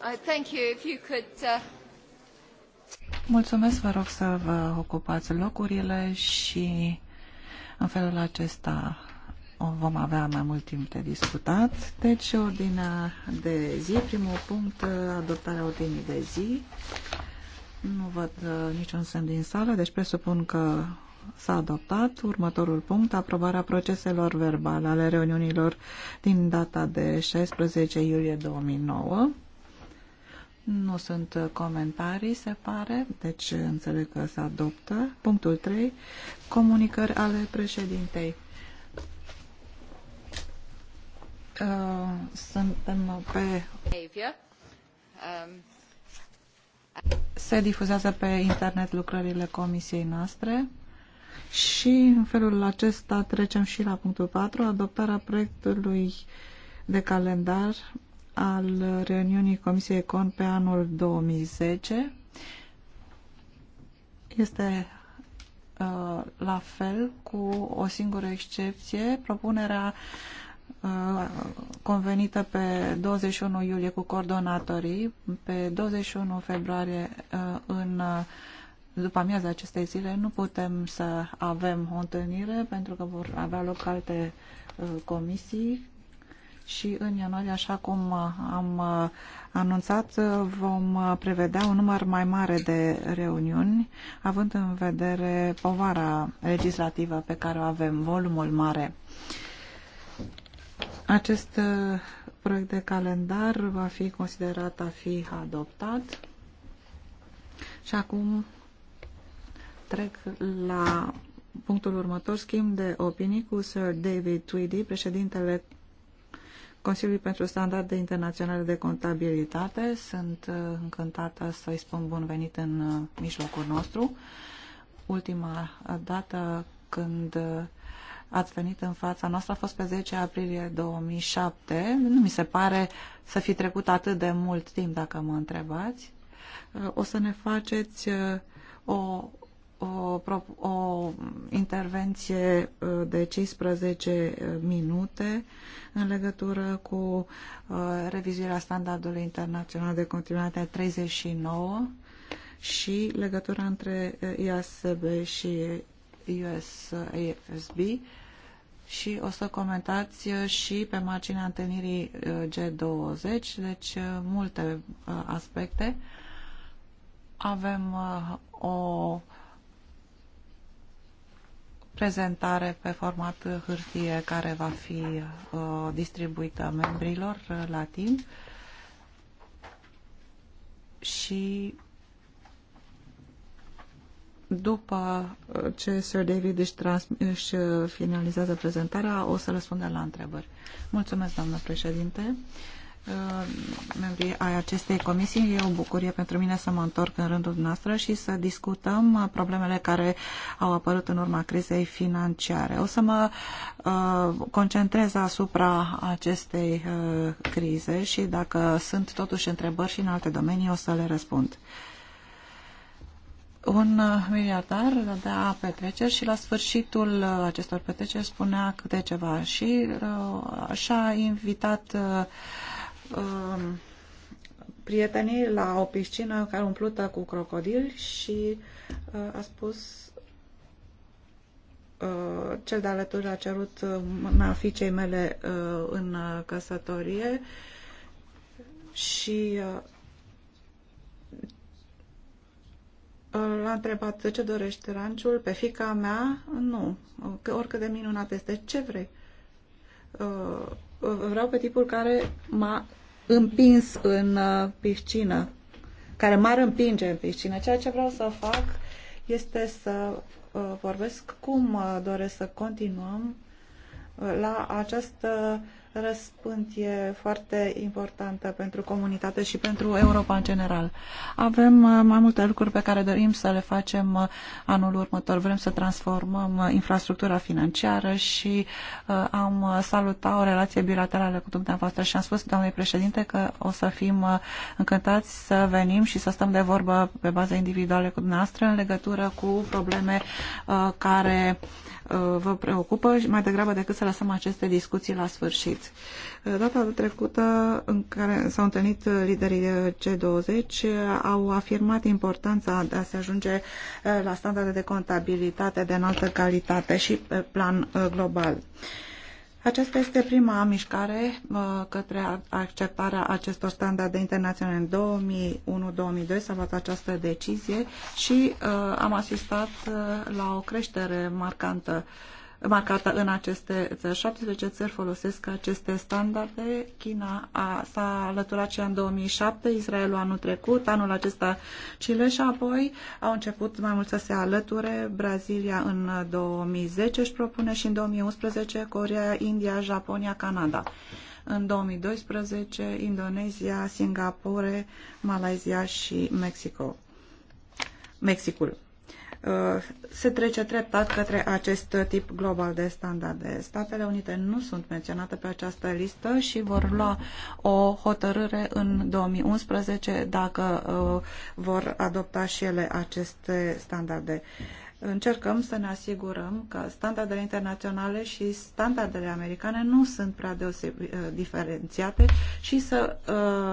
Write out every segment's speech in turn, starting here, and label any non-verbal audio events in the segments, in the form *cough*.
Uh, uh, Mulțumesc, vă rog să vă ocupați locurile și în felul acesta vom avea mai mult timp de discutat. Deci, ordinea de zi, primul punct, uh, adoptarea ordinii de zi. Nu văd niciun semn din sală, deci presupun că s-a adoptat. Următorul punct, aprobarea proceselor verbale ale reuniunilor din data de 16 iulie 2009. Nu sunt comentarii, se pare, deci înțeleg că se adoptă. Punctul 3. Comunicări ale președintei. Uh, suntem pe... Um, se difuzează pe internet lucrările comisiei noastre și în felul acesta trecem și la punctul 4, adoptarea proiectului de calendar al reuniunii Comisiei Econ pe anul 2010 este uh, la fel cu o singură excepție, propunerea uh, convenită pe 21 iulie cu coordonatorii, pe 21 februarie uh, în uh, după amiaza acestei zile nu putem să avem o întâlnire pentru că vor avea loc alte comisii și în ianuarie, așa cum uh, am uh, anunțat, uh, vom prevedea un număr mai mare de reuniuni, având în vedere povara legislativă pe care o avem, volumul mare. Acest proiect de calendar va fi considerat a fi adoptat. Și acum trec la punctul următor, schimb de opinii cu Sir David Tweedy, președintele Consiliului pentru Standarde Internaționale de Contabilitate. Sunt uh, încântată să-i spun bun venit în uh, mijlocul nostru. Ultima uh, dată când ați venit în fața noastră a fost pe 10 aprilie 2007. Nu mi se pare să fi trecut atât de mult timp, dacă mă întrebați. O să ne faceți o o, o intervenție uh, de 15 uh, minute în legătură cu uh, revizuirea standardului internațional de continuitate 39 și legătura între IASB și USAFSB și o să comentați și pe marginea întâlnirii G20, deci multe aspecte. Avem o prezentare pe format hârtie care va fi uh, distribuită membrilor uh, la timp și după uh, ce Sir David își, își uh, finalizează prezentarea, o să răspundem la întrebări. Mulțumesc, doamnă președinte. Uh, Uh, membrii ai acestei comisii. E o bucurie pentru mine să mă întorc în rândul noastră și să discutăm uh, problemele care au apărut în urma crizei financiare. O să mă uh, concentrez asupra acestei crize și dacă sunt totuși întrebări și în alte domenii o să le răspund. Un miliardar dădea petreceri și la sfârșitul acestor petreceri spunea câte ceva și așa a invitat uh, Um, prietenii la o piscină care umplută cu crocodili și uh, a spus uh, cel de alături a cerut mâna fiicei mele uh, în căsătorie și uh, l-a întrebat ce dorește ranciul, pe fica mea, nu, că oricât de minunat este, ce vrei? Uh, vreau pe tipul care m-a împins în uh, piscină, care m-ar împinge în piscină. Ceea ce vreau să fac este să uh, vorbesc cum uh, doresc să continuăm la această e foarte importantă pentru comunitate și pentru Europa în general. Avem uh, mai multe lucruri pe care dorim să le facem uh, anul următor. Vrem să transformăm uh, infrastructura financiară și am salutat o relație bilaterală cu dumneavoastră și am spus, doamnei președinte, că o să fim încântați să venim și să stăm de vorbă pe baze individuale cu dumneavoastră în legătură cu probleme care Uh, vă preocupă mai degrabă decât să lăsăm aceste discuții la sfârșit. Uh, data trecută în care s-au întâlnit liderii c 20 uh, au afirmat importanța de a se ajunge la standarde de contabilitate de înaltă calitate și pe plan global. Uh, aceasta este prima mișcare uh, către acceptarea acestor standarde internaționale. În 2001-2002 s-a luat această decizie și uh, am asistat uh, la o creștere marcantă uh, marcată în aceste țări. 17 țări folosesc aceste standarde. China s-a alăturat și în 2007, Israelul anul trecut, anul acesta Chile și apoi au început mai mult să se alăture. Brazilia în 2010 își propune și în 2011 Corea, India, Japonia, Canada. În 2012 Indonezia, Singapore, Malaysia și Mexico. Mexicul. Uh, se trece treptat către acest tip global de standarde. Statele Unite nu sunt menționate pe această listă și vor lua o hotărâre în 2011 dacă uh, vor adopta și ele aceste standarde. Încercăm să ne asigurăm că standardele internaționale și standardele americane nu sunt prea uh, diferențiate și să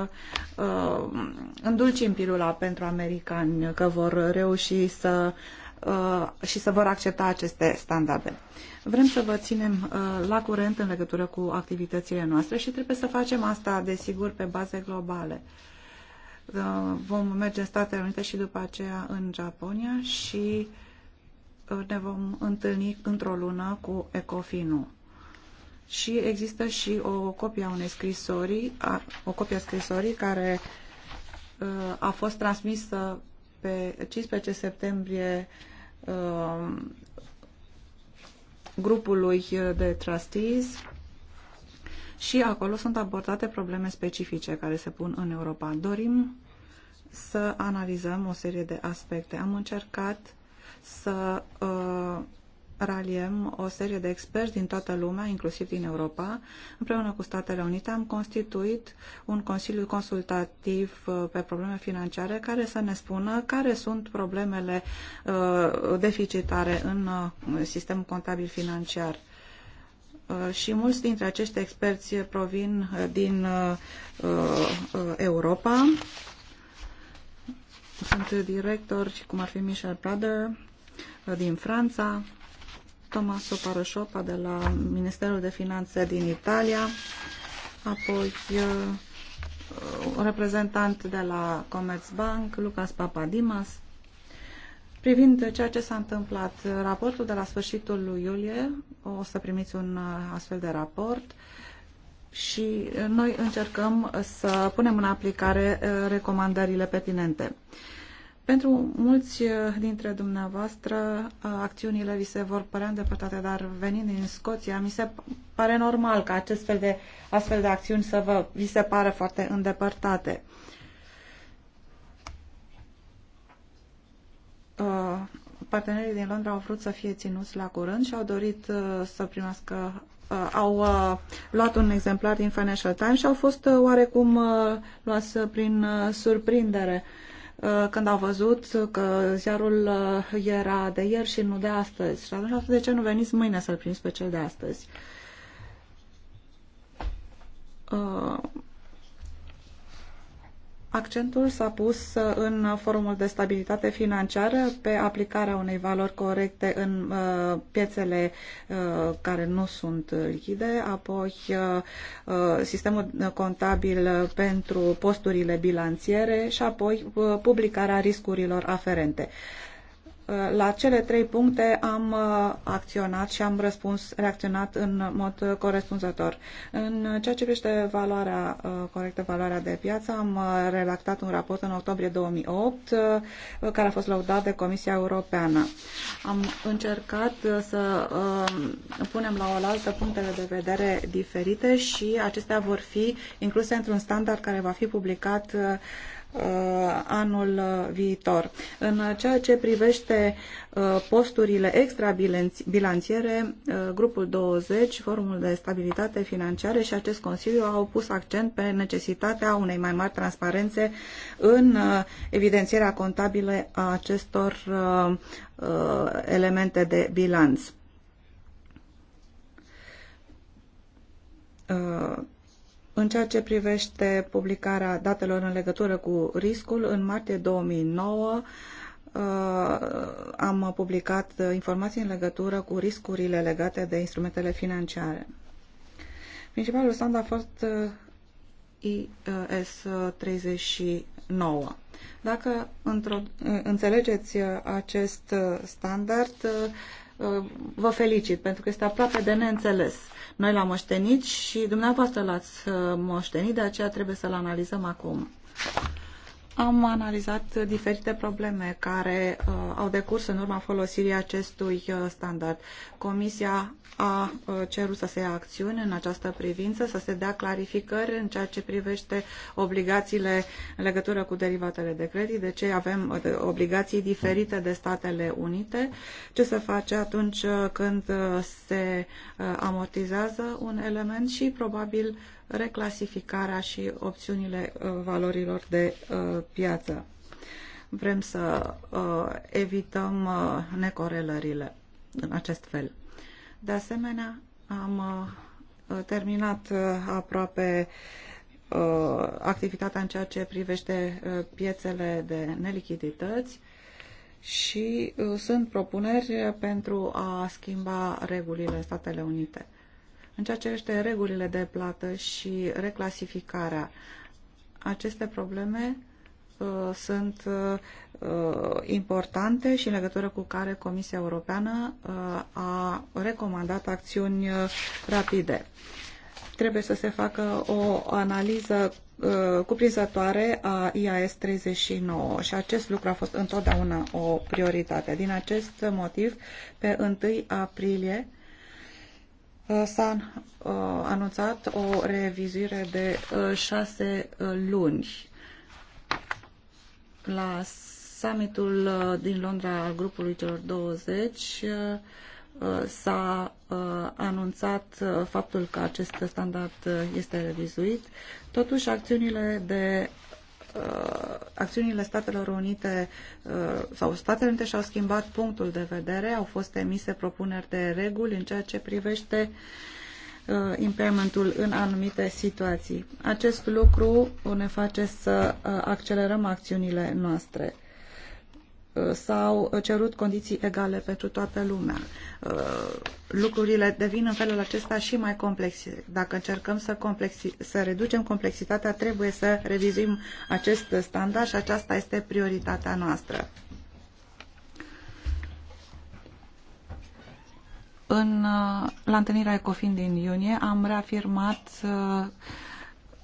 uh, uh, îndulcim pilula pentru americani că vor reuși să uh, Uh, și să vor accepta aceste standarde. Vrem să vă ținem uh, la curent în legătură cu activitățile noastre și trebuie să facem asta, desigur, pe baze globale. Uh, vom merge în Statele Unite și după aceea în Japonia și ne vom întâlni într-o lună cu Ecofinu. Și există și o copie a unei scrisori, o copie a scrisorii care a fost transmisă pe 15 septembrie Um, grupului de trustees și acolo sunt abordate probleme specifice care se pun în Europa. Dorim să analizăm o serie de aspecte. Am încercat să uh, raliem o serie de experți din toată lumea, inclusiv din Europa. Împreună cu Statele Unite am constituit un consiliu consultativ uh, pe probleme financiare care să ne spună care sunt problemele uh, deficitare în uh, sistemul contabil financiar și mulți dintre acești experți provin din Europa. Sunt directori, cum ar fi Michel Prader, din Franța, Tomaso Parășopa de la Ministerul de Finanțe din Italia, apoi uh, un reprezentant de la Commerzbank, Lucas Papadimas. Privind ceea ce s-a întâmplat, raportul de la sfârșitul lui iulie, o să primiți un uh, astfel de raport și noi încercăm să punem în aplicare uh, recomandările pertinente. Pentru mulți eh, dintre dumneavoastră, eh, acțiunile vi se vor părea îndepărtate, dar venind din Scoția, mi se pare normal ca acest fel de, astfel de acțiuni să vă, vi se pară foarte îndepărtate. Eh, partenerii din Londra au vrut să fie ținuți la curând și au dorit să primească au luat un exemplar din Financial Times și au fost oarecum luați prin surprindere. Uh, Uh, când au văzut că ziarul uh, era de ieri și nu de astăzi. Și atunci, de ce nu veniți mâine să-l primiți pe cel de astăzi? Uh, Accentul s-a pus uh, în forumul de stabilitate financiară pe aplicarea unei valori corecte în uh, piețele uh, care nu sunt lichide, apoi sistemul contabil pentru posturile bilanțiere și apoi publicarea riscurilor aferente. Eh, la cele trei puncte am eh, acționat și am răspuns, reacționat în mod corespunzător. În ceea ce privește valoarea eh, corectă, valoarea de piață, am redactat un raport în octombrie 2008 care a fost lăudat de Comisia Europeană. Am încercat să punem la oaltă punctele de vedere diferite și acestea vor fi incluse într-un standard care va fi publicat Uh, anul uh, viitor. În uh, ceea ce privește posturile extrabilanțiere, grupul 20, Forumul de Stabilitate Financiare și acest Consiliu au pus accent pe necesitatea unei mai mari transparențe în evidențierea contabilă a acestor elemente de bilanț. În ceea ce privește publicarea datelor în legătură cu riscul, în martie 2009 uh, am publicat informații în legătură cu riscurile legate de instrumentele financiare. Principalul stand a fost uh, IS 39. Dacă înțelegeți acest standard, uh, Uh, vă felicit pentru că este aproape de neînțeles. Noi l-am moștenit și dumneavoastră l-ați uh, moștenit, de aceea trebuie să-l analizăm acum. Am analizat diferite probleme care uh, au decurs în urma folosirii acestui uh, standard. Comisia a uh, cerut să se ia acțiuni în această privință, să se dea clarificări în ceea ce privește obligațiile în legătură cu derivatele de credit, de ce avem uh, obligații diferite de Statele Unite, ce se face atunci uh, când uh, se uh, amortizează un element și probabil uh, reclasificarea și opțiunile uh, valorilor de uh, piață. Vrem să uh, evităm necorelările în acest fel. De asemenea, am terminat aproape activitatea în ceea ce privește piețele de nelichidități și sunt propuneri pentru a schimba regulile în Statele Unite. În ceea ce este regulile de plată și reclasificarea, aceste probleme uh, sunt uh, uh, importante și în legătură cu care Comisia Europeană uh, a recomandat acțiuni uh, rapide. Trebuie să se facă o analiză uh, cuprinzătoare a IAS 39 și acest lucru a fost întotdeauna o prioritate. Din acest motiv, pe 1 aprilie Uh, s-a uh, anunțat o revizuire de uh, șase luni la summitul din Londra al grupului celor 20 s-a anunțat faptul că acest standard este revizuit. Totuși, acțiunile de Uh, acțiunile Statelor Unite uh, sau Statele Unite și-au schimbat punctul de vedere, au fost emise propuneri de reguli în ceea ce privește uh, impairmentul în anumite situații. Acest lucru ne face să accelerăm acțiunile noastre. Uh, s-au cerut condiții egale pentru toată lumea. Uh, lucrurile devin în felul acesta și mai complexe. Dacă încercăm să, complexi- să reducem complexitatea, trebuie să revizuim acest standard și aceasta este prioritatea noastră. În, uh, la întâlnirea ECOFIN din iunie am reafirmat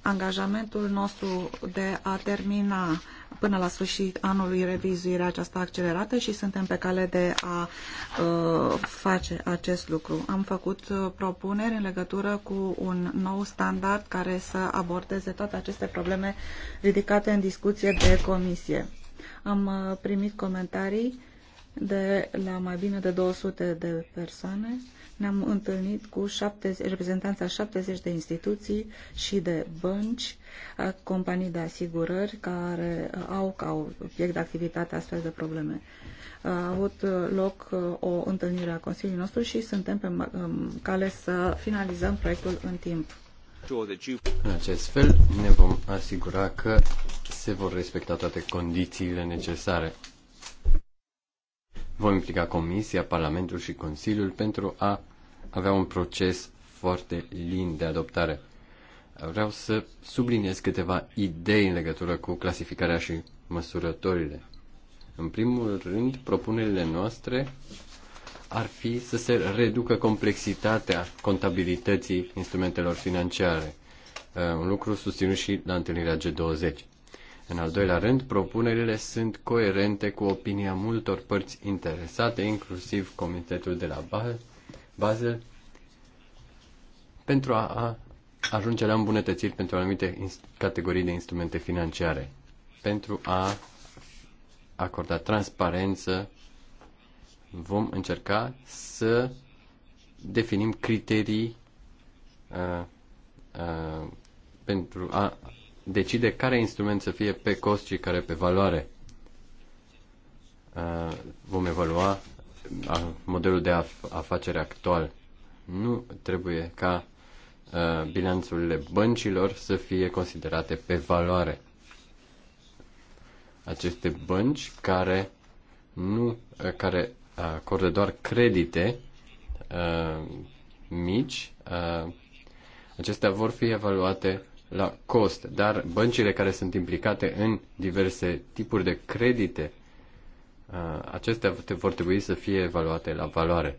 angajamentul nostru de a termina uh, până la sfârșit anului revizuirea aceasta accelerată și suntem pe cale de a uh, face acest lucru. Am făcut uh, propuneri în legătură cu un nou standard care să abordeze toate aceste probleme ridicate în discuție de comisie. Am uh, primit comentarii de la mai bine de 200 de persoane ne-am întâlnit cu 70, reprezentanța 70 de instituții și de bănci, companii de asigurări care au ca obiect de activitate astfel de probleme. A avut loc o întâlnire a Consiliului nostru și suntem pe cale să finalizăm proiectul în timp. În acest fel ne vom asigura că se vor respecta toate condițiile necesare. Vom implica Comisia, Parlamentul și Consiliul pentru a avea un proces foarte lin de adoptare. Vreau să subliniez câteva idei în legătură cu clasificarea și măsurătorile. În primul rând, propunerile noastre ar fi să se reducă complexitatea contabilității instrumentelor financiare, uh, un lucru susținut și la întâlnirea G20. În al doilea rând, propunerile sunt coerente cu opinia multor părți interesate, inclusiv Comitetul de la Basel, Basel pentru a ajunge la îmbunătățiri pentru anumite categorii de instrumente financiare, pentru a acorda transparență, vom încerca să definim criterii uh, uh, pentru a decide care instrument să fie pe cost și care pe valoare. Uh, vom evalua a, modelul de af- afacere actual. Nu trebuie ca a, bilanțurile băncilor să fie considerate pe valoare. Aceste bănci care nu a, care acordă doar credite a, mici, a, acestea vor fi evaluate la cost, dar băncile care sunt implicate în diverse tipuri de credite Uh, acestea vor trebui să fie evaluate la valoare.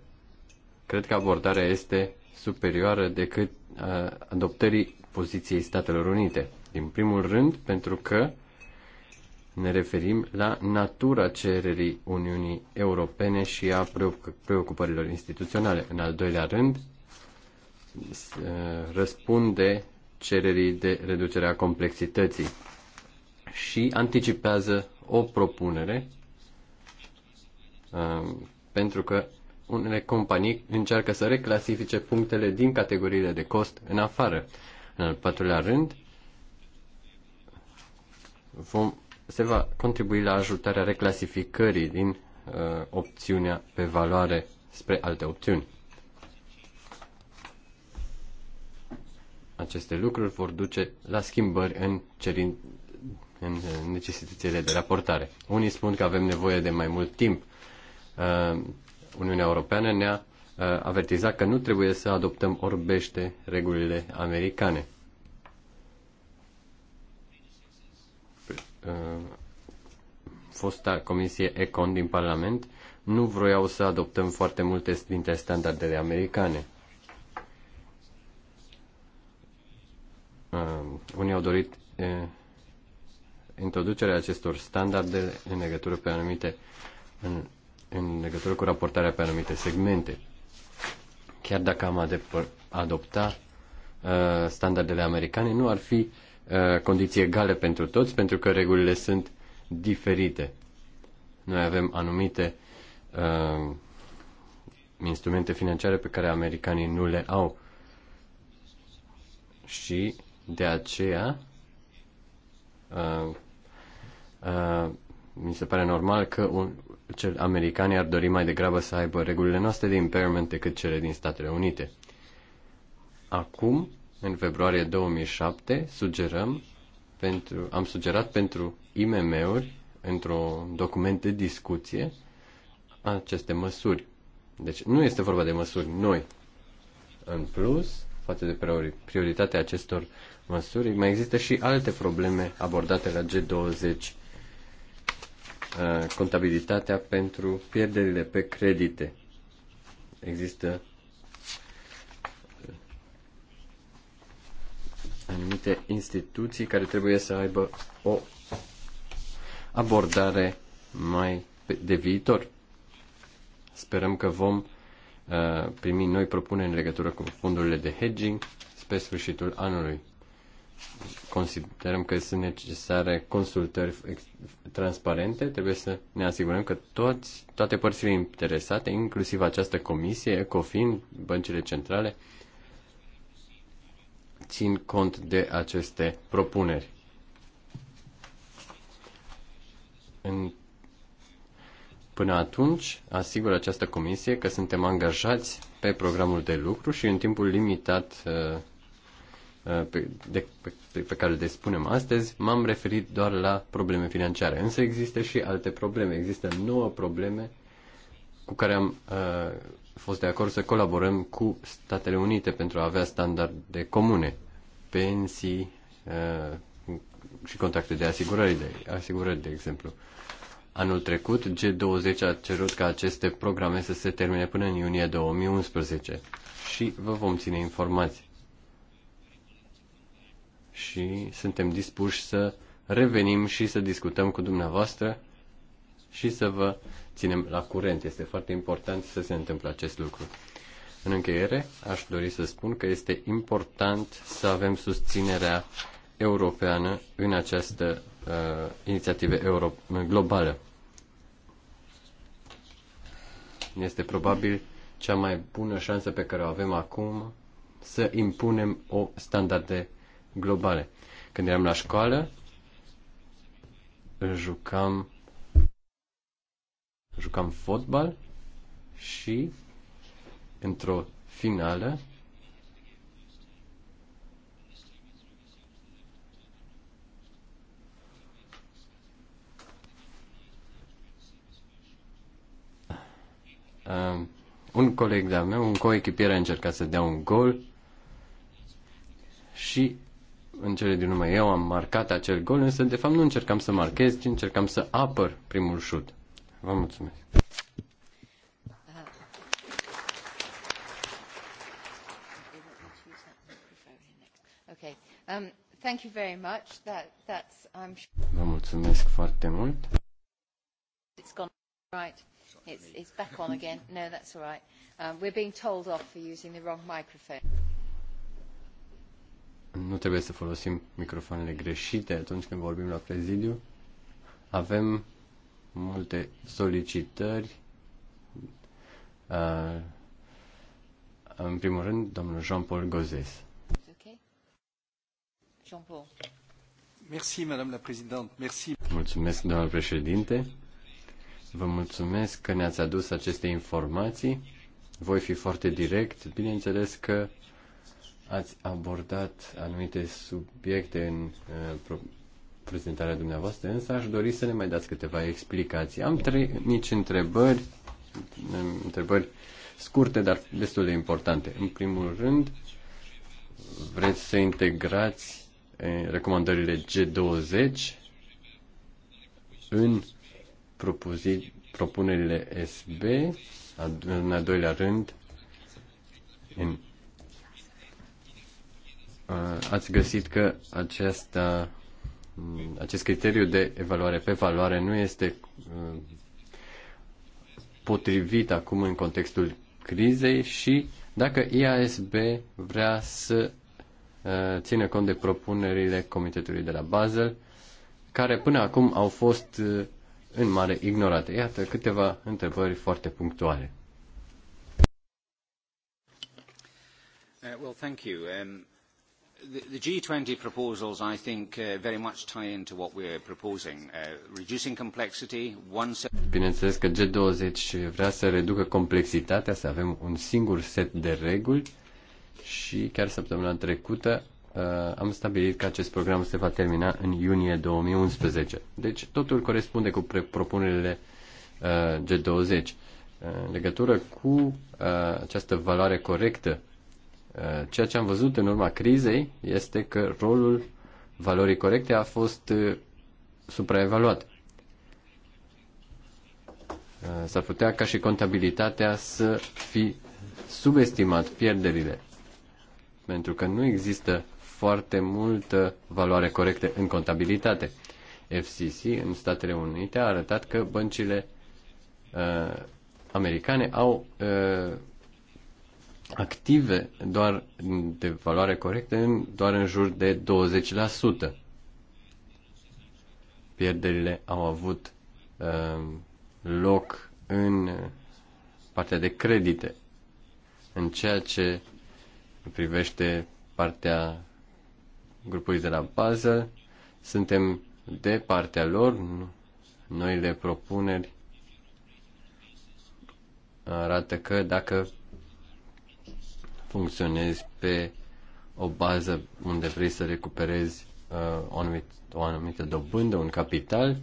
Cred că abordarea este superioară decât uh, adoptării poziției Statelor Unite. Din primul rând, pentru că ne referim la natura cererii Uniunii Europene și a preocupărilor instituționale. În al doilea rând, uh, răspunde cererii de reducere a complexității și anticipează o propunere Uh, pentru că unele companii încearcă să reclasifice punctele din categoriile de cost în afară. În al patrulea rând, vom, se va contribui la ajutarea reclasificării din uh, opțiunea pe valoare spre alte opțiuni. Aceste lucruri vor duce la schimbări în, cerin, în necesitățile de raportare. Unii spun că avem nevoie de mai mult timp Uh, Uniunea Europeană ne-a uh, avertizat că nu trebuie să adoptăm orbește regulile americane. Păi, uh, fosta comisie Econ din Parlament nu vroiau să adoptăm foarte multe dintre standardele americane. Unii au dorit introducerea acestor standarde în legătură pe anumite în în legătură cu raportarea pe anumite segmente. Chiar dacă am adopta uh, standardele americane, nu ar fi uh, condiții egale pentru toți, pentru că regulile sunt diferite. Noi avem anumite uh, instrumente financiare pe care americanii nu le au. Și de aceea uh, uh, mi se pare normal că un, cel americanii ar dori mai degrabă să aibă regulile noastre de impairment decât cele din Statele Unite. Acum, în februarie 2007, sugerăm pentru, am sugerat pentru IMM-uri, într-un document de discuție, aceste măsuri. Deci nu este vorba de măsuri noi. În plus, față de prioritatea acestor măsuri, mai există și alte probleme abordate la G20 Uh, contabilitatea pentru pierderile pe credite. Există uh, anumite instituții care trebuie să aibă o abordare mai de viitor. Sperăm că vom uh, primi noi propuneri în legătură cu fondurile de hedging spre sfârșitul anului considerăm că sunt necesare consultări transparente, trebuie să ne asigurăm că toți, toate părțile interesate, inclusiv această comisie, ECOFIN, băncile centrale, țin cont de aceste propuneri. În, până atunci, asigur această comisie că suntem angajați pe programul de lucru și în timpul limitat uh, Uh, pe, de, pe, pe care le spunem astăzi, m-am referit doar la probleme financiare. Însă există și alte probleme. Există nouă probleme cu care am uh, fost de acord să colaborăm cu Statele Unite pentru a avea standarde comune, pensii uh, și contracte de asigurări, de, asigurări, de exemplu. Anul trecut, G20 a cerut ca aceste programe să se termine până în iunie 2011 și vă vom ține informați și suntem dispuși să revenim și să discutăm cu dumneavoastră și să vă ținem la curent. Este foarte important să se întâmple acest lucru. În încheiere, aș dori să spun că este important să avem susținerea europeană în această uh, inițiativă euro- globală. Este probabil cea mai bună șansă pe care o avem acum să impunem o standarde globale. Când eram la școală, jucam jucam fotbal și într-o finală Uh, un coleg de-al meu, un coechipier a încercat să dea un gol și în cele din urmă eu am marcat acel gol, însă de fapt nu încercam să marchez, ci încercam să apăr primul șut. Vă mulțumesc. Vă mulțumesc foarte mult. It's gone right. It's, it's back on again. No, that's all right. Um, we're being told off for using the wrong microphone nu trebuie să folosim microfoanele greșite atunci când vorbim la prezidiu. Avem multe solicitări. Uh, în primul rând, domnul Jean-Paul Gozes. Jean-Paul. Merci, la Merci. Mulțumesc, domnul președinte. Vă mulțumesc că ne-ați adus aceste informații. Voi fi foarte direct. Bineînțeles că Ați abordat anumite subiecte în uh, prezentarea dumneavoastră, însă aș dori să ne mai dați câteva explicații. Am trei mici întrebări, întrebări scurte, dar destul de importante. În primul rând, vreți să integrați eh, recomandările G20 în propunerile SB, în al doilea rând, în Uh, ați găsit că acest, uh, acest criteriu de evaluare pe valoare nu este uh, potrivit acum în contextul crizei și dacă IASB vrea să țină cont de propunerile Comitetului de la Basel, care până acum au fost în mare ignorate. Iată câteva întrebări foarte punctuale. Uh, well, thank you. Um the G20 proposals, I think, uh, very much tie into what we're proposing. Uh, reducing complexity, one set... Bineînțeles că G20 vrea să reducă complexitatea, să avem un singur set de reguli și chiar săptămâna trecută uh, am stabilit că acest program se va termina în iunie 2011. Deci totul corespunde cu propunerile uh, G20. În legătură cu uh, această valoare corectă Eh, ceea ce am văzut în urma crizei este că rolul valorii corecte a fost eh, supraevaluat. Eh, s-ar putea ca și contabilitatea să fi subestimat pierderile, pentru că nu există foarte multă valoare corectă în contabilitate. FCC în Statele Unite a arătat că băncile uh, americane au uh, active doar de valoare corectă doar în jur de 20%. Pierderile au avut uh, loc în partea de credite, în ceea ce privește partea grupului de la bază, suntem de partea lor, noile propuneri arată că dacă funcționezi pe o bază unde vrei să recuperezi uh, o, anumit, o anumită dobândă, un capital,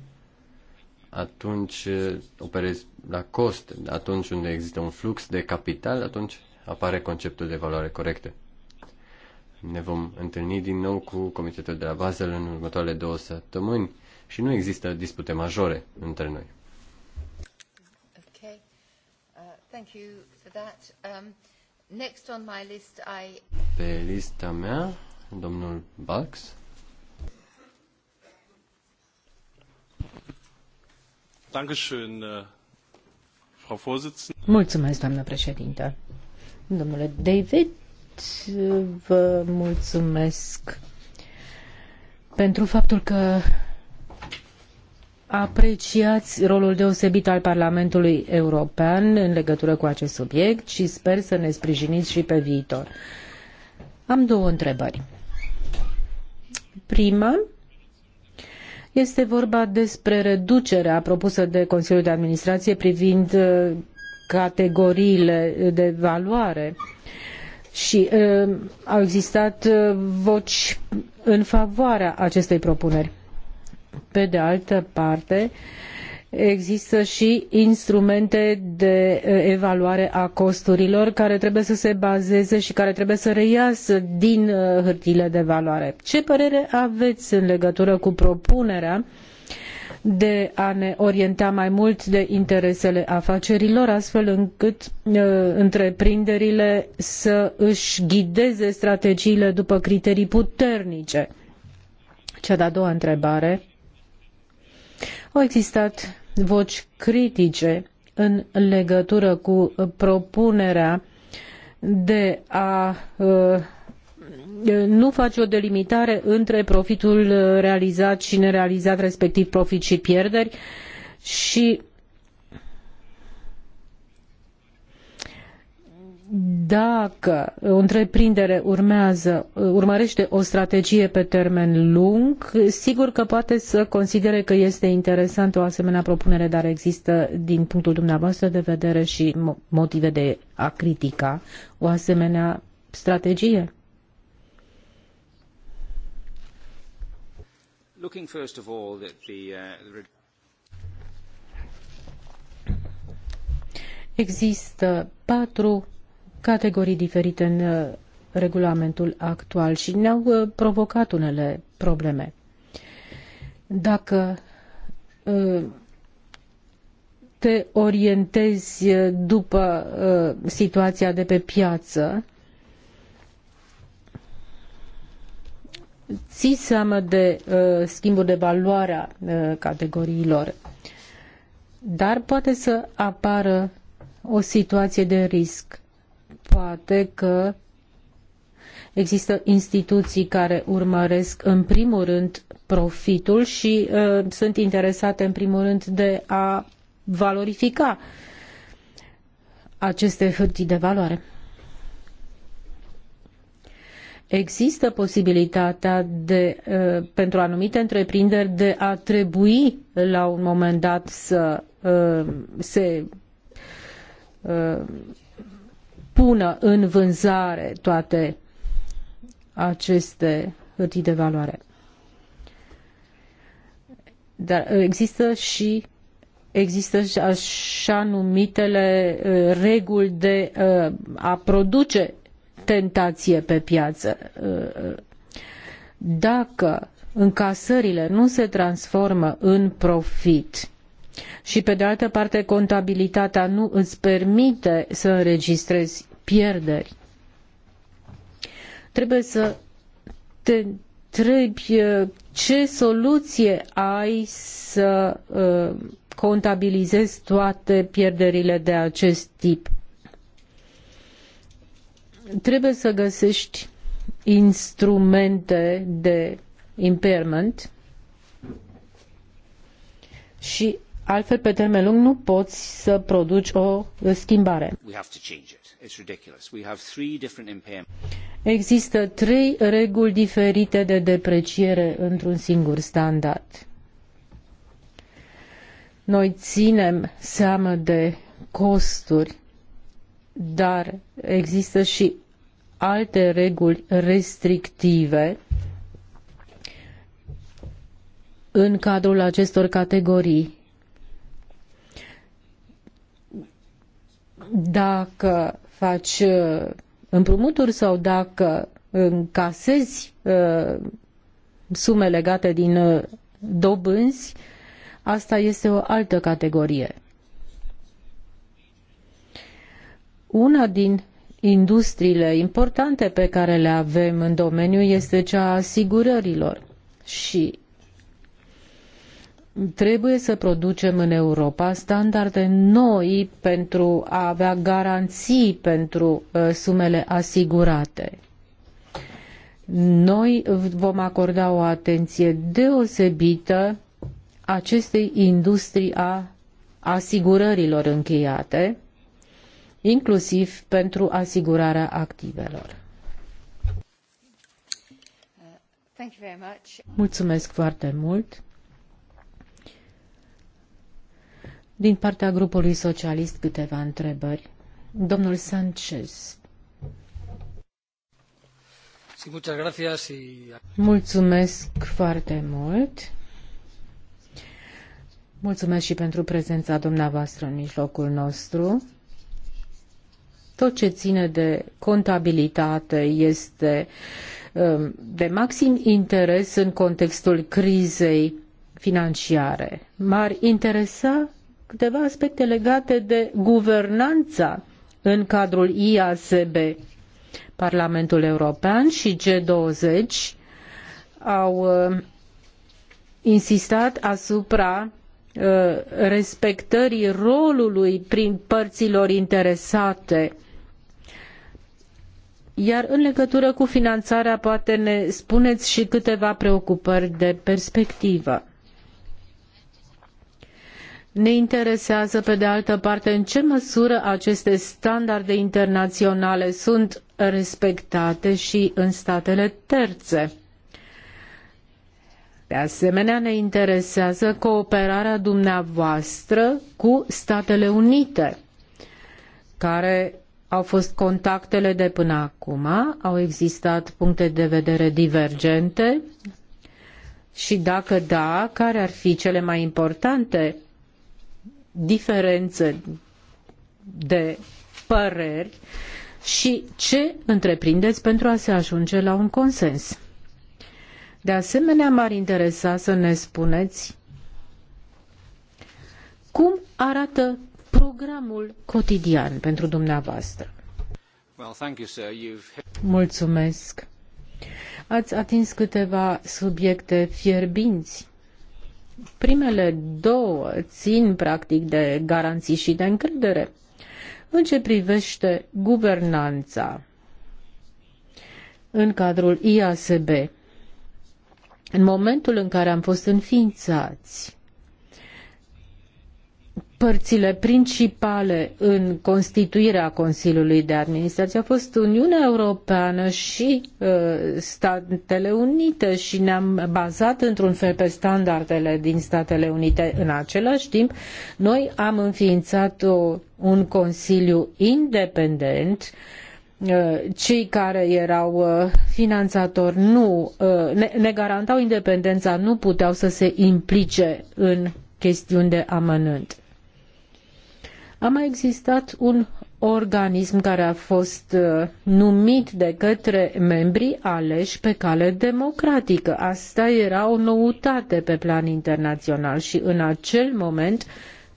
atunci uh, operezi la cost. Atunci unde există un flux de capital, atunci apare conceptul de valoare corectă. Ne vom întâlni din nou cu Comitetul de la Basel în următoarele două săptămâni și nu există dispute majore între noi. Okay. Uh, thank you for that. Um... Next on my list, I... Pe lista mea, domnul Bax. Äh, mulțumesc, doamnă președinte. Domnule David, vă mulțumesc pentru faptul că apreciați rolul deosebit al Parlamentului European în legătură cu acest subiect și sper să ne sprijiniți și pe viitor. Am două întrebări. Prima este vorba despre reducerea propusă de Consiliul de Administrație privind uh, categoriile de valoare și uh, au existat uh, voci în favoarea acestei propuneri. Pe de altă parte, există și instrumente de evaluare a costurilor care trebuie să se bazeze și care trebuie să reiasă din hârtiile de valoare. Ce părere aveți în legătură cu propunerea de a ne orienta mai mult de interesele afacerilor, astfel încât uh, întreprinderile să își ghideze strategiile după criterii puternice. Cea de-a doua întrebare au existat voci critice în legătură cu propunerea de a uh, nu face o delimitare între profitul realizat și nerealizat, respectiv profit și pierderi și dacă o întreprindere urmează, urmărește o strategie pe termen lung, sigur că poate să considere că este interesantă o asemenea propunere, dar există din punctul dumneavoastră de vedere și motive de a critica o asemenea strategie? Looking first of all at the, uh, Există patru categorii diferite în uh, regulamentul actual și ne-au uh, provocat unele probleme. Dacă uh, te orientezi după situația de pe piață, ții seama de schimbul de valoare a categoriilor, dar poate să apară o situație de risc. Poate că există instituții care urmăresc în primul rând profitul și uh, sunt interesate în primul rând de a valorifica aceste hârtii de valoare. Există posibilitatea de, uh, pentru anumite întreprinderi de a trebui la un moment dat să uh, se uh, pună în vânzare toate aceste hârtii de valoare. Dar uh, există și există și așa numitele uh, reguli de uh, a produce tentație pe piață. Dacă încasările nu se transformă în profit, și pe de altă parte contabilitatea nu îți permite să înregistrezi pierderi. Trebuie să te întrebi uh, ce soluție ai să uh, contabilizezi toate pierderile de acest tip. Trebuie să găsești instrumente de impairment și Altfel, pe termen lung, nu poți să produci o schimbare. Există trei reguli diferite de depreciere într-un singur standard. Noi ținem seamă de costuri, dar există și alte reguli restrictive în cadrul acestor categorii dacă faci uh, împrumuturi sau dacă încasezi uh, sume legate din uh, dobânzi, asta este o altă categorie. Una din industriile importante pe care le avem în domeniu este cea a asigurărilor și trebuie să producem în Europa standarde noi pentru a avea garanții pentru uh, sumele asigurate. Noi vom acorda o atenție deosebită acestei industrii a asigurărilor încheiate, inclusiv pentru asigurarea activelor. Mulțumesc foarte mult! Din partea grupului socialist câteva întrebări. Domnul Sanchez. Mulțumesc foarte mult. Mulțumesc și pentru prezența dumneavoastră în mijlocul nostru. Tot ce ține de contabilitate este um, de maxim interes în contextul crizei financiare. M-ar interesa câteva aspecte legate de guvernanța în cadrul IASB. Parlamentul European și G20 au uh, insistat asupra uh, respectării rolului prin părților interesate. Iar în legătură cu finanțarea, poate ne spuneți și câteva preocupări de perspectivă. Ne interesează, pe de altă parte, în ce măsură aceste standarde internaționale sunt respectate și în statele terțe. De asemenea, ne interesează cooperarea dumneavoastră cu Statele Unite, care au fost contactele de până acum, au existat puncte de vedere divergente și dacă da, care ar fi cele mai importante diferențe de păreri și ce întreprindeți pentru a se ajunge la un consens. De asemenea, m-ar interesa să ne spuneți cum arată programul cotidian pentru dumneavoastră. Well, thank you, sir. You've... Mulțumesc. Ați atins câteva subiecte fierbinți Primele două țin practic de garanții și de încredere. În ce privește guvernanța în cadrul IASB, în momentul în care am fost înființați, părțile principale în constituirea Consiliului de Administrație a fost Uniunea Europeană și uh, Statele Unite și ne-am bazat într-un fel pe standardele din Statele Unite. În același timp, noi am înființat o, uh, un Consiliu independent uh, cei care erau uh, finanțatori nu, ne, ne garantau independența, nu puteau să se implice în chestiuni de amănânt. A mai existat un organism care a fost uh, numit de către membrii aleși pe cale democratică. Asta era o noutate pe plan internațional și în acel moment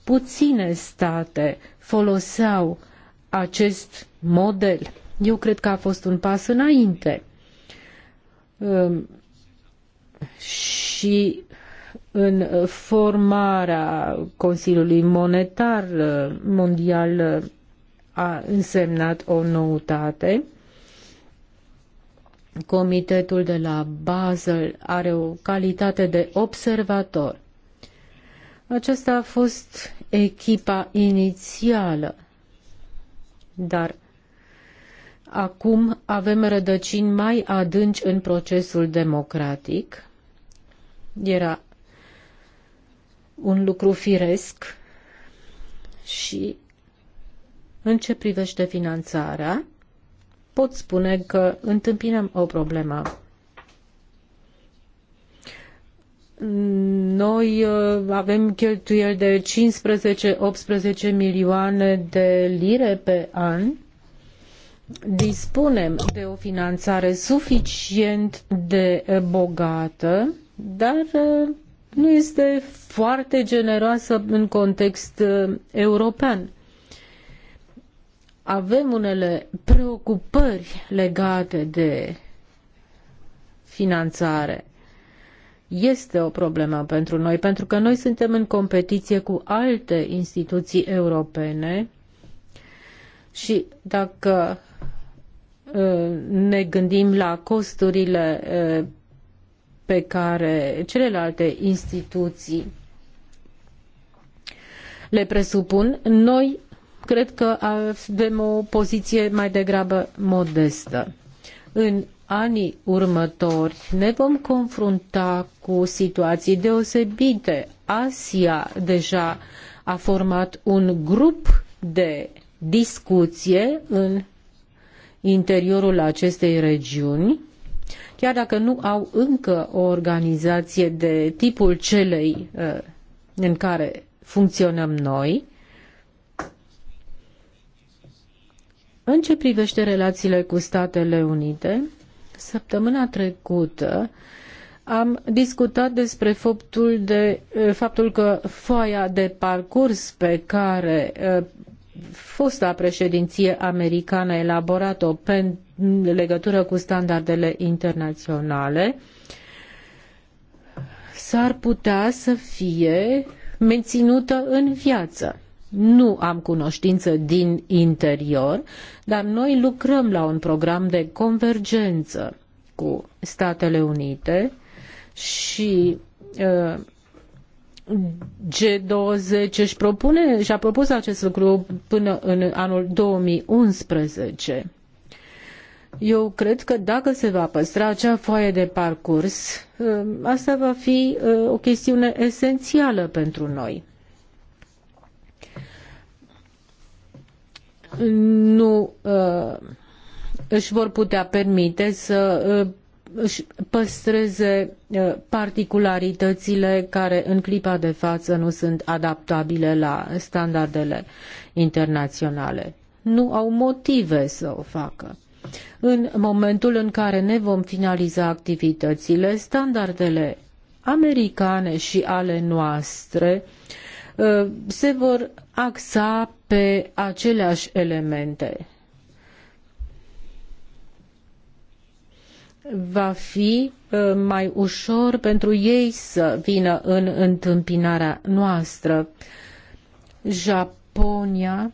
puține state foloseau acest model. Eu cred că a fost un pas înainte. Um, și în formarea Consiliului Monetar Mondial a însemnat o noutate. Comitetul de la Basel are o calitate de observator. Aceasta a fost echipa inițială, dar acum avem rădăcini mai adânci în procesul democratic. Era un lucru firesc și în ce privește finanțarea, pot spune că întâmpinăm o problemă. Noi uh, avem cheltuieli de 15-18 milioane de lire pe an. Dispunem de o finanțare suficient de bogată, dar uh, nu este foarte generoasă în context uh, european. Avem unele preocupări legate de finanțare. Este o problemă pentru noi, pentru că noi suntem în competiție cu alte instituții europene și dacă uh, ne gândim la costurile uh, pe care celelalte instituții le presupun, noi cred că avem o poziție mai degrabă modestă. În anii următori ne vom confrunta cu situații deosebite. Asia deja a format un grup de discuție în interiorul acestei regiuni chiar dacă nu au încă o organizație de tipul celei uh, în care funcționăm noi, În ce privește relațiile cu Statele Unite, săptămâna trecută am discutat despre faptul, de, uh, faptul că foaia de parcurs pe care uh, fosta președinție americană a elaborat-o în legătură cu standardele internaționale, s-ar putea să fie menținută în viață. Nu am cunoștință din interior, dar noi lucrăm la un program de convergență cu Statele Unite și uh, G20 își propune și a propus acest lucru până în anul 2011. Eu cred că dacă se va păstra acea foaie de parcurs, ă, asta va fi ă, o chestiune esențială pentru noi. Nu ă, își vor putea permite să își păstreze particularitățile care în clipa de față nu sunt adaptabile la standardele internaționale. Nu au motive să o facă. În momentul în care ne vom finaliza activitățile, standardele americane și ale noastre se vor axa pe aceleași elemente va fi uh, mai ușor pentru ei să vină în întâmpinarea noastră. Japonia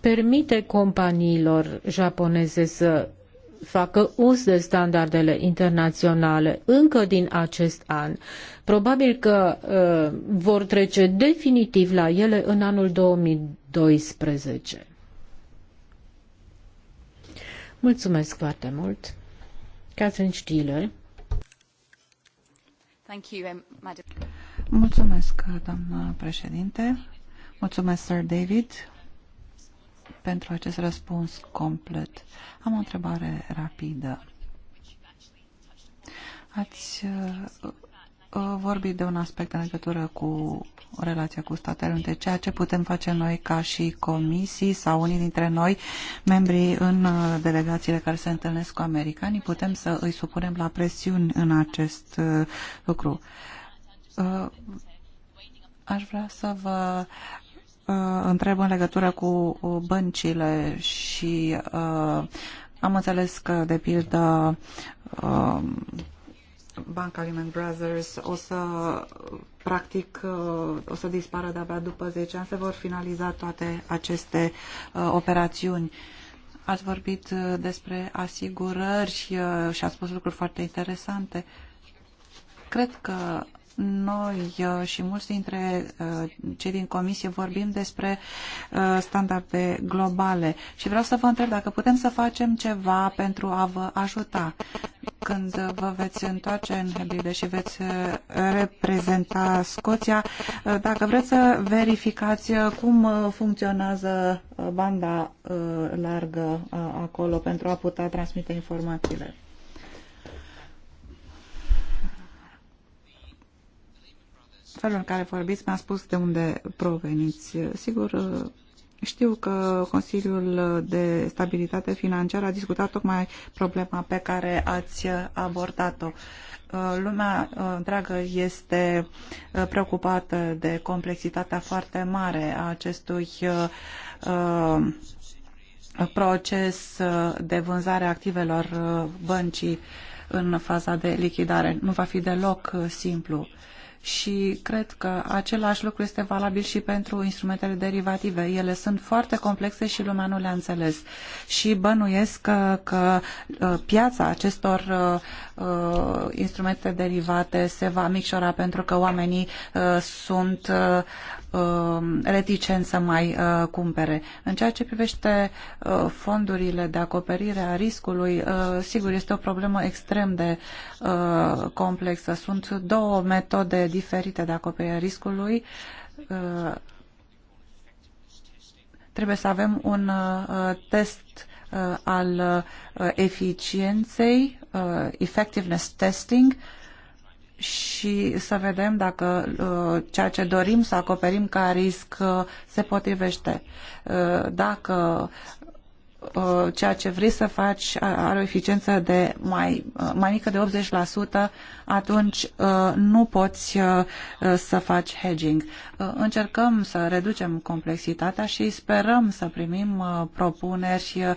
permite companiilor japoneze să facă uz de standardele internaționale încă din acest an. Probabil că uh, vor trece definitiv la ele în anul 2012. Mulțumesc foarte mult! Um, Mulțumesc, doamnă președinte. Mulțumesc, Sir David, pentru acest răspuns complet. Am o întrebare rapidă. Ați uh, Uh, vorbi de un aspect în legătură cu relația cu Statele Unite, ceea ce putem face noi ca și comisii sau unii dintre noi, membrii în uh, delegațiile care se întâlnesc cu americanii, putem să îi supunem la presiuni în acest uh, lucru. Aș vrea să vă întreb în legătură cu băncile și am înțeles că, de pildă, banca Lehman Brothers o să practic uh, o să dispară de-abia după 10 ani, se vor finaliza toate aceste uh, operațiuni. Ați vorbit uh, despre asigurări și, uh, și ați spus lucruri foarte interesante. Cred că noi uh, și mulți dintre uh, cei din comisie vorbim despre uh, standarde globale și vreau să vă întreb dacă putem să facem ceva pentru a vă ajuta când vă veți întoarce în Hebride și veți reprezenta Scoția, dacă vreți să verificați cum funcționează banda largă acolo pentru a putea transmite informațiile. felul în care vorbiți mi-a spus de unde proveniți. Sigur, știu că Consiliul de Stabilitate Financiară a discutat tocmai problema pe care ați abordat-o. Lumea uh, întreagă este uh, preocupată de complexitatea foarte mare a acestui uh, proces de vânzare a activelor băncii în faza de lichidare. Nu va fi deloc simplu. Uh, și cred că același lucru este valabil și pentru instrumentele derivative. Ele sunt foarte complexe și lumea nu le-a înțeles. Și bănuiesc că, că uh, piața acestor uh, uh, instrumente derivate se va micșora pentru că oamenii uh, sunt uh, Um, reticent să mai uh, cumpere. În ceea ce privește uh, fondurile de acoperire a riscului, uh, sigur, este o problemă extrem de complexă. Sunt două metode diferite de acoperire a riscului trebuie să avem un uh, test uh, al uh, eficienței, effectiveness testing, și să vedem dacă uh, ceea ce dorim să acoperim ca risc uh, se potrivește. Uh, dacă Uh, ceea ce vrei să faci are o eficiență de mai, uh, mai mică de 80%, atunci uh, nu poți să faci hedging. Încercăm să reducem complexitatea și sperăm să primim propuneri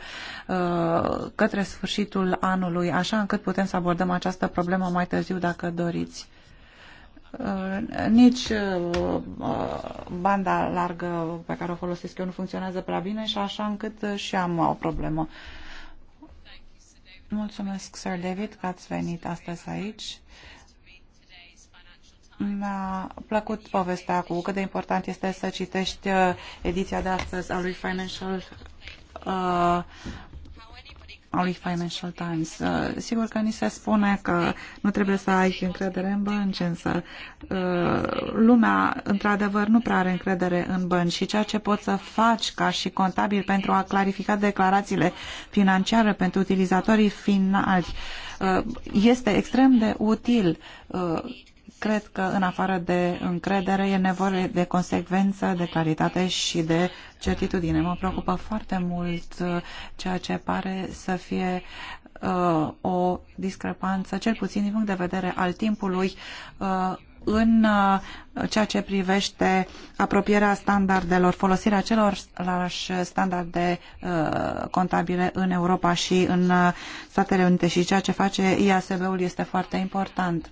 către sfârșitul anului, așa încât putem să abordăm această problemă mai târziu dacă doriți. Uh, nici uh, uh, banda largă pe care o folosesc eu nu funcționează prea bine și așa încât și am o problemă. Mulțumesc, Sir David, că ați venit astăzi aici. Mi-a plăcut povestea cu cât de important este să citești ediția de astăzi a lui Financial al lui Financial Times. Uh, sigur că ni se spune că nu trebuie să ai încredere în bănci, însă uh, lumea, într-adevăr, nu prea are încredere în bănci și ceea ce poți să faci ca și contabil pentru a clarifica declarațiile financiare pentru utilizatorii finali uh, este extrem de util Cred că, în afară de încredere, e nevoie de consecvență, de claritate și de certitudine. Mă preocupă foarte mult uh, ceea ce pare să fie uh, o discrepanță, cel puțin din punct de vedere al timpului, uh, în uh, ceea ce privește apropierea standardelor, folosirea celor standarde uh, contabile în Europa și în Statele Unite și ceea ce face IASB-ul este foarte important.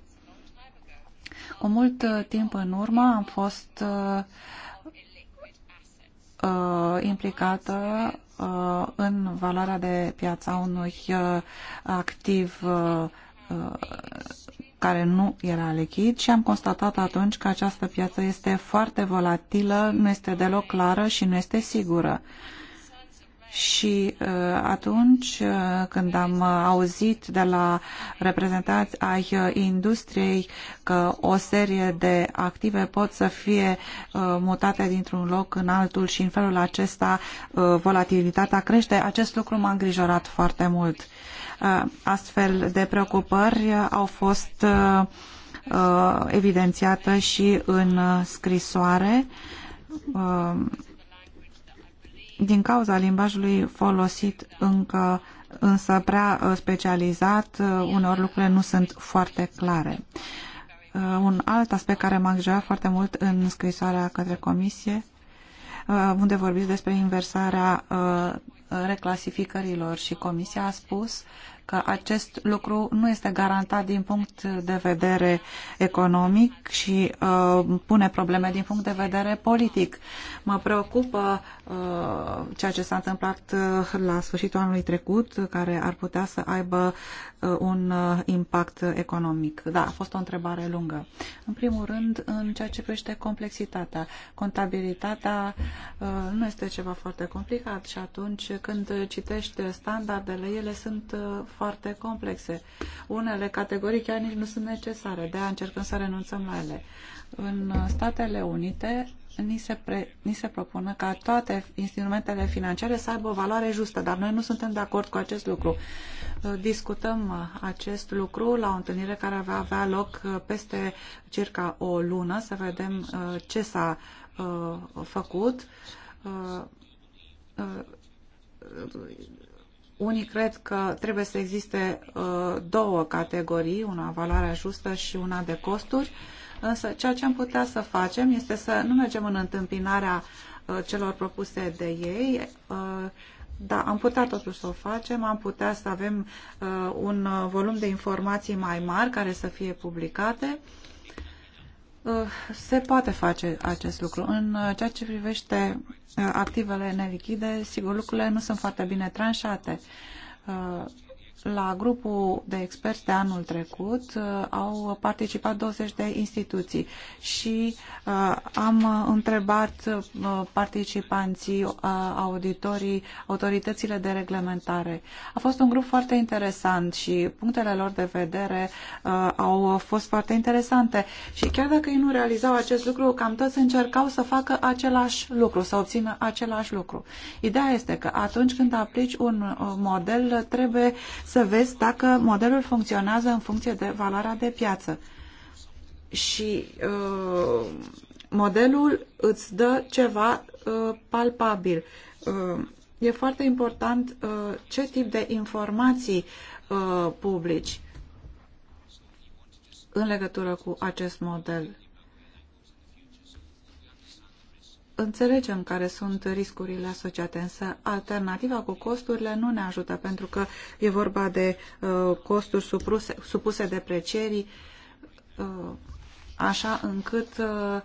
Cu mult uh, timp în urmă am fost uh, uh, implicată în valoarea de piața unui activ care nu era lichid și am constatat atunci că această piață este foarte volatilă, nu este deloc clară și nu este sigură. Uh, și uh, atunci uh, când am uh, auzit de la reprezentanți ai industriei că o serie de active pot să fie mutate dintr-un loc în altul și în felul acesta volatilitatea crește, acest lucru m-a îngrijorat foarte mult. Astfel de preocupări au fost evidențiate și în scrisoare din cauza limbajului folosit încă însă prea uh, specializat, uh, uneori lucrurile nu sunt foarte clare. Uh, un alt aspect care m-a îngrijorat foarte mult în scrisoarea către comisie, unde vorbiți despre inversarea reclasificărilor și comisia a spus că acest lucru nu este garantat din punct de vedere economic și uh, pune probleme din punct de vedere politic. Mă preocupă uh, ceea ce s-a întâmplat uh, la sfârșitul anului trecut, care ar putea să aibă uh, un uh, impact economic. Da, a fost o întrebare lungă. În primul rând, în ceea ce privește complexitatea, contabilitatea uh, nu este ceva foarte complicat și atunci când citești standardele, ele sunt uh, foarte complexe. Unele categorii chiar nici nu sunt necesare, de-aia încercăm să renunțăm la ele. În Statele Unite ni se, pre, ni se propună ca toate instrumentele financiare să aibă o valoare justă, dar noi nu suntem de acord cu acest lucru. Discutăm acest lucru la o întâlnire care va avea loc peste circa o lună, să vedem uh, ce s-a uh, făcut uh, unii cred că trebuie să existe uh, două categorii, una valoarea justă și una de costuri, însă ceea ce am putea să facem este să nu mergem în întâmpinarea uh, celor propuse de ei, uh, dar am putea totuși să o facem, am putea să avem un volum de informații mai mari care să fie publicate Uh, se poate face acest lucru. În uh, ceea ce privește uh, activele nelichide, sigur, lucrurile nu sunt foarte bine tranșate. La grupul de experți de anul trecut uh, au participat 20 de instituții și uh, am întrebat uh, participanții, auditorii, autoritățile de reglementare. A fost un grup foarte interesant și punctele lor de vedere au fost foarte interesante și chiar dacă ei nu realizau acest lucru, cam toți încercau să facă același lucru, să obțină același lucru. Ideea este că atunci când aplici un model, trebuie să vezi dacă modelul funcționează în funcție de valoarea de piață. Și uh, modelul îți dă ceva uh, palpabil. Uh, e foarte important uh, ce tip de informații uh, publici în legătură cu acest model. înțelegem care sunt riscurile asociate, însă alternativa cu costurile nu ne ajută, pentru că e vorba de uh, costuri supuse, supuse deprecierii, uh, așa încât uh,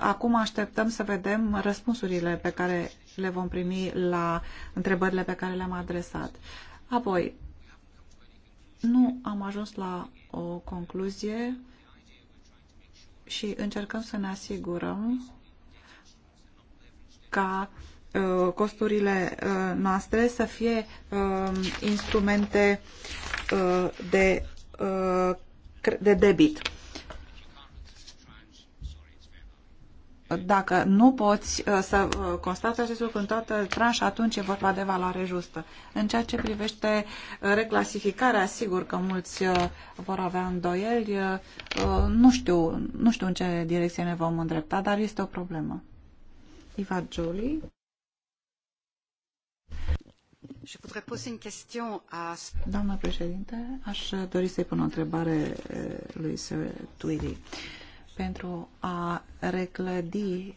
acum așteptăm să vedem răspunsurile pe care le vom primi la întrebările pe care le-am adresat. Apoi, nu am ajuns la o concluzie și încercăm să ne asigurăm ca uh, costurile uh, noastre să fie um, instrumente uh, de, de debit. Dacă nu poți să constați acest lucru în toată tranșa, atunci e vorba de valoare justă. În ceea ce privește reclasificarea, sigur că mulți vor avea îndoieli. Nu știu, nu știu în ce direcție ne vom îndrepta, dar este o problemă. Eva Doamna președinte, aș dori să-i pun o întrebare lui Tuiri. Pentru a reclădi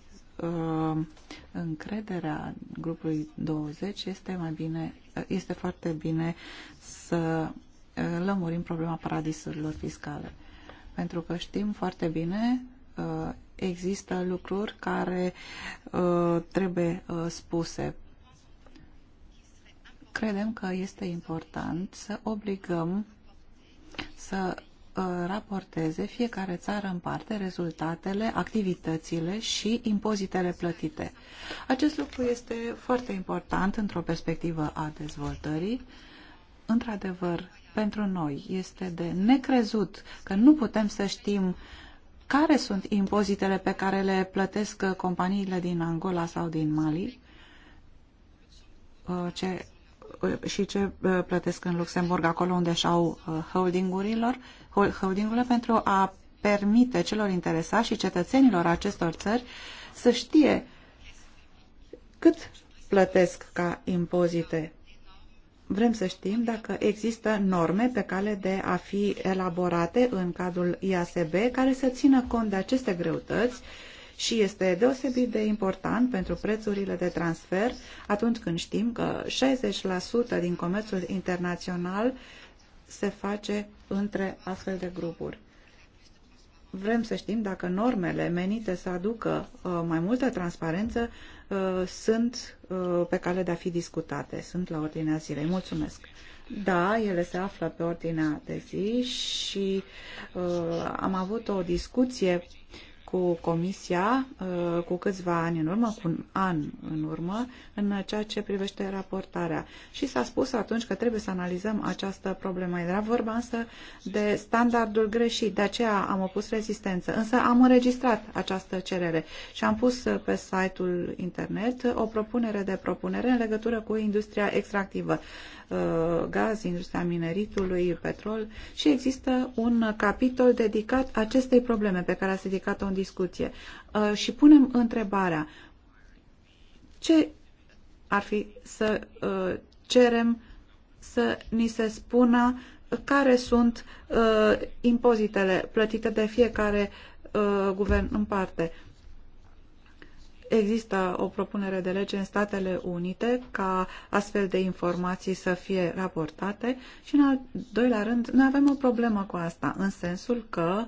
încrederea grupului 20 este mai bine, este foarte bine să lămurim problema paradisurilor fiscale. Pentru că știm foarte bine există lucruri care uh, trebuie uh, spuse. Credem că este important să obligăm să uh, raporteze fiecare țară în parte rezultatele, activitățile și impozitele plătite. Acest lucru este foarte important într-o perspectivă a dezvoltării. Într-adevăr, pentru noi este de necrezut că nu putem să știm uh, care sunt impozitele pe care le plătesc companiile din Angola sau din Mali uh, ce, uh, și ce uh, plătesc în Luxemburg, acolo unde și-au holdingurilor, holdingurile pentru a permite celor interesați și cetățenilor acestor țări să știe cât plătesc ca impozite Vrem să știm dacă există norme pe cale de a fi elaborate în cadrul IASB care să țină cont de aceste greutăți și este deosebit de important pentru prețurile de transfer atunci când știm că 60% din comerțul internațional se face între astfel de grupuri. Vrem să știm dacă normele menite să aducă uh, mai multă transparență Uh, sunt uh, pe cale de a fi discutate, sunt la ordinea zilei. Mulțumesc! Da, ele se află pe ordinea de zi și uh, am avut o discuție cu Comisia uh, cu câțiva ani în urmă, cu un an în urmă, în ceea ce privește raportarea. Și s-a spus atunci că trebuie să analizăm această problemă. Era vorba însă de standardul greșit, de aceea am opus rezistență. Însă am înregistrat această cerere și am pus uh, pe site-ul internet o propunere de propunere în legătură cu industria extractivă uh, gaz, industria mineritului, petrol și există un capitol dedicat acestei probleme pe care a dedicat-o în discuție uh, și punem întrebarea ce ar fi să uh, cerem să ni se spună care sunt uh, impozitele plătite de fiecare guvern în parte. Există o propunere de lege în Statele Unite ca astfel de informații să fie raportate și, în al doilea rând, noi avem o problemă cu asta, în sensul că uh,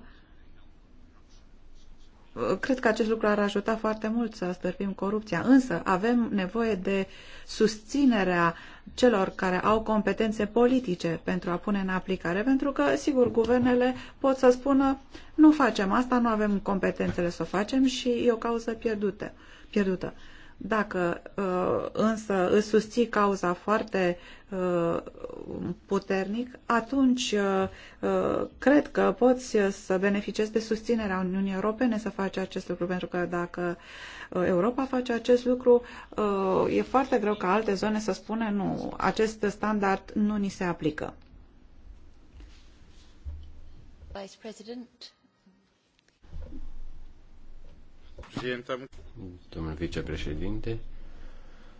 Cred că acest lucru ar ajuta foarte mult să stârpim corupția, însă avem nevoie de susținerea celor care au competențe politice pentru a pune în aplicare, pentru că, sigur, guvernele pot să spună nu facem asta, nu avem competențele să o facem și e o cauză pierdută. pierdută. Dacă uh, însă îți susții cauza foarte uh, puternic, atunci uh, cred că poți să beneficiezi de susținerea Uniunii Europene să faci acest lucru, pentru că dacă Europa face acest lucru, e foarte greu ca alte zone să spună nu, acest standard nu ni se aplică. Vice President. Domnul vicepreședinte,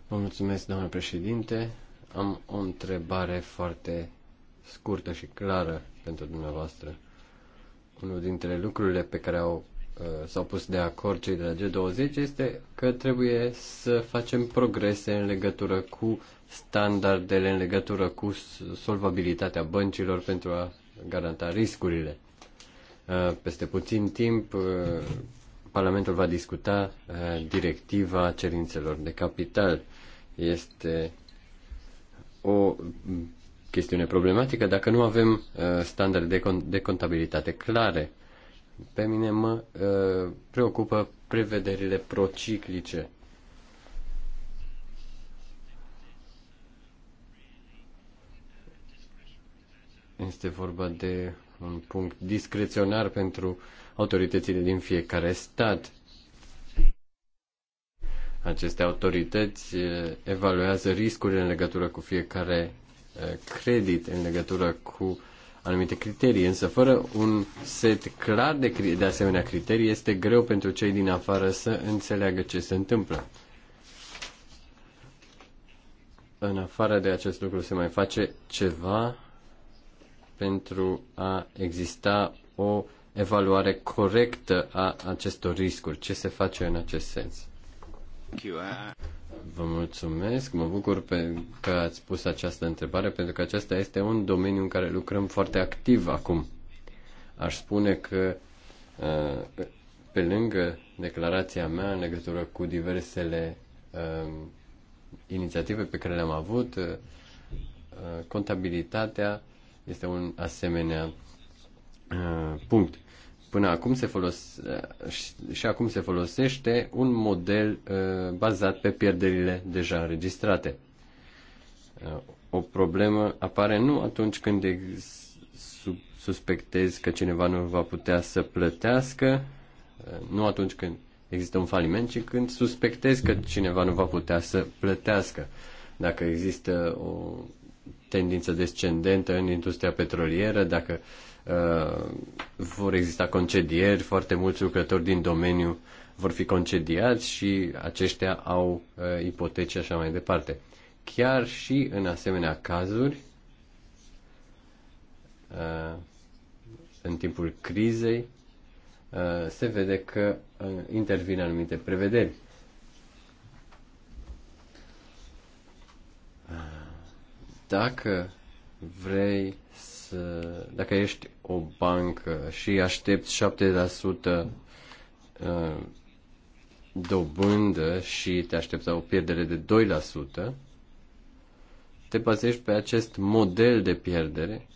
vă mulțumesc, domnule președinte. Am o întrebare foarte scurtă și clară pentru dumneavoastră. Unul dintre lucrurile pe care au, uh, s-au pus de acord cei de la G20 este că trebuie să facem progrese în legătură cu standardele, în legătură cu solvabilitatea băncilor pentru a garanta riscurile. Uh, peste puțin timp, uh, Parlamentul va discuta uh, directiva cerințelor de capital. Este o chestiune problematică dacă nu avem uh, standarde de contabilitate clare. Pe mine mă uh, preocupă prevederile prociclice. Este vorba de un punct discreționar pentru uh, autoritățile din fiecare stat. Aceste autorități eh, evaluează riscurile în legătură cu fiecare eh, credit, în legătură cu anumite criterii, însă fără un set clar de, de asemenea criterii este greu pentru cei din afară să înțeleagă ce se întâmplă. În afară de acest lucru se mai face ceva pentru a exista o evaluare corectă a acestor riscuri. Ce se face în acest sens? Uh, Vă mulțumesc, mă bucur pe că ați pus această întrebare, pentru că acesta este un domeniu în care lucrăm foarte activ acum. Aș spune că, uh, pe lângă declarația mea în legătură cu diversele uh, inițiative pe care le-am avut, contabilitatea este un asemenea Uh, punct. Până acum se folose, uh, și acum se folosește un model uh, bazat pe pierderile deja înregistrate. O problemă apare nu atunci când suspectezi că cineva nu va putea să plătească, nu atunci când există un faliment, ci când suspectezi că cineva nu va putea să plătească. Dacă există o tendință descendentă în industria petrolieră, dacă uh, Uh, vor exista concedieri, foarte mulți lucrători din domeniu vor fi concediați și aceștia au uh, ipoteci așa mai departe. Chiar și în asemenea cazuri, uh, în timpul crizei, uh, se vede că uh, intervin anumite prevederi. Uh, dacă vrei să, dacă ești o bancă și aștept 7% uh, dobândă și te aștept la o pierdere de 2%, te bazești pe acest model de pierdere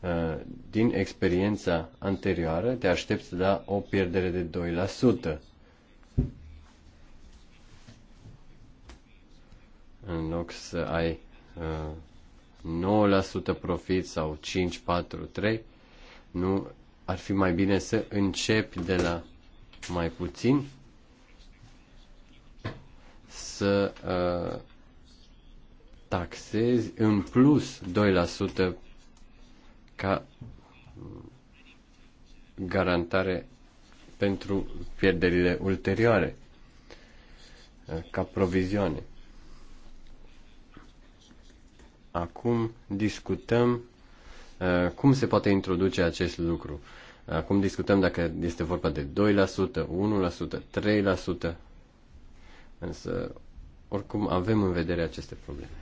uh, din experiența anterioară, te aștepți la o pierdere de 2%. În loc să ai uh, 9% profit sau 5, 4, 3, nu ar fi mai bine să începi de la mai puțin să uh, taxezi în plus 2% ca garantare pentru pierderile ulterioare, uh, ca provizioane. Acum discutăm uh, cum se poate introduce acest lucru. Acum discutăm dacă este vorba de 2%, 1%, 3%, însă oricum avem în vedere aceste probleme.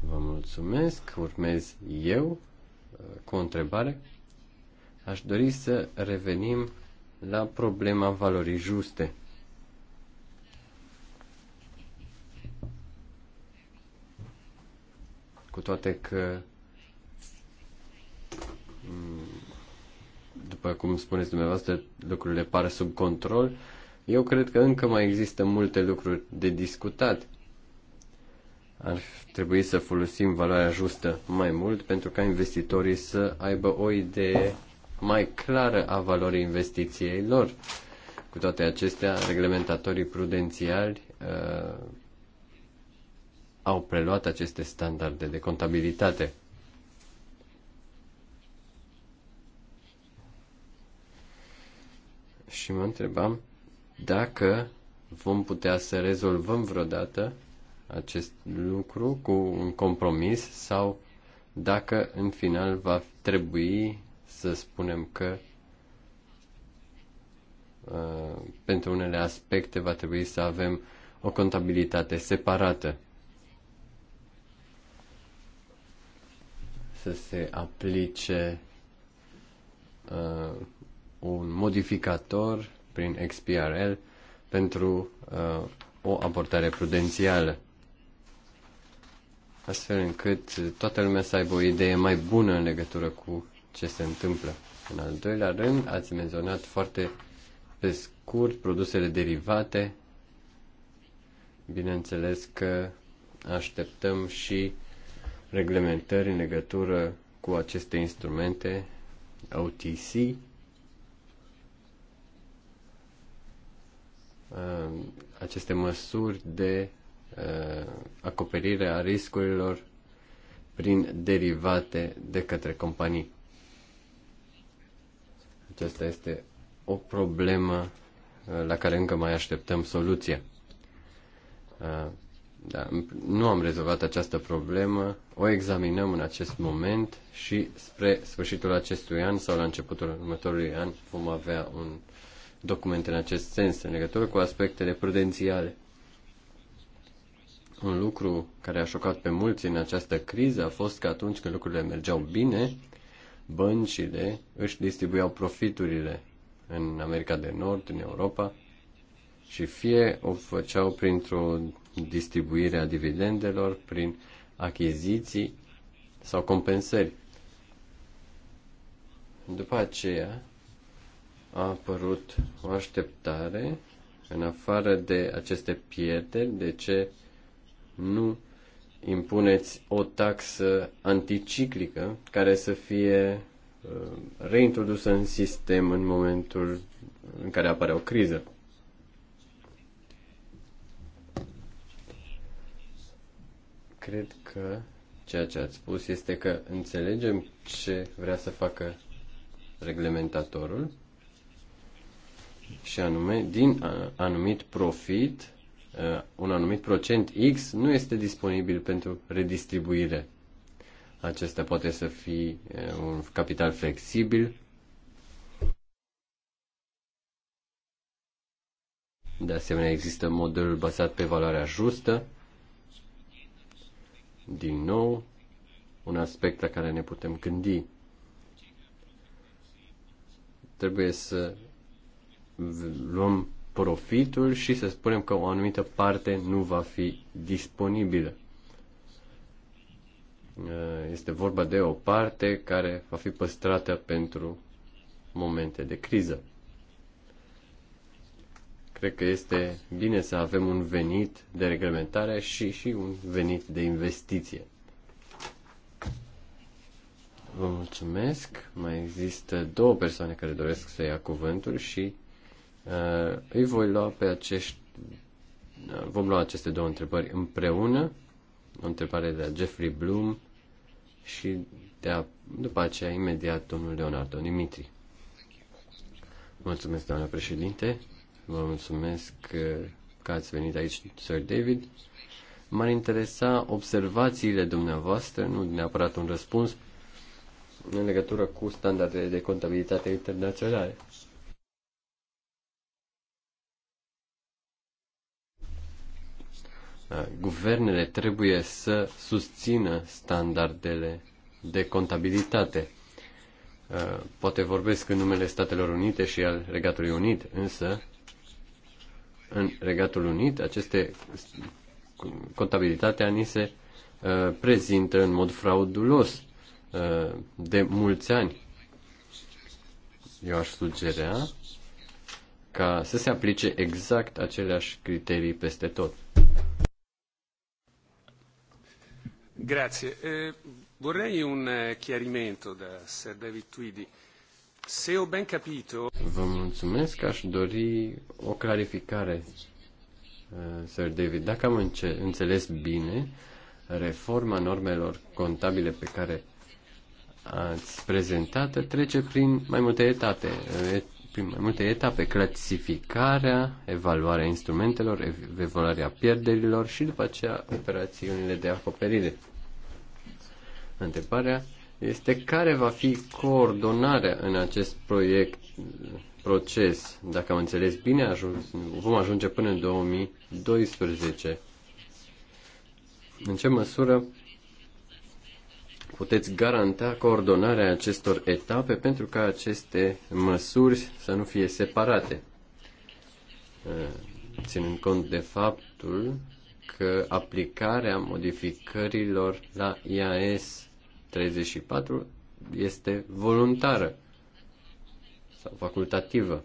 Vă mulțumesc, urmez eu uh, cu o întrebare. Aș dori să revenim la problema valorii juste Cu toate că, mm, după cum spuneți dumneavoastră, lucrurile par sub control, eu cred că încă mai există multe lucruri de discutat. Ar trebui să folosim valoarea justă mai mult pentru ca investitorii să aibă o idee mai clară a valorii investiției lor. Cu toate acestea, reglementatorii prudențiali uh, au preluat aceste standarde de contabilitate. Și mă întrebam dacă vom putea să rezolvăm vreodată acest lucru cu un compromis sau dacă în final va trebui să spunem că uh, pentru unele aspecte va trebui să avem o contabilitate separată. să se aplice uh, un modificator prin XPRL pentru uh, o abordare prudențială, astfel încât toată lumea să aibă o idee mai bună în legătură cu ce se întâmplă. În al doilea rând, ați menționat foarte pe scurt produsele derivate. Bineînțeles că așteptăm și uh, reglementări în legătură cu aceste instrumente OTC. Uh, aceste măsuri de uh, acoperire a riscurilor prin derivate de către companii. Aceasta este o problemă uh, la care încă mai așteptăm soluția. Da, nu am rezolvat această problemă, o examinăm în acest moment și spre sfârșitul acestui an sau la începutul următorului an vom avea un document în acest sens în legătură cu aspectele prudențiale. Un lucru care a șocat pe mulți în această criză a fost că atunci când lucrurile mergeau bine, băncile își distribuiau profiturile în America de Nord, în Europa, și fie o făceau printr-o distribuire a dividendelor, prin achiziții sau compensări. După aceea a apărut o așteptare în afară de aceste pierderi, de ce nu impuneți o taxă anticiclică care să fie uh, reintrodusă în sistem în momentul în care apare o criză. cred că ceea ce ați spus este că înțelegem ce vrea să facă reglementatorul și anume din anumit profit un anumit procent X nu este disponibil pentru redistribuire. Acesta poate să fie un capital flexibil. De asemenea, există modelul bazat pe valoarea justă din nou un aspect la care ne putem gândi. Trebuie să luăm profitul și să spunem că o anumită parte nu va fi disponibilă. Este vorba de o parte care va fi păstrată pentru momente de criză. Cred că este bine să avem un venit de reglementare și, și un venit de investiție. Vă mulțumesc. Mai există două persoane care doresc să ia cuvântul și uh, îi voi lua pe acești. Uh, vom lua aceste două întrebări împreună. O întrebare de la Jeffrey Bloom și de a, după aceea imediat domnul Leonardo Dimitri. Mulțumesc, doamna președinte. Vă mulțumesc că ați venit aici, Sir David. M-ar interesa observațiile dumneavoastră, nu neapărat un răspuns, în legătură cu standardele de contabilitate internaționale. Guvernele trebuie să susțină standardele de contabilitate. Poate vorbesc în numele Statelor Unite și al Regatului Unit, însă în Regatul Unit, aceste contabilitatea ni se uh, prezintă în mod fraudulos uh, de mulți ani. Eu aș sugera ca să se aplice exact aceleași criterii peste tot. Grazie. Eh, vorrei un eh, chiarimento da Sir David Tweedy. Vă mulțumesc, aș dori o clarificare, uh, Sir David. Dacă am înțeles bine, reforma normelor contabile pe care ați prezentat trece prin mai multe etape, prin mai multe etape, clasificarea, evaluarea instrumentelor, evaluarea pierderilor și după aceea operațiunile de acoperire. Întrebarea este care va fi coordonarea în acest proiect, proces. Dacă am înțeles bine, ajuns, vom ajunge până în 2012. În ce măsură puteți garanta coordonarea acestor etape pentru ca aceste măsuri să nu fie separate? Uh, ținând cont de faptul că aplicarea modificărilor la IAS 34 este voluntară sau facultativă.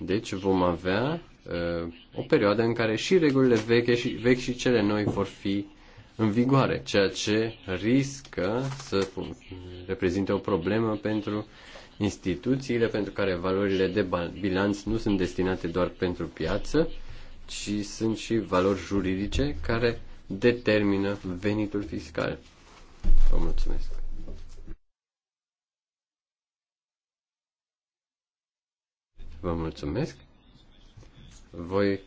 Deci vom avea uh, o perioadă în care și regulile veche și, vechi și cele noi vor fi în vigoare, ceea ce riscă să reprezinte o problemă pentru instituțiile pentru care valorile de bilanț nu sunt destinate doar pentru piață, ci sunt și valori juridice care determină venitul fiscal. Vă mulțumesc. Vă mulțumesc. Voi uh,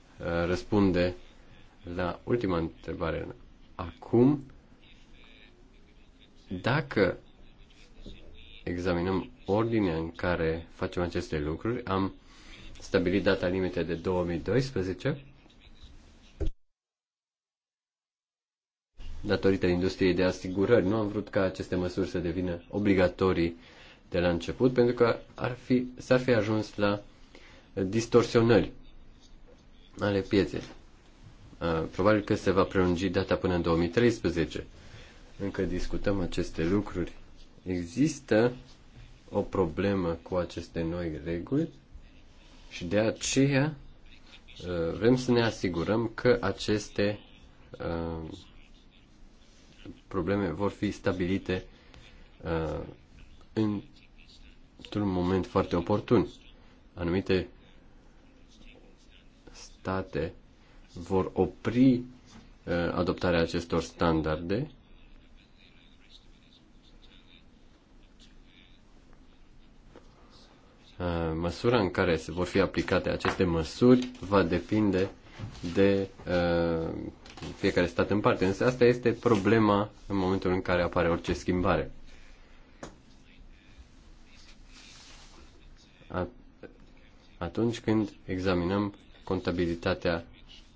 răspunde la ultima întrebare acum. Dacă examinăm ordinea în care facem aceste lucruri, am stabilit data limite de 2012 datorită industriei de asigurări. Nu am vrut ca aceste măsuri să devină obligatorii de la început, pentru că ar fi, s-ar fi ajuns la distorsionări ale pieței. Probabil că se va prelungi data până în 2013. Încă discutăm aceste lucruri. Există o problemă cu aceste noi reguli și de aceea vrem să ne asigurăm că aceste probleme vor fi stabilite uh, într-un moment foarte oportun. Anumite state vor opri uh, adoptarea acestor standarde uh, măsura în care se vor fi aplicate aceste măsuri va depinde de uh, fiecare stat în parte. Însă asta este problema în momentul în care apare orice schimbare. Atunci când examinăm contabilitatea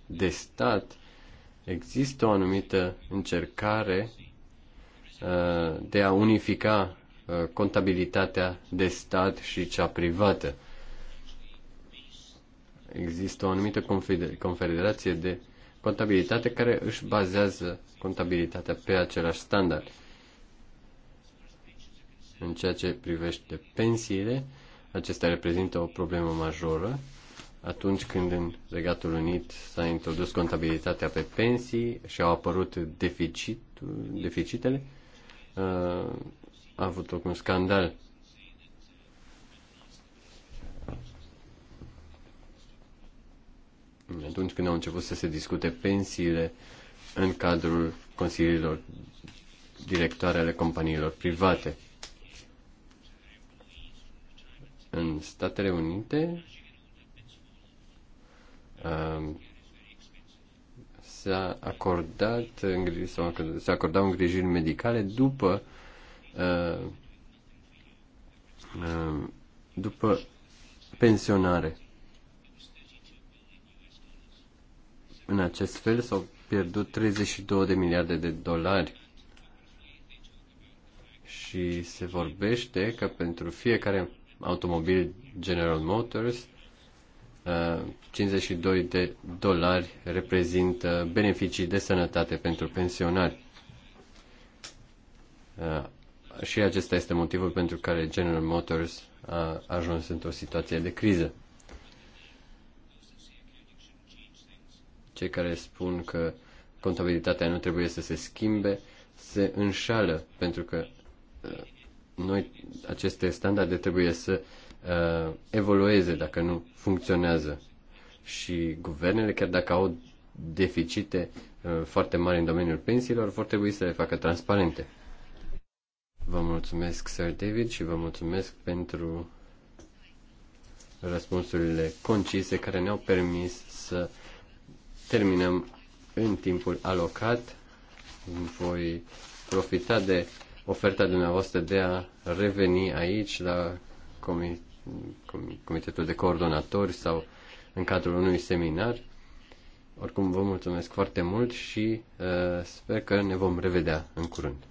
de stat, există o anumită încercare uh, de a unifica uh, contabilitatea de stat și cea privată. Există o anumită confederație de contabilitate care își bazează contabilitatea pe același standard. În ceea ce privește pensiile, acestea reprezintă o problemă majoră. Atunci când în Regatul Unit s-a introdus contabilitatea pe pensii și au apărut deficit, deficitele, a avut loc un scandal atunci când au început să se discute pensiile în cadrul consiliilor directoare ale companiilor private. În Statele Unite um, s-a acordat, s-a acordat îngrijiri medicale după uh, um, după pensionare. În acest fel s-au pierdut 32 de miliarde de dolari și se vorbește că pentru fiecare automobil General Motors 52 uh, de dolari reprezintă beneficii de sănătate pentru pensionari. Uh, și acesta este motivul pentru care General Motors a ajuns într-o situație de criză. Cei care spun că contabilitatea nu trebuie să se schimbe se înșală, pentru că uh, noi aceste standarde trebuie să uh, evolueze dacă nu funcționează. Și guvernele, chiar dacă au deficite uh, foarte mari în domeniul pensiilor, vor trebui să le facă transparente. Vă mulțumesc, Sir David, și vă mulțumesc pentru răspunsurile concise care ne-au permis să terminăm în timpul alocat. Voi profita de oferta dumneavoastră de a reveni aici la Comitetul de Coordonatori sau în cadrul unui seminar. Oricum, vă mulțumesc foarte mult și uh, sper că ne vom revedea în curând.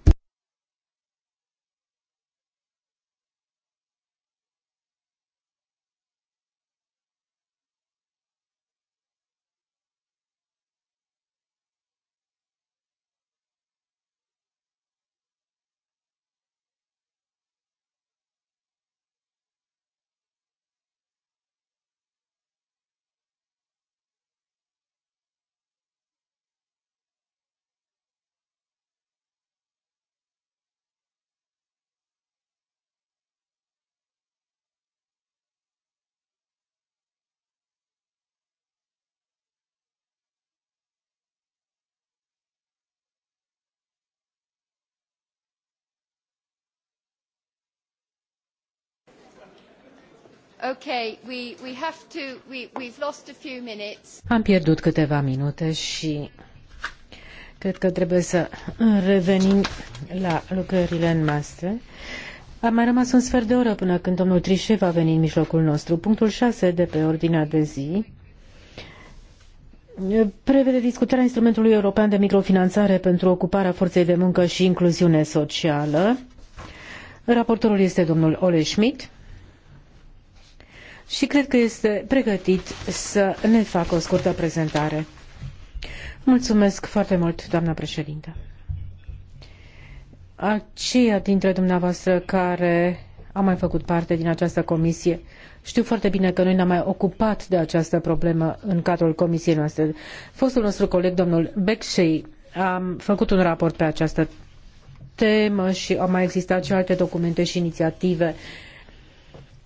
Okay, we, we have to, we, we've lost a few minutes. Am pierdut câteva minute și cred că trebuie să revenim la lucrările noastre. A mai rămas un sfert de oră până când domnul Trișe va veni în mijlocul nostru. Punctul 6 de pe ordinea de zi prevede discutarea instrumentului european de microfinanțare pentru ocuparea forței de muncă și incluziune socială. Raportorul este domnul Ole Schmidt și cred că este pregătit să ne facă o scurtă prezentare. Mulțumesc foarte mult, doamna președintă. Aceia dintre dumneavoastră care au mai făcut parte din această comisie. Știu foarte bine că noi ne-am mai ocupat de această problemă în cadrul comisiei noastre. Fostul nostru coleg, domnul Becșei, a făcut un raport pe această temă și au mai existat și alte documente și inițiative uh,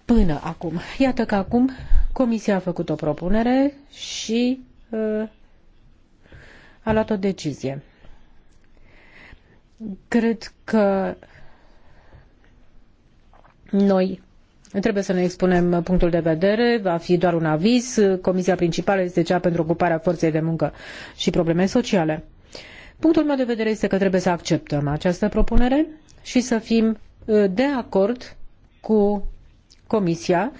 până acum. Iată că acum Comisia a făcut o propunere și uh, a luat o decizie. Cred că noi trebuie să ne expunem punctul de vedere, va fi doar un aviz. Comisia principală este cea pentru ocuparea forței de muncă și probleme sociale. Punctul meu de vedere este că trebuie să acceptăm această propunere și să fim uh, de acord cu Comisia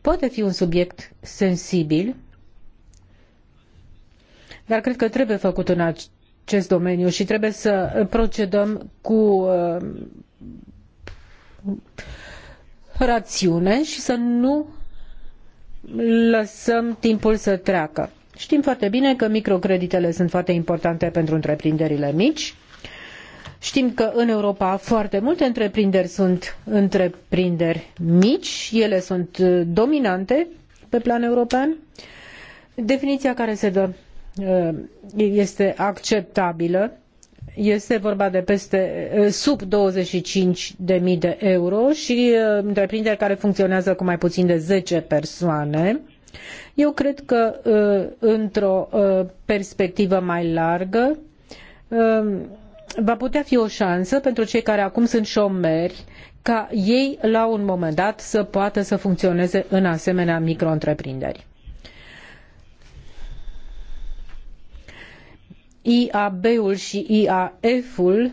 poate fi un subiect sensibil, dar cred că trebuie făcut în acest domeniu și trebuie să procedăm cu uh, rațiune și să nu lăsăm timpul să treacă. Știm foarte bine că microcreditele sunt foarte importante pentru întreprinderile mici Știm că în Europa foarte multe întreprinderi sunt întreprinderi mici, ele sunt uh, dominante pe plan european. Definiția care se dă uh, este acceptabilă. Este vorba de peste uh, sub 25.000 de euro și întreprinderi care funcționează cu mai puțin de 10 persoane. Eu cred că într-o perspectivă mai largă va putea fi o șansă pentru cei care acum sunt șomeri ca ei la un moment dat să poată să funcționeze în asemenea micro-întreprinderi. IAB-ul și IAF-ul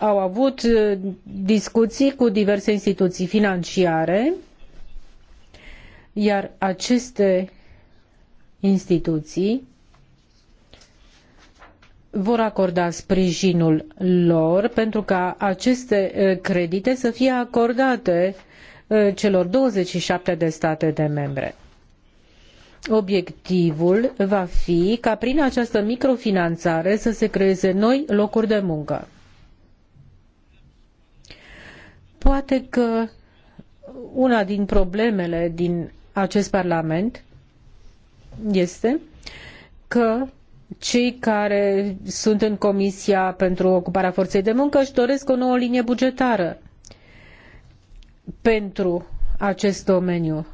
au avut uh, discuții cu diverse instituții financiare, iar aceste instituții vor acorda sprijinul lor pentru ca aceste uh, credite să fie acordate uh, celor 27 de state de membre. Obiectivul va fi ca prin această microfinanțare să se creeze noi locuri de muncă. Poate că una din problemele din acest Parlament este că cei care sunt în Comisia pentru Ocuparea Forței de Muncă își doresc o nouă linie bugetară pentru acest domeniu.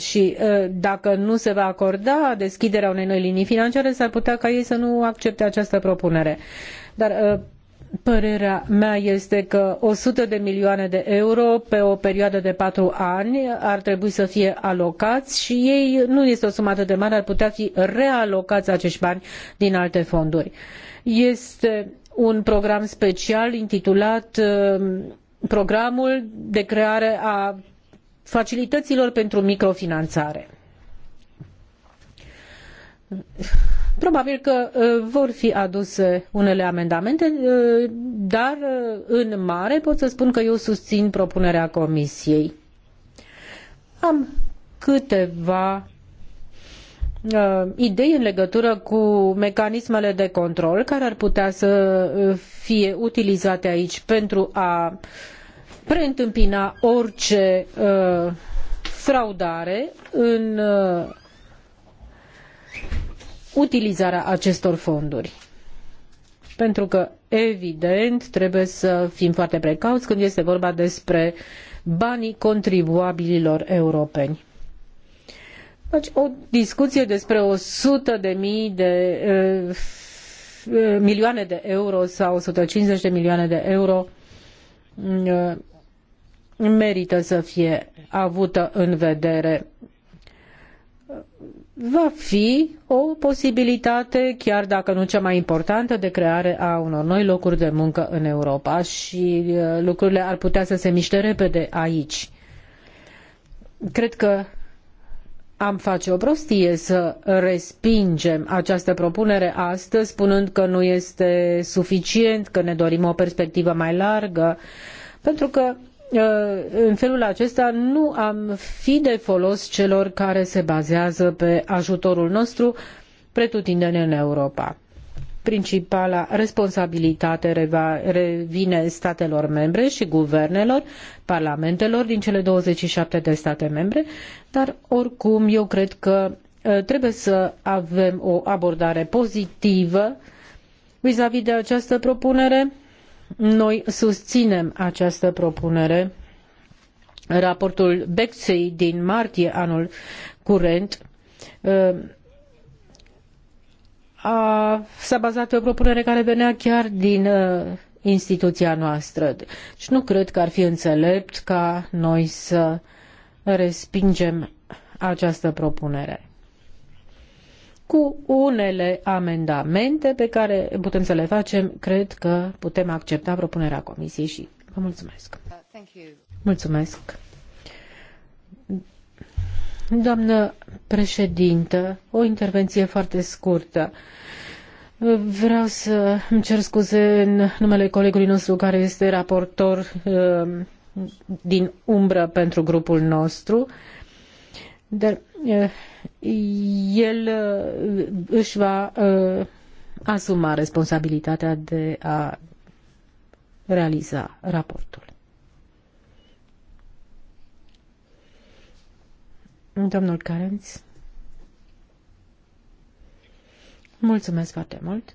Și uh, dacă nu se va acorda deschiderea unei noi linii financiare, s-ar putea ca ei să nu accepte această propunere. Dar uh, Părerea mea este că 100 de milioane de euro pe o perioadă de patru ani ar trebui să fie alocați și ei nu este o sumă atât de mare, ar putea fi realocați acești bani din alte fonduri. Este un program special intitulat uh, Programul de creare a facilităților pentru microfinanțare Probabil că uh, vor fi aduse unele amendamente, uh, dar uh, în mare pot să spun că eu susțin propunerea Comisiei. Am câteva idei în legătură cu mecanismele de control care ar putea să fie utilizate aici pentru a preîntâmpina orice fraudare în utilizarea acestor fonduri. Pentru că, evident, trebuie să fim foarte precauți când este vorba despre banii contribuabililor europeni. Deci, o discuție despre 100 de mii de milioane de euro sau 150 de milioane de euro merită să fie avută în vedere va fi o posibilitate, chiar dacă nu cea mai importantă, de creare a unor noi locuri de muncă în Europa și uh, lucrurile ar putea să se miște repede aici. Cred că am face o prostie să respingem această propunere astăzi, spunând că nu este suficient, că ne dorim o perspectivă mai largă, pentru că în felul acesta nu am fi de folos celor care se bazează pe ajutorul nostru pretutindeni în Europa. Principala responsabilitate revine statelor membre și guvernelor, parlamentelor din cele 27 de state membre, dar oricum eu cred că ă, trebuie să avem o abordare pozitivă vis-a-vis de această propunere noi susținem această propunere. Raportul Bexei din martie anul curent uh, a, s-a bazat pe o propunere care venea chiar din uh, instituția noastră. Deci nu cred că ar fi înțelept ca noi să respingem această propunere. Cu unele amendamente pe care putem să le facem, cred că putem accepta propunerea Comisiei și vă mulțumesc. Mulțumesc. Doamnă președintă, o intervenție foarte scurtă. Vreau să îmi cer scuze în numele colegului nostru care este raportor um, din umbră pentru grupul nostru, dar uh, el uh, își va uh, asuma responsabilitatea de a realiza raportul. Domnul Carenț, mulțumesc foarte mult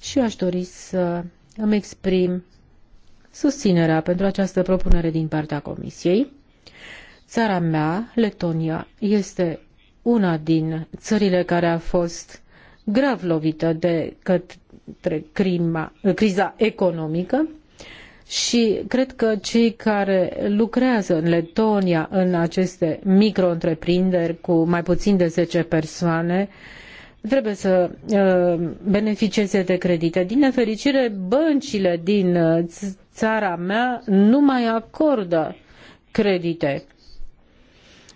și aș dori să îmi exprim susținerea pentru această propunere din partea Comisiei Țara mea, Letonia, este una din țările care a fost grav lovită de către crima, criza economică și cred că cei care lucrează în Letonia în aceste micro-întreprinderi cu mai puțin de zece persoane trebuie să uh, beneficieze de credite. Din nefericire, băncile din uh, țara mea nu mai acordă credite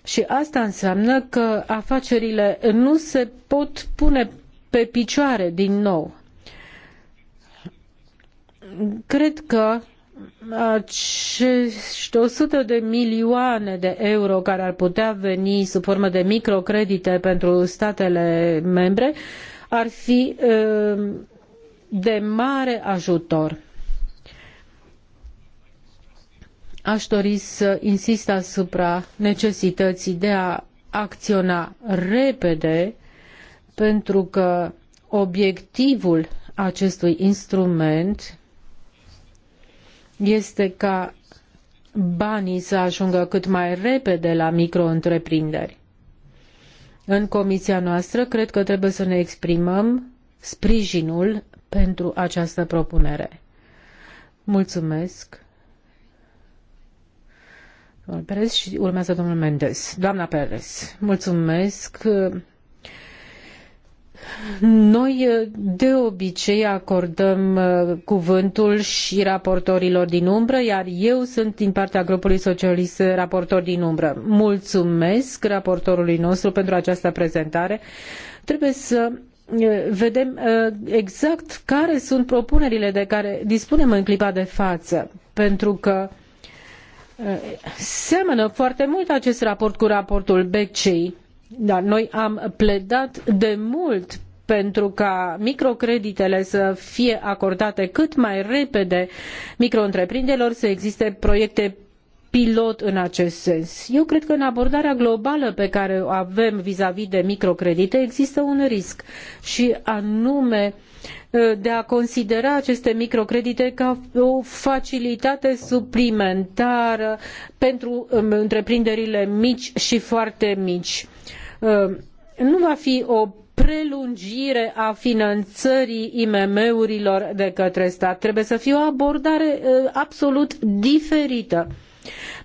și asta înseamnă că afacerile nu se pot pune pe picioare din nou. Cred că acești 100 de milioane de euro care ar putea veni sub formă de microcredite pentru statele membre ar fi uh, de mare ajutor. aș dori să insist asupra necesității de a acționa repede pentru că obiectivul acestui instrument este ca banii să ajungă cât mai repede la micro-întreprinderi. În comisia noastră cred că trebuie să ne exprimăm sprijinul pentru această propunere. Mulțumesc. Domnul Perez și urmează domnul Mendes. Doamna Perez, mulțumesc. Noi de obicei acordăm uh, cuvântul și raportorilor din umbră, iar eu sunt din partea grupului socialist uh, raportor din umbră. Mulțumesc raportorului nostru pentru această prezentare. Trebuie să uh, vedem exact care sunt propunerile de care dispunem în clipa de față, pentru că Seamănă foarte mult acest raport cu raportul BCI, dar noi am pledat de mult pentru ca microcreditele să fie acordate cât mai repede micro-întreprinderilor, să existe proiecte pilot în acest sens. Eu cred că în abordarea globală pe care o avem vizavi de microcredite există un risc și anume uh, de a considera aceste microcredite ca o facilitate suplimentară pentru um, întreprinderile mici și foarte mici. Um, nu va fi o prelungire a finanțării IMM urilor de către stat. Trebuie să fie o abordare uh, absolut diferită.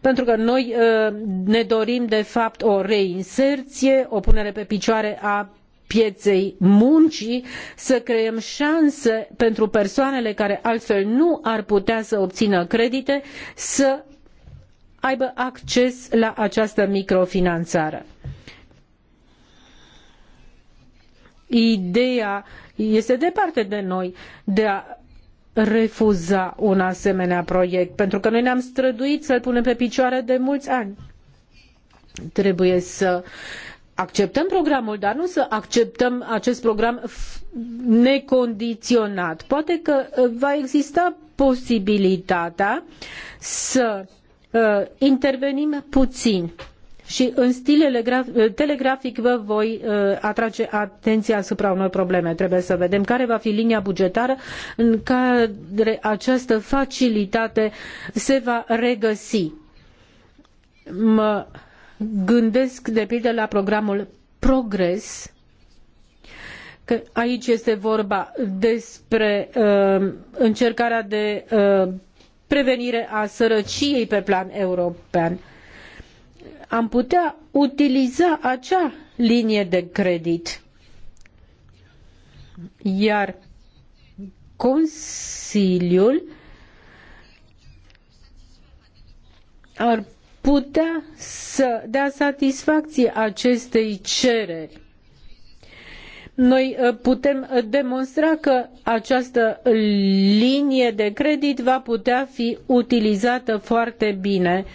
Pentru că noi uh, ne dorim, de fapt, o reinserție, o punere pe picioare a pieței muncii, să creăm șanse pentru persoanele care altfel nu ar putea să obțină credite să aibă acces la această microfinanțare. Ideea este departe de noi de a refuza un asemenea proiect, pentru că noi ne-am străduit să-l punem pe picioare de mulți ani. Trebuie să acceptăm programul, dar nu să acceptăm acest program necondiționat. Poate că uh, va exista posibilitatea să uh, intervenim puțin și în stil uh, telegrafic vă voi atrage atenția asupra unor probleme. Trebuie să vedem care va fi linia bugetară în care această facilitate se va regăsi. Mă gândesc de pildă la programul Progress, că aici este vorba despre uh, încercarea de uh, prevenire a sărăciei pe plan european. Am putea utiliza acea linie de credit. Iar Consiliul ar putea să dea satisfacție acestei cereri. Noi uh, putem uh, demonstra că această linie de credit va putea fi utilizată foarte bine.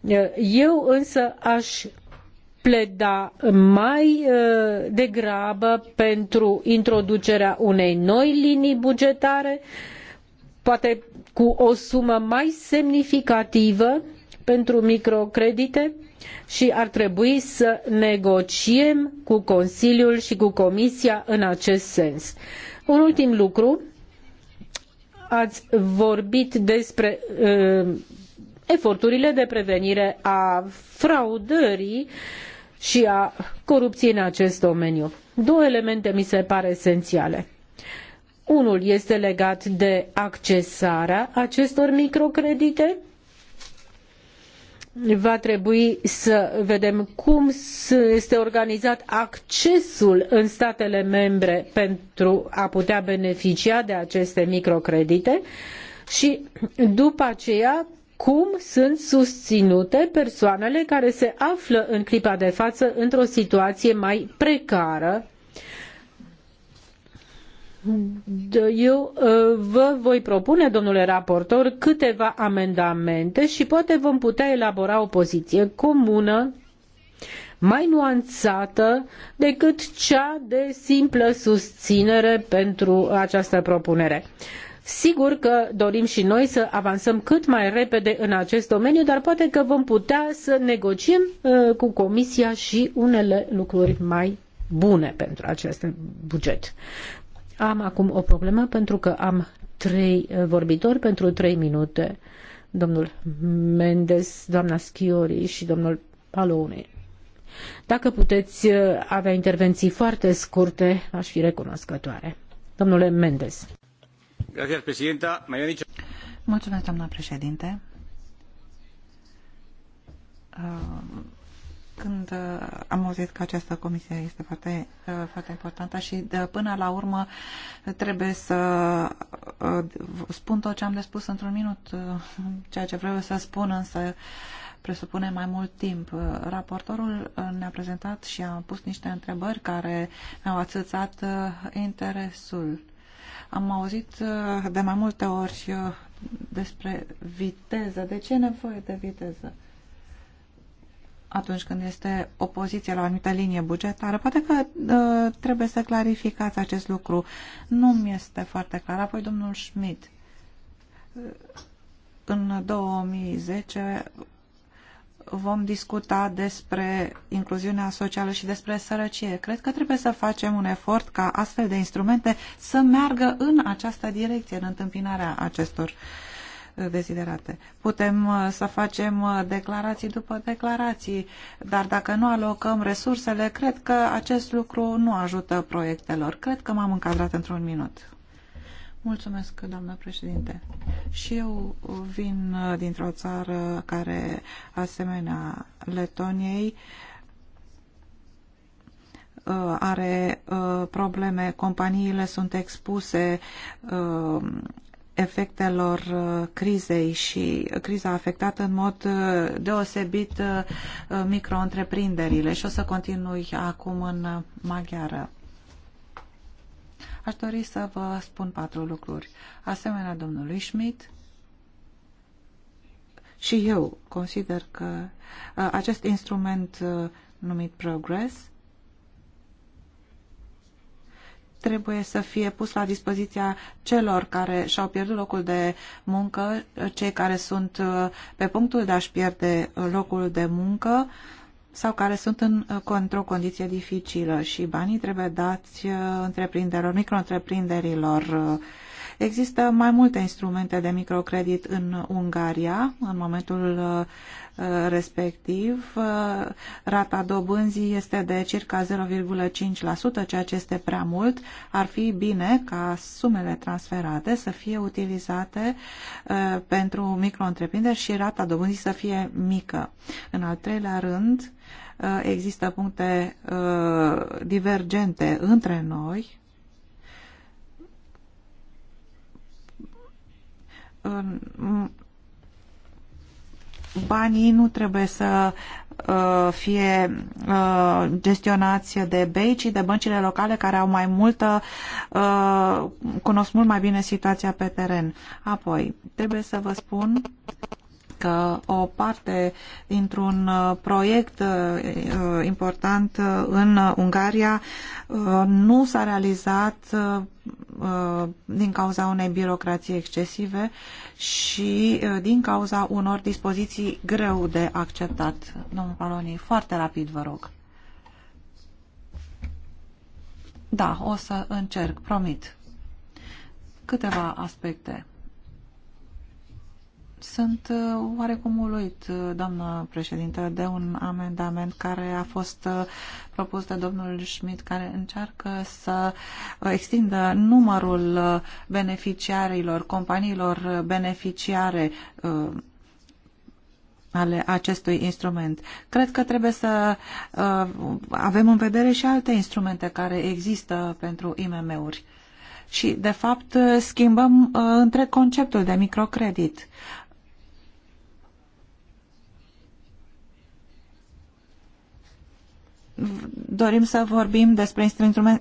Uh, eu însă aș pleda mai degrabă pentru introducerea unei noi linii bugetare, poate cu o sumă mai semnificativă, pentru microcredite și ar trebui să negociem cu Consiliul și cu Comisia în acest sens. Un ultim lucru, ați vorbit despre uh, eforturile de prevenire a fraudării și a corupției în acest domeniu. Două elemente mi se par esențiale. Unul este legat de accesarea acestor microcredite va trebui să vedem cum este organizat accesul în statele membre pentru a putea beneficia de aceste microcredite și după aceea cum sunt susținute persoanele care se află în clipa de față într-o situație mai precară da, eu uh, vă voi propune, domnule raportor, câteva amendamente și poate vom putea elabora o poziție comună mai nuanțată decât cea de simplă susținere pentru această propunere. Sigur că dorim și noi să avansăm cât mai repede în acest domeniu, dar poate că vom putea să negociem uh, cu Comisia și unele lucruri mai bune pentru acest buget. Am acum o problemă pentru că am trei eh, vorbitori pentru trei minute. Domnul Mendes, doamna Schiori și domnul Palone. Dacă puteți eh, avea intervenții foarte scurte, aș fi recunoscătoare. Domnule Mendes. Mulțumesc, doamna președinte. Eh, când uh, am auzit că această comisie este foarte, uh, foarte importantă și de, uh, până la urmă trebuie să spun tot ce am de spus într-un minut, ceea ce vreau să spun, însă presupune mai mult timp. Raportorul ne-a prezentat și a pus niște întrebări care mi-au atâțat interesul. Am auzit de mai multe ori despre viteză. De ce e nevoie de viteză? atunci când este opoziție la o anumită linie bugetară. Poate că uh, trebuie să clarificați acest lucru. Nu mi este foarte clar. Apoi domnul Schmidt. În 2010 vom discuta despre incluziunea socială și despre sărăcie. Cred că trebuie să facem un efort ca astfel de instrumente să meargă în această direcție, în întâmpinarea acestor uh, deziderate. Putem uh, să facem uh, declarații după declarații, dar dacă nu alocăm resursele, cred că acest lucru nu ajută proiectelor. Cred că m-am încadrat într-un minut. Mulțumesc, doamnă președinte. Și eu vin uh, dintr-o țară care, asemenea Letoniei, are probleme, companiile sunt expuse efectelor uh, crizei și criza a afectat în mod uh, deosebit uh, micro-întreprinderile și o să continui acum în maghiară. Aș dori să vă spun patru lucruri. Asemenea domnului Schmidt, și eu consider că acest instrument numit Progress trebuie să fie pus la dispoziția celor care și-au pierdut locul de muncă, cei care sunt uh, pe punctul de a-și pierde uh, locul de muncă sau care sunt în, uh, într-o condiție dificilă și banii trebuie dați întreprinderilor, micro-întreprinderilor Există mai multe instrumente de microcredit în Ungaria în momentul uh, uh, respectiv. Uh, rata dobânzii este de circa 0,5%, ceea ce este prea mult. Ar fi bine ca sumele transferate să fie utilizate pentru micro-întreprinderi și rata dobânzii să fie mică. În al treilea rând, există puncte divergente între noi banii nu trebuie să uh, fie uh, gestionați de BEI, ci de băncile locale care au mai multă, uh, cunosc mult mai bine situația pe teren. Apoi, trebuie să vă spun reprezintă o parte dintr-un uh, proiect uh, uh, important în Ungaria nu s-a realizat din cauza unei birocrații excesive și din cauza unor dispoziții greu de acceptat. Domnul Paloni, foarte rapid vă rog. Da, o să încerc, promit. Câteva aspecte. Sunt uh, oarecum uluit, uh, doamnă președintă, de un amendament care a fost uh, propus de domnul Schmidt, care încearcă să extindă numărul beneficiarilor, companiilor beneficiare ale acestui instrument. Cred că trebuie să uh, avem în vedere și alte instrumente care există pentru IMM-uri. Și, de fapt, schimbăm uh, între conceptul de microcredit. dorim să vorbim despre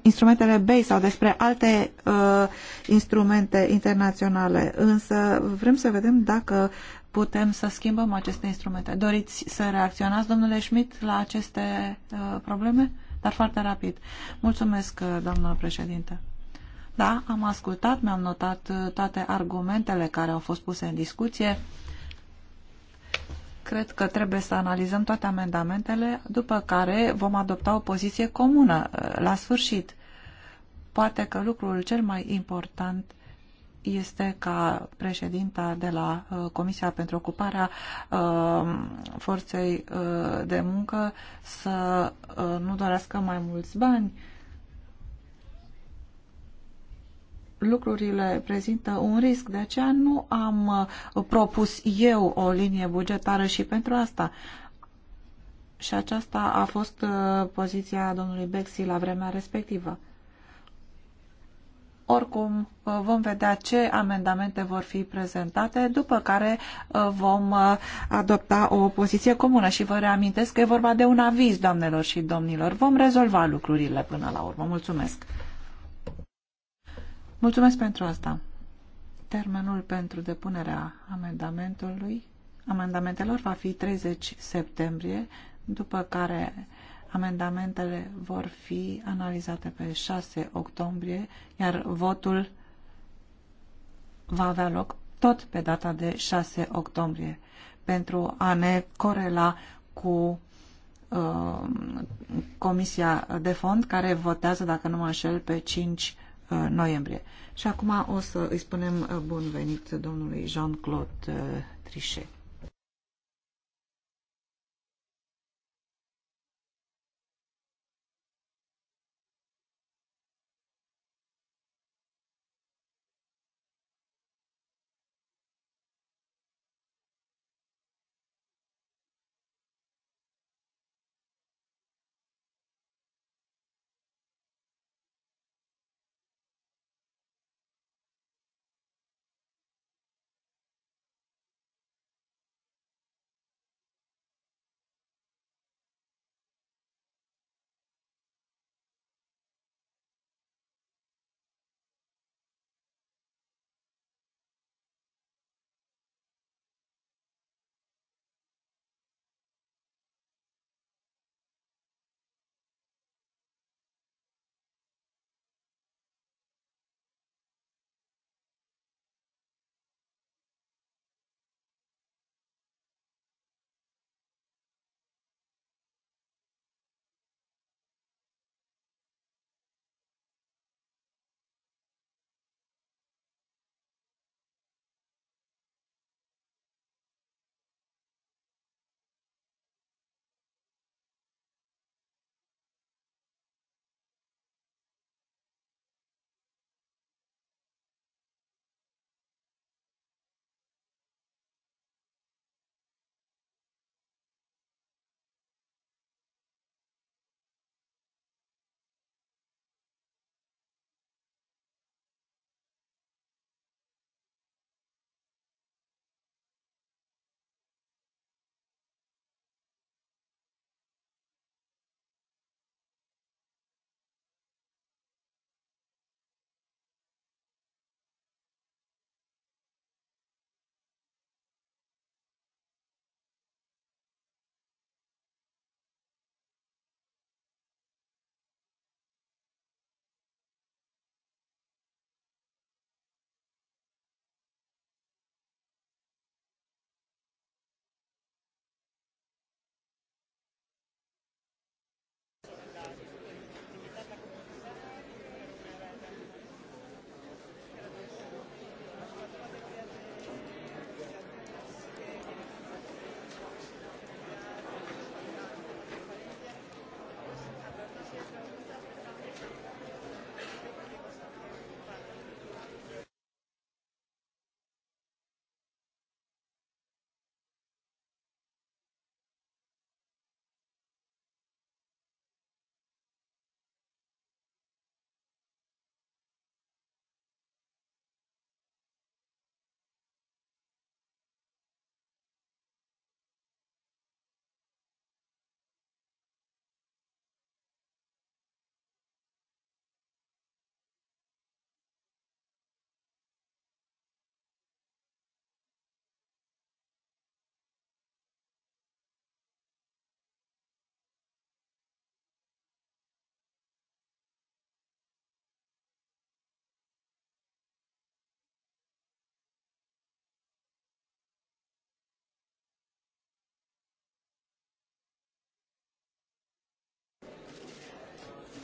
instrumentele BEI sau despre alte uh, instrumente internaționale, însă vrem să vedem dacă putem să schimbăm aceste instrumente. Doriți să reacționați, domnule Schmidt, la aceste uh, probleme? Dar foarte rapid. Mulțumesc, uh, doamnă președinte. Da, am ascultat, mi-am notat uh, toate argumentele care au fost puse în discuție. Uh, Cred că trebuie să analizăm toate amendamentele, după care vom adopta o poziție comună uh, la sfârșit. Poate că lucrul cel mai important este ca președinta de la uh, Comisia pentru Ocuparea uh, Forței de Muncă să nu dorească mai mulți bani, lucrurile prezintă un risc. De aceea nu am uh, propus eu o linie bugetară și pentru asta. Și aceasta a fost uh, poziția domnului Bexi la vremea respectivă. Oricum, uh, vom vedea ce amendamente vor fi prezentate, după care vom adopta o poziție comună. Și vă reamintesc că e vorba de un aviz, doamnelor și domnilor. Vom rezolva lucrurile până la urmă. Mulțumesc! Mulțumesc pentru asta. Termenul pentru depunerea amendamentului, amendamentelor va fi 30 septembrie, după care amendamentele vor fi analizate pe 6 octombrie, iar votul va avea loc tot pe data de 6 octombrie pentru a ne corela cu uh, Comisia de Fond care votează, dacă nu mă înșel, pe 5 Uh, noiembrie. Și acum o să îi spunem uh, bun venit domnului Jean-Claude uh, Trichet.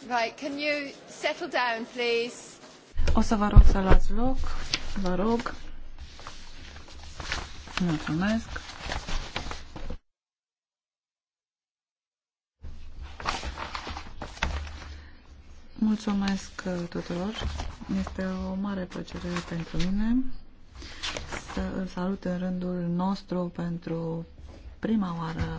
Right, can you settle down, please? O să vă rog să luați loc, vă rog. Mulțumesc. Mulțumesc uh, tuturor. Este o mare plăcere pentru mine să îl salut în rândul nostru pentru prima oară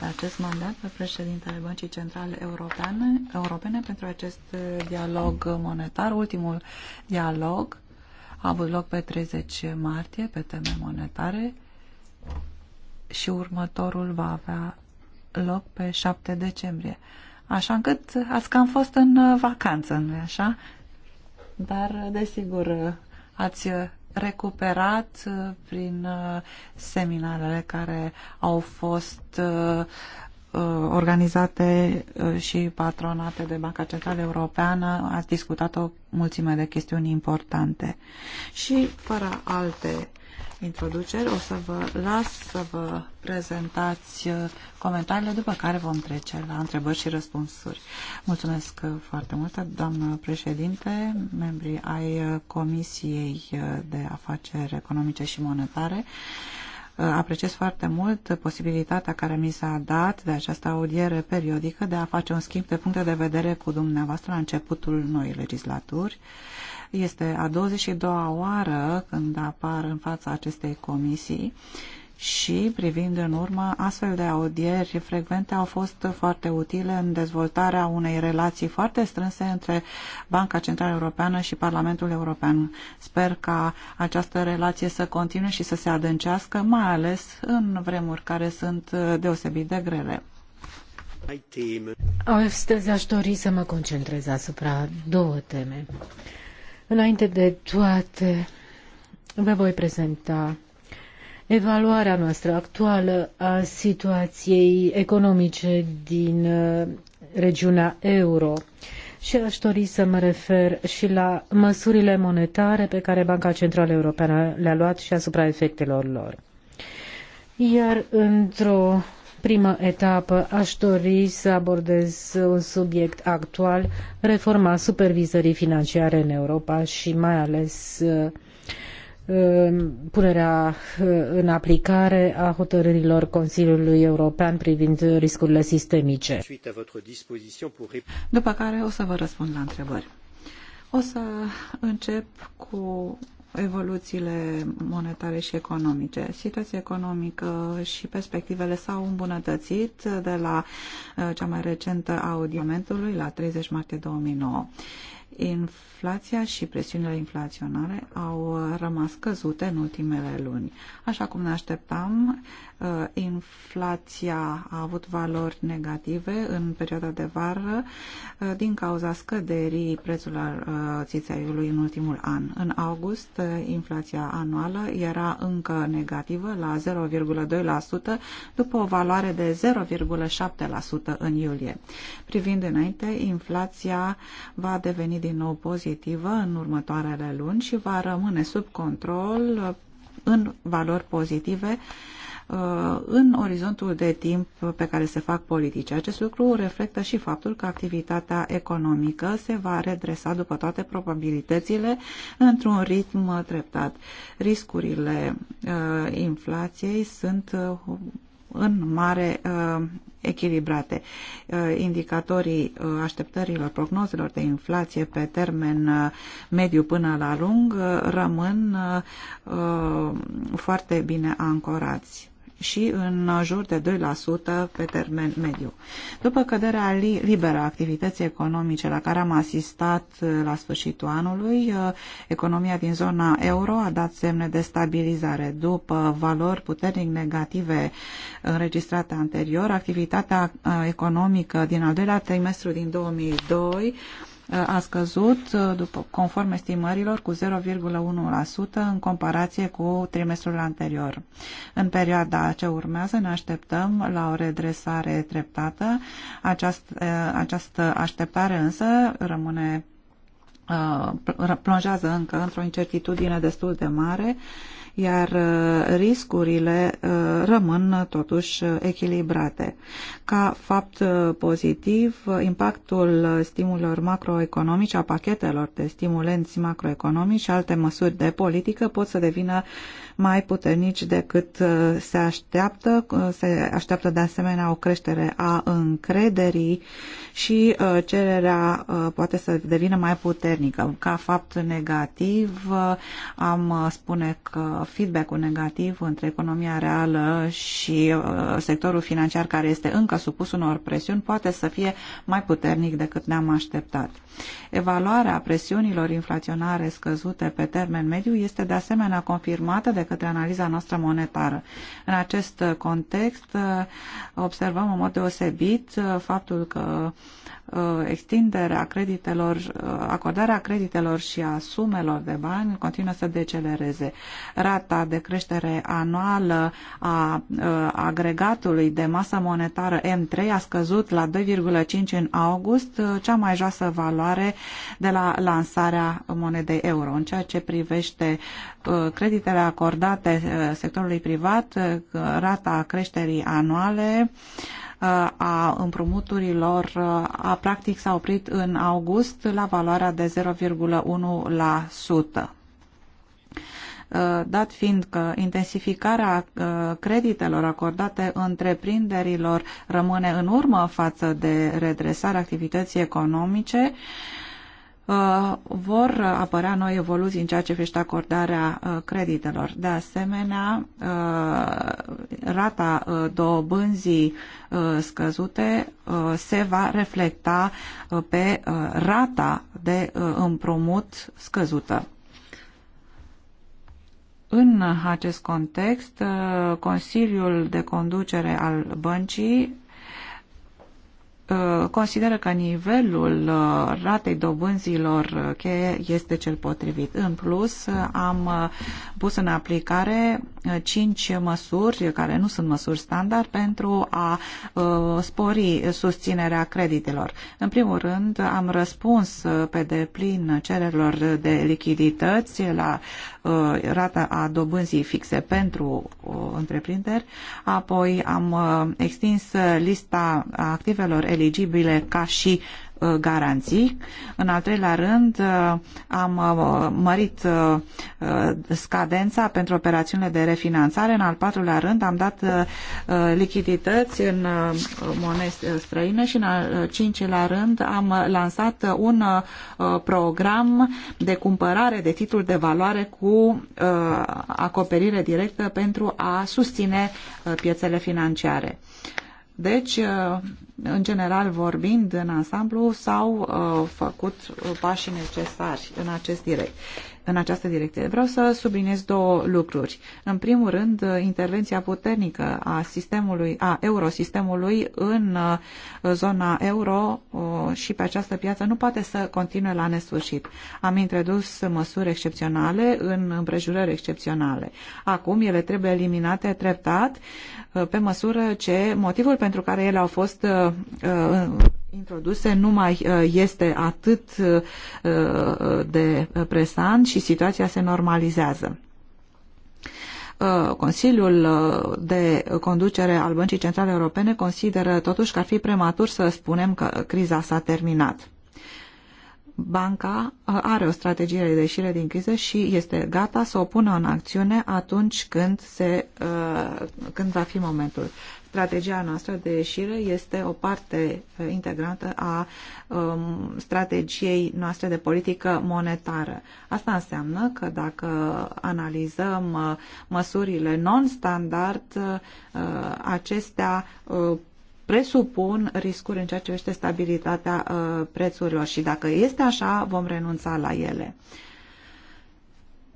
pe acest mandat pe președintele Băncii Centrale Europene, Europene pentru acest uh, dialog monetar. Ultimul dialog a avut loc pe 30 martie pe teme monetare și următorul va avea loc pe 7 decembrie. Așa încât ați cam fost în uh, vacanță, nu-i așa? Dar, uh, desigur, ați recuperat uh, prin uh, seminarele care au fost uh, organizate și patronate de Banca Centrală Europeană, ați discutat o mulțime de chestiuni importante. Și fără alte introduceri. O să vă las să vă prezentați uh, comentariile, după care vom trece la întrebări și răspunsuri. Mulțumesc uh, foarte mult, doamnă președinte, membrii ai uh, Comisiei de Afaceri Economice și Monetare. Apreciez foarte mult posibilitatea care mi s-a dat de această audiere periodică de a face un schimb de puncte de vedere cu dumneavoastră la începutul noii legislaturi. Este a 22-a oară când apar în fața acestei comisii și privind în urmă, astfel de audieri frecvente au fost foarte utile în dezvoltarea unei relații foarte strânse între Banca Centrală Europeană și Parlamentul European. Sper ca această relație să continue și să se adâncească, mai ales în vremuri care sunt deosebit de grele. Astăzi aș dori să mă concentrez asupra două teme. Înainte de toate, vă voi prezenta evaluarea noastră actuală a situației economice din uh, regiunea euro și aș dori să mă refer și la măsurile monetare pe care Banca Centrală Europeană le-a luat și asupra efectelor lor. Iar într-o primă etapă aș dori să abordez un subiect actual, reforma supervizării financiare în Europa și mai ales uh, punerea uh, în aplicare a hotărârilor Consiliului European privind riscurile sistemice. După care o să vă răspund la întrebări. O să încep cu evoluțiile monetare și economice. Situația economică și perspectivele s-au îmbunătățit de la uh, cea mai recentă a la 30 martie 2009. Inf inflația și presiunile inflaționare au uh, rămas căzute în ultimele luni. Așa cum ne așteptam, Uh, inflația a avut valori negative în perioada de vară uh, din cauza scăderii prețului uh, țițeiului în ultimul an. În august, inflația anuală era încă negativă la 0,2% după o valoare de 0,7% în iulie. Privind înainte, inflația va deveni din nou pozitivă în următoarele luni și va rămâne sub control în valori pozitive Uh, în orizontul de timp pe care se fac politici. Acest lucru reflectă și faptul că activitatea economică se va redresa după toate probabilitățile într-un ritm treptat. Riscurile uh, inflației sunt uh, în mare uh, echilibrate. Uh, indicatorii uh, așteptărilor, prognozelor de inflație pe termen uh, mediu până la lung uh, rămân uh, uh, foarte bine ancorați și în jur de 2% pe termen mediu. După căderea liberă a activității economice la care am asistat uh, la sfârșitul anului, uh, economia din zona euro a dat semne de stabilizare. După valori puternic negative înregistrate anterior, activitatea uh, economică din al doilea trimestru din 2002 a scăzut, uh, după, conform estimărilor, cu 0,1% în comparație cu trimestrul anterior. În perioada ce urmează ne așteptăm la o redresare treptată. Această, uh, această așteptare însă rămâne uh, plonjează încă într-o incertitudine destul de mare iar uh, riscurile uh, rămân uh, totuși echilibrate. Ca fapt pozitiv, impactul stimulor macroeconomice, a pachetelor de stimulenți macroeconomici și alte măsuri de politică pot să devină mai puternici decât uh, se așteaptă. Uh, se așteaptă de asemenea o creștere a încrederii și uh, cererea poate să devină mai puternică. Ca fapt negativ, am spune că feedback-ul negativ între economia reală și sectorul financiar care este încă supus unor presiuni poate să fie mai puternic decât ne-am așteptat. Evaluarea presiunilor inflaționare scăzute pe termen mediu este de asemenea confirmată de către analiza noastră monetară. În acest context observăm în mod deosebit faptul că Uh, extinderea creditelor, uh, acordarea creditelor și a sumelor de bani continuă să decelereze. Rata de creștere anuală a uh, agregatului de masă monetară M3 a scăzut la 2,5 în august, cea mai joasă valoare de la lansarea monedei euro. În ceea ce privește creditele acordate sectorului privat, rata creșterii anuale a împrumuturilor a practic s-a oprit în august la valoarea de 0,1% dat fiind că intensificarea creditelor acordate întreprinderilor rămâne în urmă față de redresarea activității economice, Uh, vor apărea noi evoluții în ceea ce privește acordarea uh, creditelor. De asemenea, uh, rata dobânzii scăzute se va reflecta pe rata de împrumut scăzută. În acest context, Consiliul de Conducere al Băncii Uh, consideră că nivelul uh, ratei dobânzilor uh, cheie este cel potrivit. În plus, am pus în aplicare cinci măsuri, care nu sunt măsuri standard, pentru a spori susținerea creditelor. În primul rând, am răspuns pe deplin cererilor de lichidități la rata a dobânzii fixe pentru întreprinderi, apoi am extins lista activelor eligibile ca și uh, garanții. În al treilea rând, uh, am uh, mărit scadența pentru operațiunile de refinanțare. În al patrulea rând, am dat lichidități în monede străine și în al cincilea rând am lansat un program de cumpărare de titluri de valoare cu acoperire directă pentru a susține piețele financiare. Deci, uh, în general vorbind, în ansamblu, s-au uh, făcut uh, pașii necesari în acest direct în această direcție. Vreau să subliniez două lucruri. În primul rând, intervenția puternică a sistemului, a eurosistemului în uh, zona euro uh, și pe această piață nu poate să continue la nesfârșit. Am introdus măsuri excepționale în împrejurări excepționale. Acum ele trebuie eliminate treptat uh, pe măsură ce motivul pentru care ele au fost introduse nu mai uh, este atât uh, uh, de presant și situația se normalizează. Consiliul de conducere al Băncii Centrale Europene consideră totuși că ar fi prematur să spunem că criza s-a terminat. Banca are o strategie de ieșire din criză și este gata să o pună în acțiune atunci când, se, când va fi momentul strategia noastră de ieșire este o parte uh, integrantă a um, strategiei noastre de politică monetară. Asta înseamnă că dacă analizăm uh, măsurile non-standard, uh, acestea presupun riscuri în ceea ce privește stabilitatea prețurilor și dacă este așa, vom renunța la ele.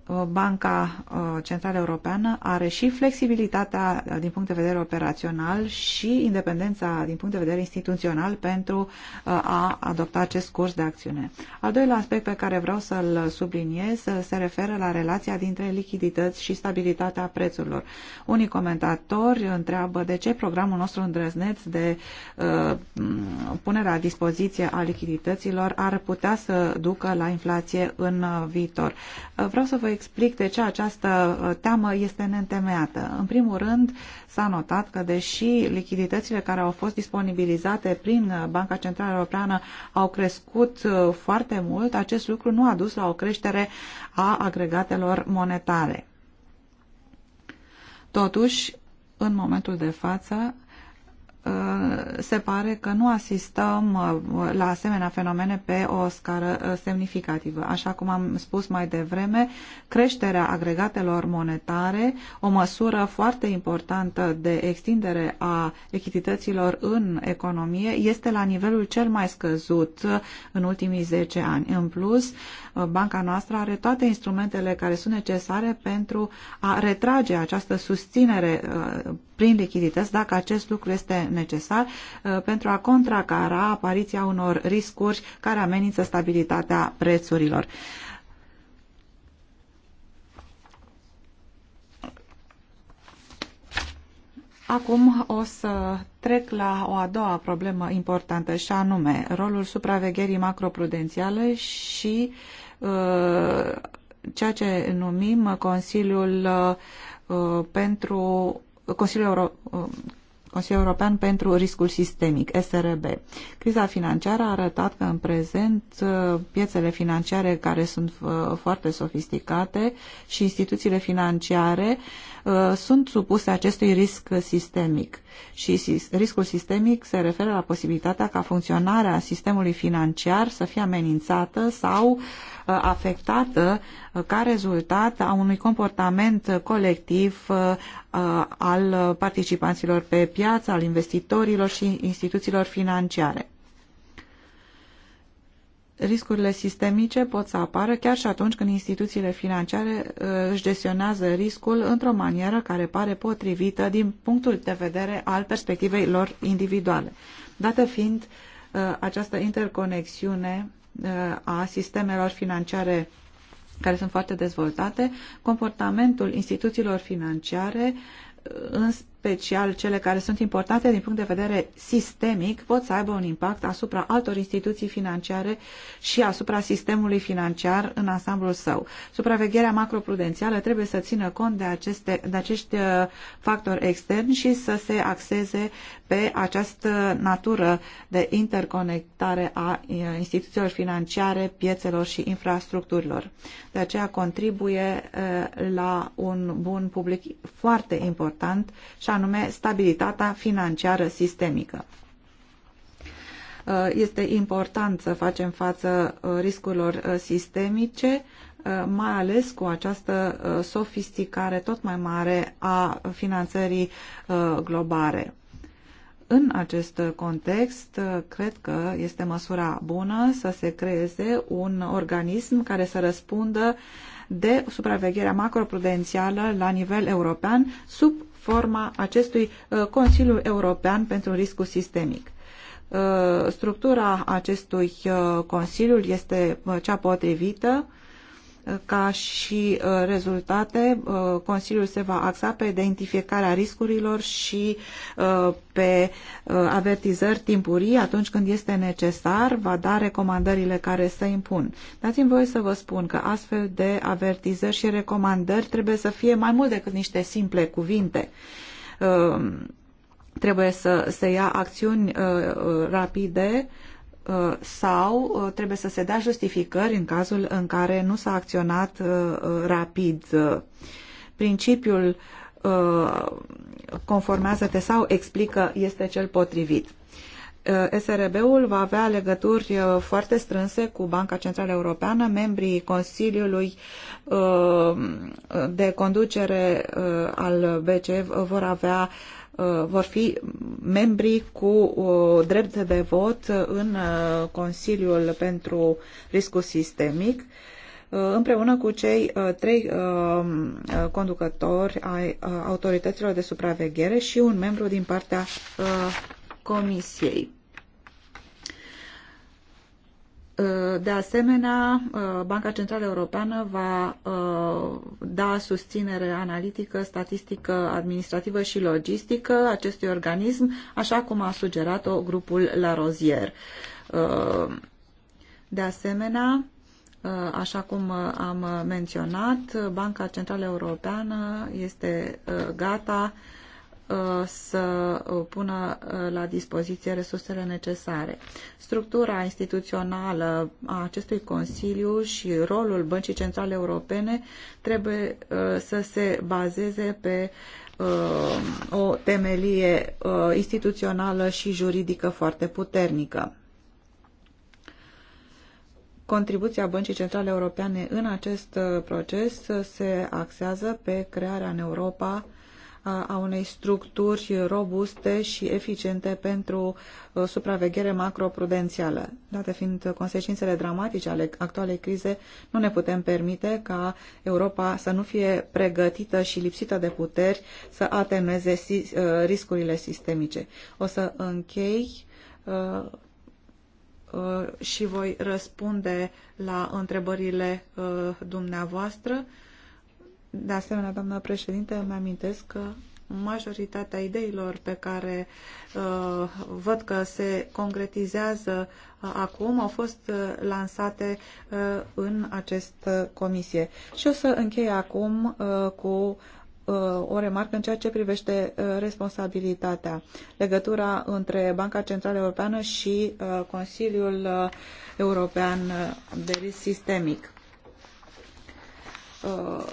Uh, Banca uh, Centrală Europeană are și flexibilitatea uh, din punct de vedere operațional și independența din punct de vedere instituțional pentru a adopta acest curs de acțiune. Al doilea aspect pe care vreau să-l subliniez se referă la relația dintre lichidități și stabilitatea prețurilor. Unii comentatori întreabă de ce programul nostru îndrăzneț de punerea la dispoziție a lichidităților ar putea să ducă la inflație în viitor. Vreau să vă explic de ce această uh, teamă este neîntemeiată. În primul rând, s-a notat că deși lichiditățile care au fost disponibilizate prin uh, Banca Centrală Europeană au crescut uh, foarte mult, acest lucru nu a dus la o creștere a agregatelor monetare. Totuși, în momentul de față, Uh, se pare că nu asistăm uh, la asemenea fenomene pe o scară uh, semnificativă. Așa cum am spus mai devreme, creșterea agregatelor monetare, o măsură foarte importantă de extindere a echidităților în economie, este la nivelul cel mai scăzut în ultimii 10 ani. În plus, banca noastră are toate instrumentele care sunt necesare pentru a retrage această susținere uh, prin lichidități, dacă acest lucru este necesar, uh, pentru a contracara apariția unor riscuri care amenință stabilitatea prețurilor. Acum o să trec la o a doua problemă importantă și anume rolul supravegherii macroprudențiale și uh, Uh, ceea ce numim Consiliul uh, pentru Consiliul, Euro, uh, Consiliul European pentru Riscul Sistemic, SRB. Criza financiară a arătat că în prezent piețele financiare care sunt foarte sofisticate și instituțiile financiare uh, Uh, sunt supuse acestui risc sistemic și riscul sistemic se referă la posibilitatea ca funcționarea sistemului financiar să fie amenințată sau uh, afectată uh, ca rezultat a unui comportament colectiv al participanților pe piață, al investitorilor și instituțiilor financiare riscurile sistemice pot să apară chiar și atunci când instituțiile financiare uh, își gestionează riscul într-o manieră care pare potrivită din punctul de vedere al perspectivei lor individuale. Dată fiind uh, această interconexiune uh, a sistemelor financiare care sunt foarte dezvoltate, comportamentul instituțiilor financiare special cele care sunt importante din punct de vedere sistemic, pot să aibă un impact asupra altor instituții financiare și asupra sistemului financiar în ansamblul său. Supravegherea macroprudențială trebuie să țină cont de, aceste, de acești uh, factori externi și să se axeze pe această natură de interconectare a uh, instituțiilor financiare, piețelor și infrastructurilor. De aceea contribuie uh, la un bun public foarte important și anume stabilitatea financiară sistemică. Uh, este important să facem față uh, riscurilor uh, sistemice, mai ales cu această sofisticare tot mai mare a finanțării globale. În acest context, cred că este măsura bună să se creeze un organism care să răspundă de supravegherea macroprudențială la nivel european sub forma acestui uh, Consiliu European pentru Riscul Sistemic. Uh, structura acestui uh, Consiliu este cea potrivită ca și uh, rezultate, uh, Consiliul se va axa pe identificarea riscurilor și uh, pe avertizări timpurii atunci când este necesar, va da recomandările care se impun. Dați-mi voie să vă spun că astfel de avertizări și recomandări trebuie să fie mai mult decât niște simple cuvinte trebuie să se ia acțiuni rapide Uh, sau uh, trebuie să se dea justificări în cazul în care nu s-a acționat uh, rapid. Principiul conformează-te sau explică este cel potrivit. SRB-ul va avea legături foarte strânse cu Banca Centrală Europeană, membrii Consiliului de conducere al BCE vor avea Uh, vor fi membri cu uh, drept de vot în uh, Consiliul pentru Riscul Sistemic împreună cu cei trei conducători ai autorităților de supraveghere și un membru din partea Comisiei. Uh, de asemenea, uh, Banca Centrală Europeană va uh, da susținere analitică, statistică, administrativă și logistică acestui organism, așa cum a sugerat-o grupul La Rozier. De asemenea, Așa cum am menționat, Banca Centrală Europeană este gata Uh, să uh, pună uh, la dispoziție resursele necesare. Structura instituțională a acestui Consiliu și rolul Băncii Centrale Europene trebuie să se bazeze pe o temelie instituțională și juridică foarte puternică. Contribuția Băncii Centrale Europene în acest proces se axează pe crearea în Europa a unei structuri robuste și eficiente pentru uh, supraveghere macroprudențială. Date fiind consecințele dramatice ale actualei crize, nu ne putem permite ca Europa să nu fie pregătită și lipsită de puteri să atenueze uh, riscurile sistemice. O să închei uh, și voi răspunde la întrebările dumneavoastră. De asemenea, doamnă președinte, îmi amintesc că majoritatea ideilor pe care uh, văd că se concretizează uh, acum au fost uh, lansate uh, în această comisie. Și o să închei acum uh, cu uh, o remarcă în ceea ce privește uh, responsabilitatea, legătura între Banca Centrală Europeană și uh, Consiliul uh, European uh, de Risc Sistemic Uh,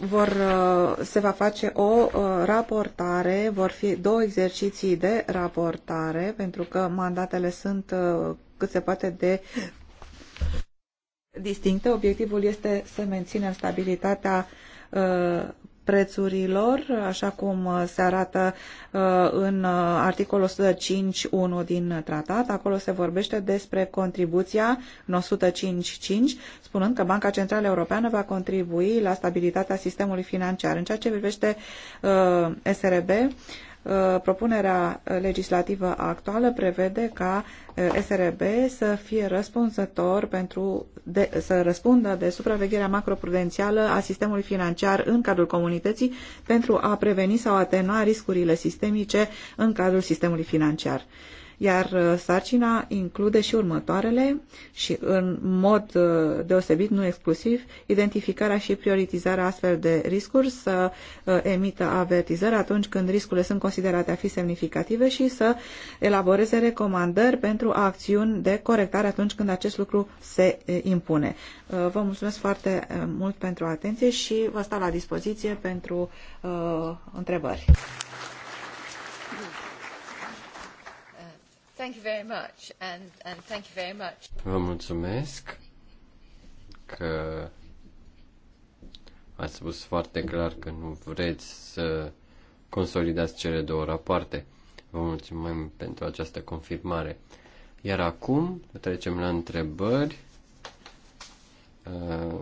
vor, uh, se va face o uh, raportare, vor fi două exerciții de raportare, pentru că mandatele sunt cât se poate de distincte. Obiectivul este să menținem stabilitatea prețurilor, așa cum uh, se arată uh, în uh, articolul 105.1 din tratat. Acolo se vorbește despre contribuția în 105.5, spunând că Banca Centrală Europeană va contribui la stabilitatea sistemului financiar. În ceea ce privește SRB, Uh, propunerea legislativă actuală prevede ca uh, SRB să fie răspunzător pentru de, să răspundă de supravegherea macroprudențială a sistemului financiar în cadrul comunității pentru a preveni sau atenua riscurile sistemice în cadrul sistemului financiar. Uh, iar uh, sarcina include și următoarele și în mod uh, deosebit, nu exclusiv, identificarea și prioritizarea astfel de riscuri, să uh, emită avertizări atunci când riscurile sunt considerate a fi semnificative și să elaboreze recomandări pentru acțiuni de corectare atunci când acest lucru se impune. Vă mulțumesc foarte mult pentru atenție și vă stau la dispoziție pentru întrebări. thank you very much and, and thank you very much. Vă mulțumesc că ați spus foarte clar că nu vreți să consolidați cele două rapoarte. Vă mulțumim pentru această confirmare. Iar acum trecem la întrebări uh,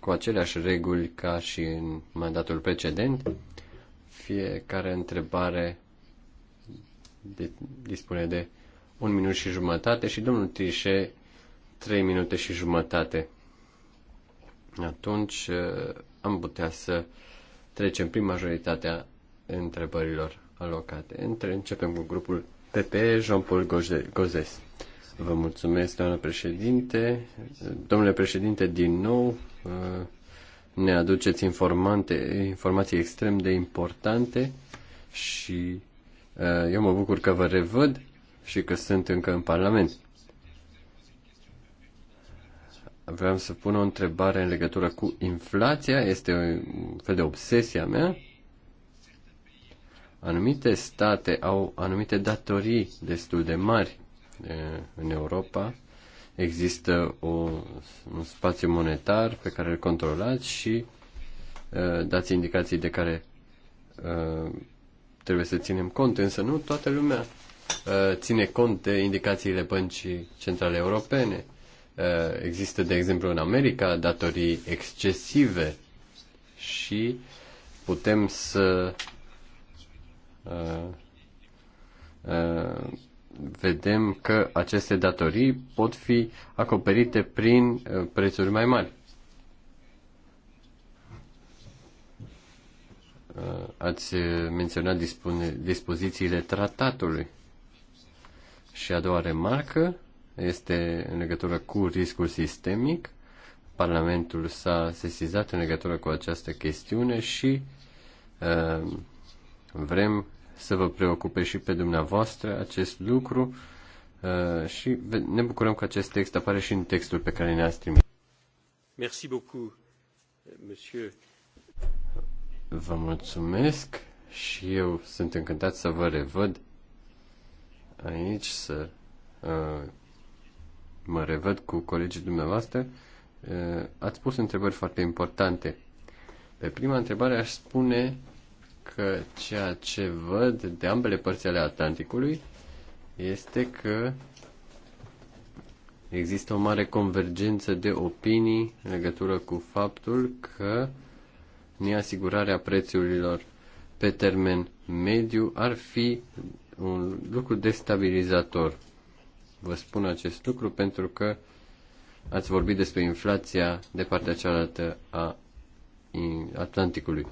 cu aceleași reguli ca și în mandatul precedent. Fiecare întrebare dispune de un minut și jumătate și domnul Trișe trei minute și jumătate. Atunci eh, am putea să trecem prin majoritatea întrebărilor alocate. Între, începem cu grupul PP Jean-Paul Gozes. Vă mulțumesc, doamnă președinte. Domnule președinte, din nou eh, ne aduceți informante, informații extrem de importante și eh, eu mă bucur că vă revăd și că sunt încă în Parlament. Vreau să pun o întrebare în legătură cu inflația. Este un fel de obsesia mea. Anumite state au anumite datorii destul de mari în Europa. Există o, un spațiu monetar pe care îl controlați și uh, dați indicații de care uh, trebuie să ținem cont, însă nu toată lumea Eh, ține cont de indicațiile băncii centrale europene. Eh, există, de exemplu, în America datorii excesive și putem să eh, vedem că aceste datorii pot fi acoperite prin prețuri mai mari. Ați menționat dispozițiile tratatului. Și a doua remarcă este în legătură cu riscul sistemic. Parlamentul s-a sesizat în legătură cu această chestiune și uh, vrem să vă preocupe și pe dumneavoastră acest lucru uh, și ne bucurăm că acest text apare și în textul pe care ne-ați trimis. Merci beaucoup, monsieur. Vă mulțumesc și eu sunt încântat să vă revăd aici să uh, mă revăd cu colegii dumneavoastră. Uh, ați pus întrebări foarte importante. Pe prima întrebare aș spune că ceea ce văd de ambele părți ale Atlanticului este că există o mare convergență de opinii în legătură cu faptul că neasigurarea prețurilor pe termen mediu ar fi un lucru destabilizator. Vă spun acest lucru pentru că ați vorbit despre inflația de partea cealaltă a Atlanticului.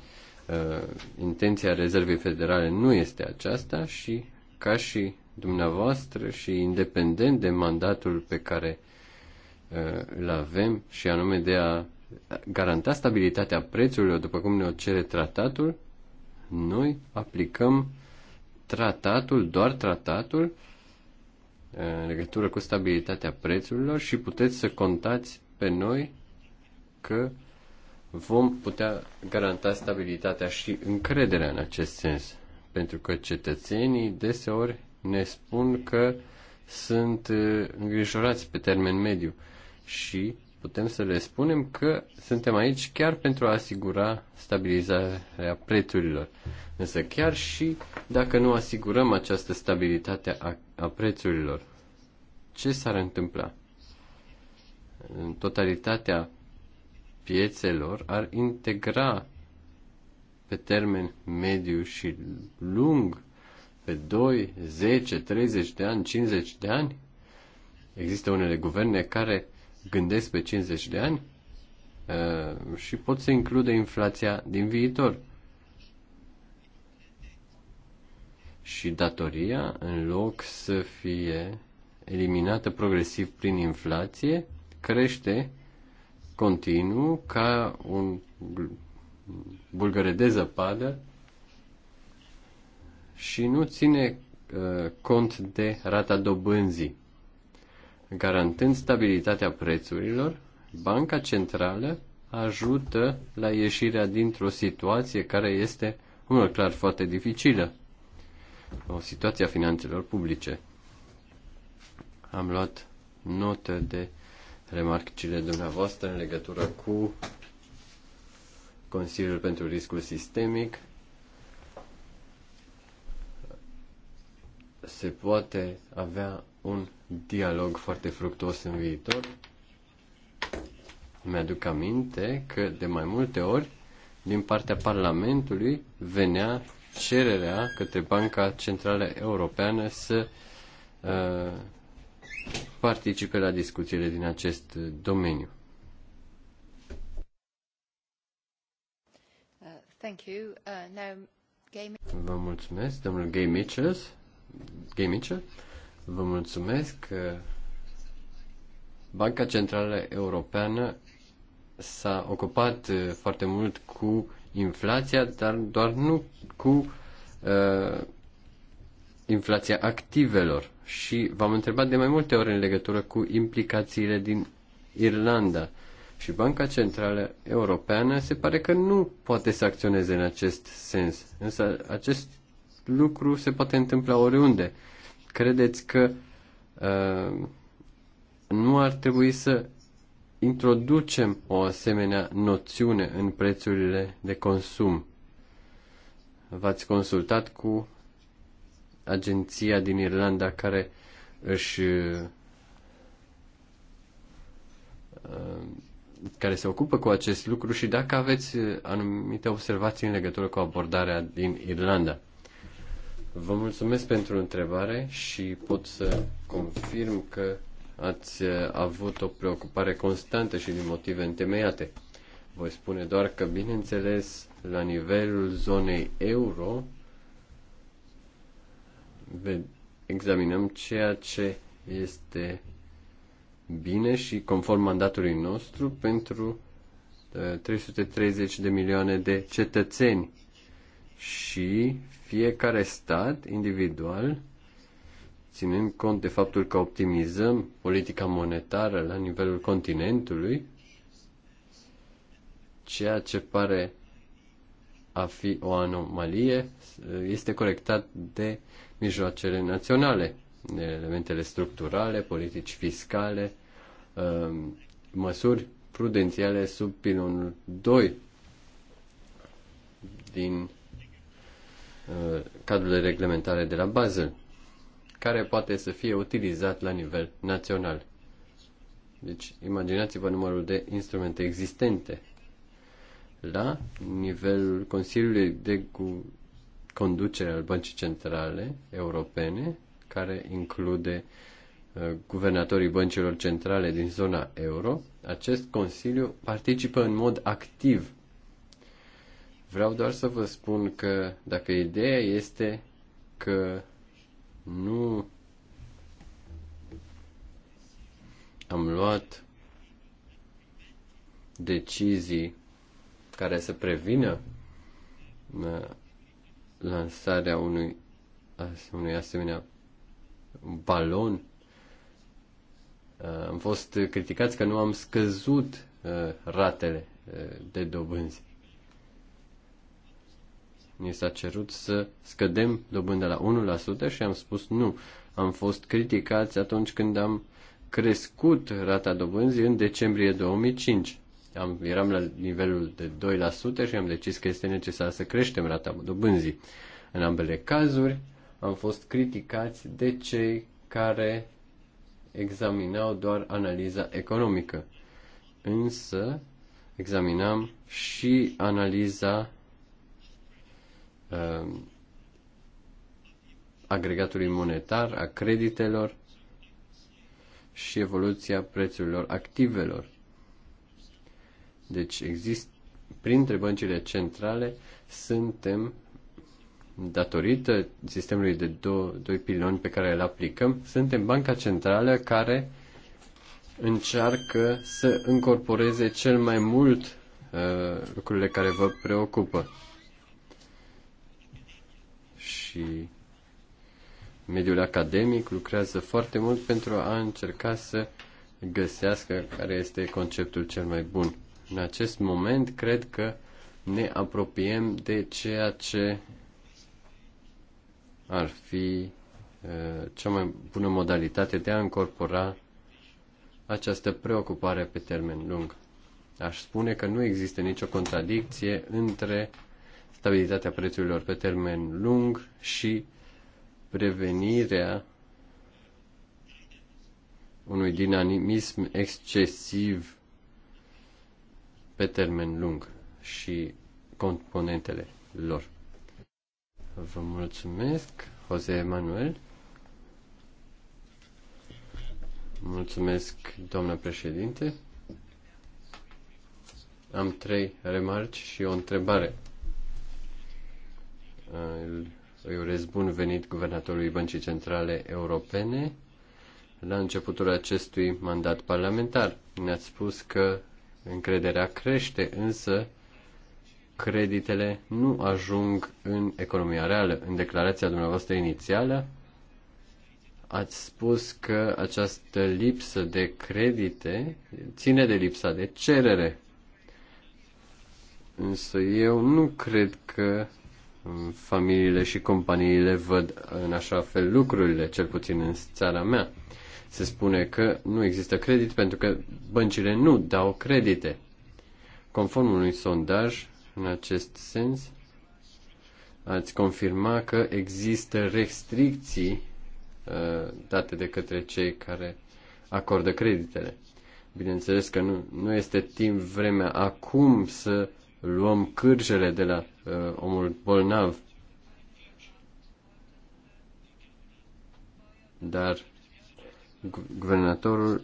Uh, intenția rezervei federale nu este aceasta și ca și dumneavoastră și independent de mandatul pe care uh, îl avem și anume de a garanta stabilitatea prețurilor după cum ne-o cere tratatul, noi aplicăm uh, tratatul, doar tratatul, în legătură cu stabilitatea prețurilor și puteți să contați pe noi că vom putea garanta stabilitatea și încrederea în acest sens. Pentru că cetățenii deseori ne spun că sunt îngrijorați pe termen mediu și putem să le spunem că suntem aici chiar pentru a asigura stabilizarea prețurilor. Însă chiar și dacă nu asigurăm această stabilitate a, a prețurilor, ce s-ar întâmpla? În totalitatea piețelor ar integra pe termen mediu și lung, pe 2, 10, 30 de ani, 50 de ani? Există unele guverne care gândesc pe 50 de ani uh, și pot să include inflația din viitor. Și datoria, în loc să fie eliminată progresiv prin inflație, crește continuu ca un bulgăre de zăpadă și nu ține uh, cont de rata dobânzii garantând stabilitatea prețurilor, Banca Centrală ajută la ieșirea dintr-o situație care este, unul clar, foarte dificilă, o situație a finanțelor publice. Am luat notă de remarcile dumneavoastră în legătură cu Consiliul pentru Riscul Sistemic. Se poate avea un dialog foarte fructuos în viitor. Mi-aduc aminte că de mai multe ori din partea Parlamentului venea cererea către Banca Centrală Europeană să uh, participe la discuțiile din acest domeniu. Thank you. Uh, now, Gay... Vă mulțumesc, domnul Gay Mitchell. Gay Mitchell. Vă mulțumesc. Banca Centrală Europeană s-a ocupat uh, foarte mult cu inflația, dar doar nu cu uh, inflația activelor. Și v-am întrebat de mai multe ori în legătură cu implicațiile din Irlanda. Și Banca Centrală Europeană se pare că nu poate să acționeze în acest sens. Însă acest lucru se poate întâmpla oriunde credeți că uh, nu ar trebui să introducem o asemenea noțiune în prețurile de consum? V-ați consultat cu agenția din Irlanda care își uh, care se ocupă cu acest lucru și dacă aveți anumite observații în legătură cu abordarea din Irlanda. Vă mulțumesc pentru întrebare și pot să confirm că ați uh, avut o preocupare constantă și din motive întemeiate. Voi spune doar că, bineînțeles, la nivelul zonei euro, examinăm ceea ce este bine și conform mandatului nostru pentru 330 uh, de milioane de cetățeni și fiecare stat individual, ținând cont de faptul că optimizăm politica monetară la nivelul continentului, ceea ce pare a fi o anomalie este corectat de mijloacele naționale, de elementele structurale, politici fiscale, um, măsuri prudențiale sub pilonul 2 din Uh, cadrul de reglementare de la Basel, care poate să fie utilizat la nivel național. Deci, imaginați-vă numărul de instrumente existente. La nivelul Consiliului de Conducere al Băncii Centrale Europene, care include uh, guvernatorii băncilor centrale din zona euro, acest Consiliu participă în mod activ Vreau doar să vă spun că dacă ideea este că nu am luat decizii care să prevină uh, lansarea unui, unui asemenea balon. Uh, am fost criticați că nu am scăzut uh, ratele de dobânzi. Ni s-a cerut să scădem dobânda la 1% și am spus nu. Am fost criticați atunci când am crescut rata dobânzii în decembrie 2005. Am, eram la nivelul de 2% și am decis că este necesar să creștem rata dobânzii. În ambele cazuri am fost criticați de cei care examinau doar analiza economică. Însă examinam și analiza uh, agregatului monetar, a creditelor și evoluția prețurilor activelor. Deci există printre băncile centrale suntem datorită sistemului de două, doi piloni pe care îl aplicăm, suntem banca centrală care încearcă să încorporeze cel mai mult uh, lucrurile care vă preocupă și mediul academic lucrează foarte mult pentru a încerca să găsească care este conceptul cel mai bun. În acest moment, cred că ne apropiem de ceea ce ar fi uh, cea mai bună modalitate de a incorpora această preocupare pe termen lung. Aș spune că nu există nicio contradicție între stabilitatea prețurilor pe termen lung și prevenirea unui dinamism excesiv pe termen lung și componentele lor. Vă mulțumesc, Jose Manuel. Mulțumesc, doamnă președinte. Am trei remarci și o întrebare. Îi urez bun venit guvernatorului Băncii Centrale Europene la începutul acestui mandat parlamentar. Ne-ați spus că încrederea crește, însă creditele nu ajung în economia reală. În declarația dumneavoastră inițială ați spus că această lipsă de credite ține de lipsa de cerere. Însă eu nu cred că familiile și companiile văd în așa fel lucrurile, cel puțin în țara mea. Se spune că nu există credit pentru că băncile nu dau credite. Conform unui sondaj, în acest sens, ați confirma că există restricții uh, date de către cei care acordă creditele. Bineînțeles că nu, nu este timp, vremea acum să luăm cârjele de la uh, omul bolnav. Dar guvernatorul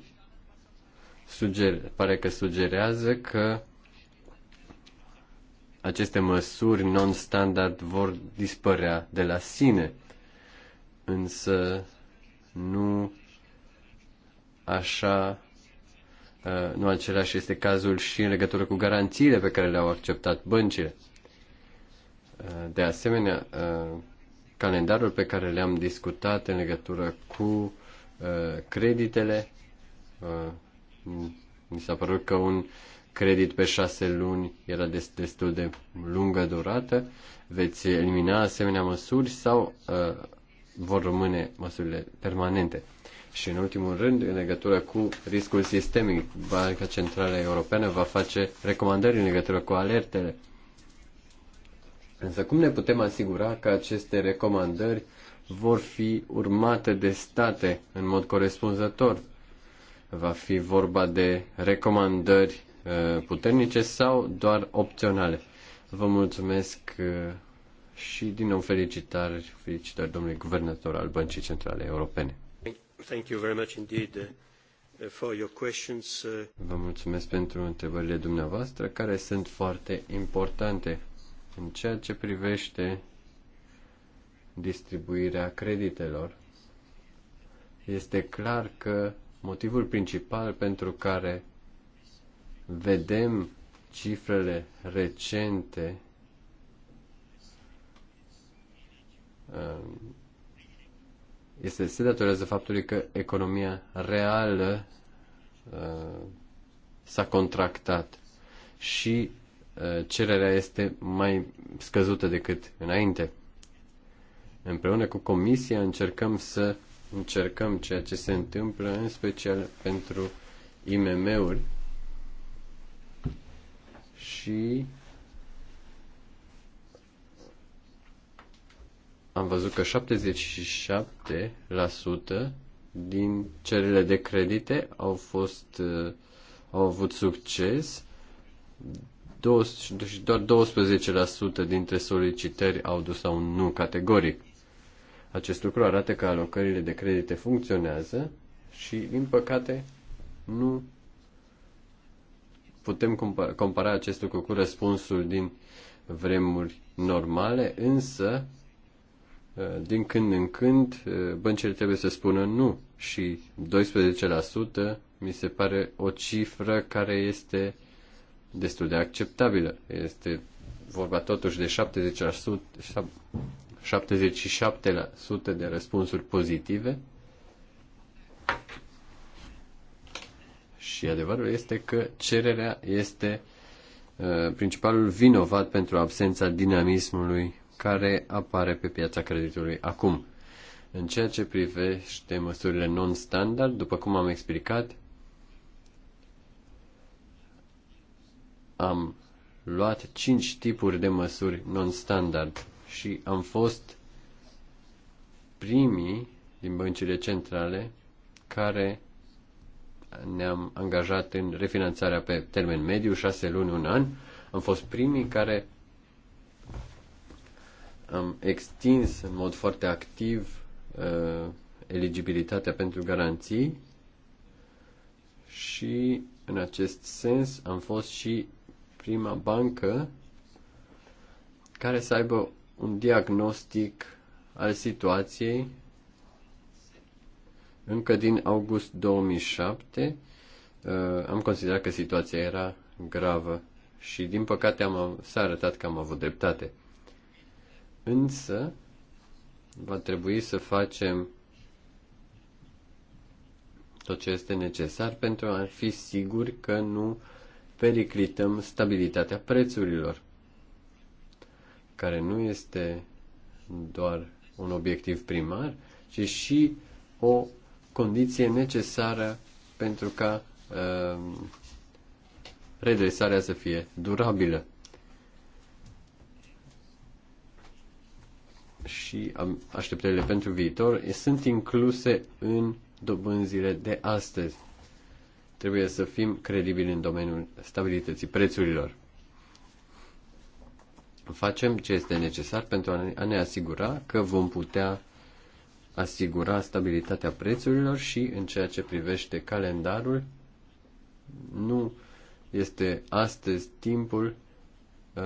sugere, pare că sugerează că aceste măsuri non-standard vor dispărea de la sine, însă nu așa Uh, nu același este cazul și în legătură cu garanțiile pe care le-au acceptat băncile. Uh, de asemenea, uh, calendarul pe care le-am discutat în legătură cu creditele, mi s-a părut că un credit pe șase luni era destul de lungă durată. Veți elimina asemenea măsuri sau vor rămâne măsurile permanente? Și în ultimul rând, în legătură cu riscul sistemic, Banca Centrală Europeană va face recomandări în legătură cu alertele. Însă cum ne putem asigura că aceste recomandări vor fi urmate de state în mod corespunzător? Va fi vorba de recomandări uh, puternice sau doar opționale? Vă mulțumesc uh, și din nou felicitări, felicitări domnului guvernator al Băncii Centrale Europene. Vă mulțumesc pentru întrebările dumneavoastră, care sunt foarte importante în ceea ce privește distribuirea creditelor. Este clar că motivul principal pentru care vedem cifrele recente uh, este, se datorează faptului că economia reală uh, s-a contractat și uh, cererea este mai scăzută decât înainte. Împreună cu Comisia încercăm să încercăm ceea ce se întâmplă, în special pentru IMM-uri și am văzut că 77% din cererile de credite au fost uh, au avut succes și doar 12% dintre solicitări au dus la un nu categoric. Acest lucru arată că alocările de credite funcționează și, din păcate, nu putem compara, compara acest lucru cu răspunsul din vremuri normale, însă Uh, din când în când uh, băncile trebuie să spună nu și 12% mi se pare o cifră care este destul de acceptabilă. Este vorba totuși de 70%, 77% de răspunsuri pozitive. Și adevărul este că cererea este uh, principalul vinovat pentru absența dinamismului care apare pe piața creditului acum. În ceea ce privește măsurile non-standard, după cum am explicat, am luat cinci tipuri de măsuri non-standard și am fost primii din băncile centrale care ne-am angajat în refinanțarea pe termen mediu, șase luni, un an. Am fost primii care am extins în mod foarte activ uh, eligibilitatea pentru garanții și în acest sens am fost și prima bancă care să aibă un diagnostic al situației încă din august 2007 uh, am considerat că situația era gravă și din păcate am, s-a arătat că am avut dreptate. Însă, va trebui să facem tot ce este necesar pentru a fi siguri că nu periclităm stabilitatea prețurilor, care nu este doar un obiectiv primar, ci și o condiție necesară pentru ca uh, redresarea să fie durabilă. și așteptările pentru viitor sunt incluse în dobânzile de astăzi. Trebuie să fim credibili în domeniul stabilității prețurilor. Facem ce este necesar pentru a ne asigura că vom putea asigura stabilitatea prețurilor și în ceea ce privește calendarul nu este astăzi timpul uh,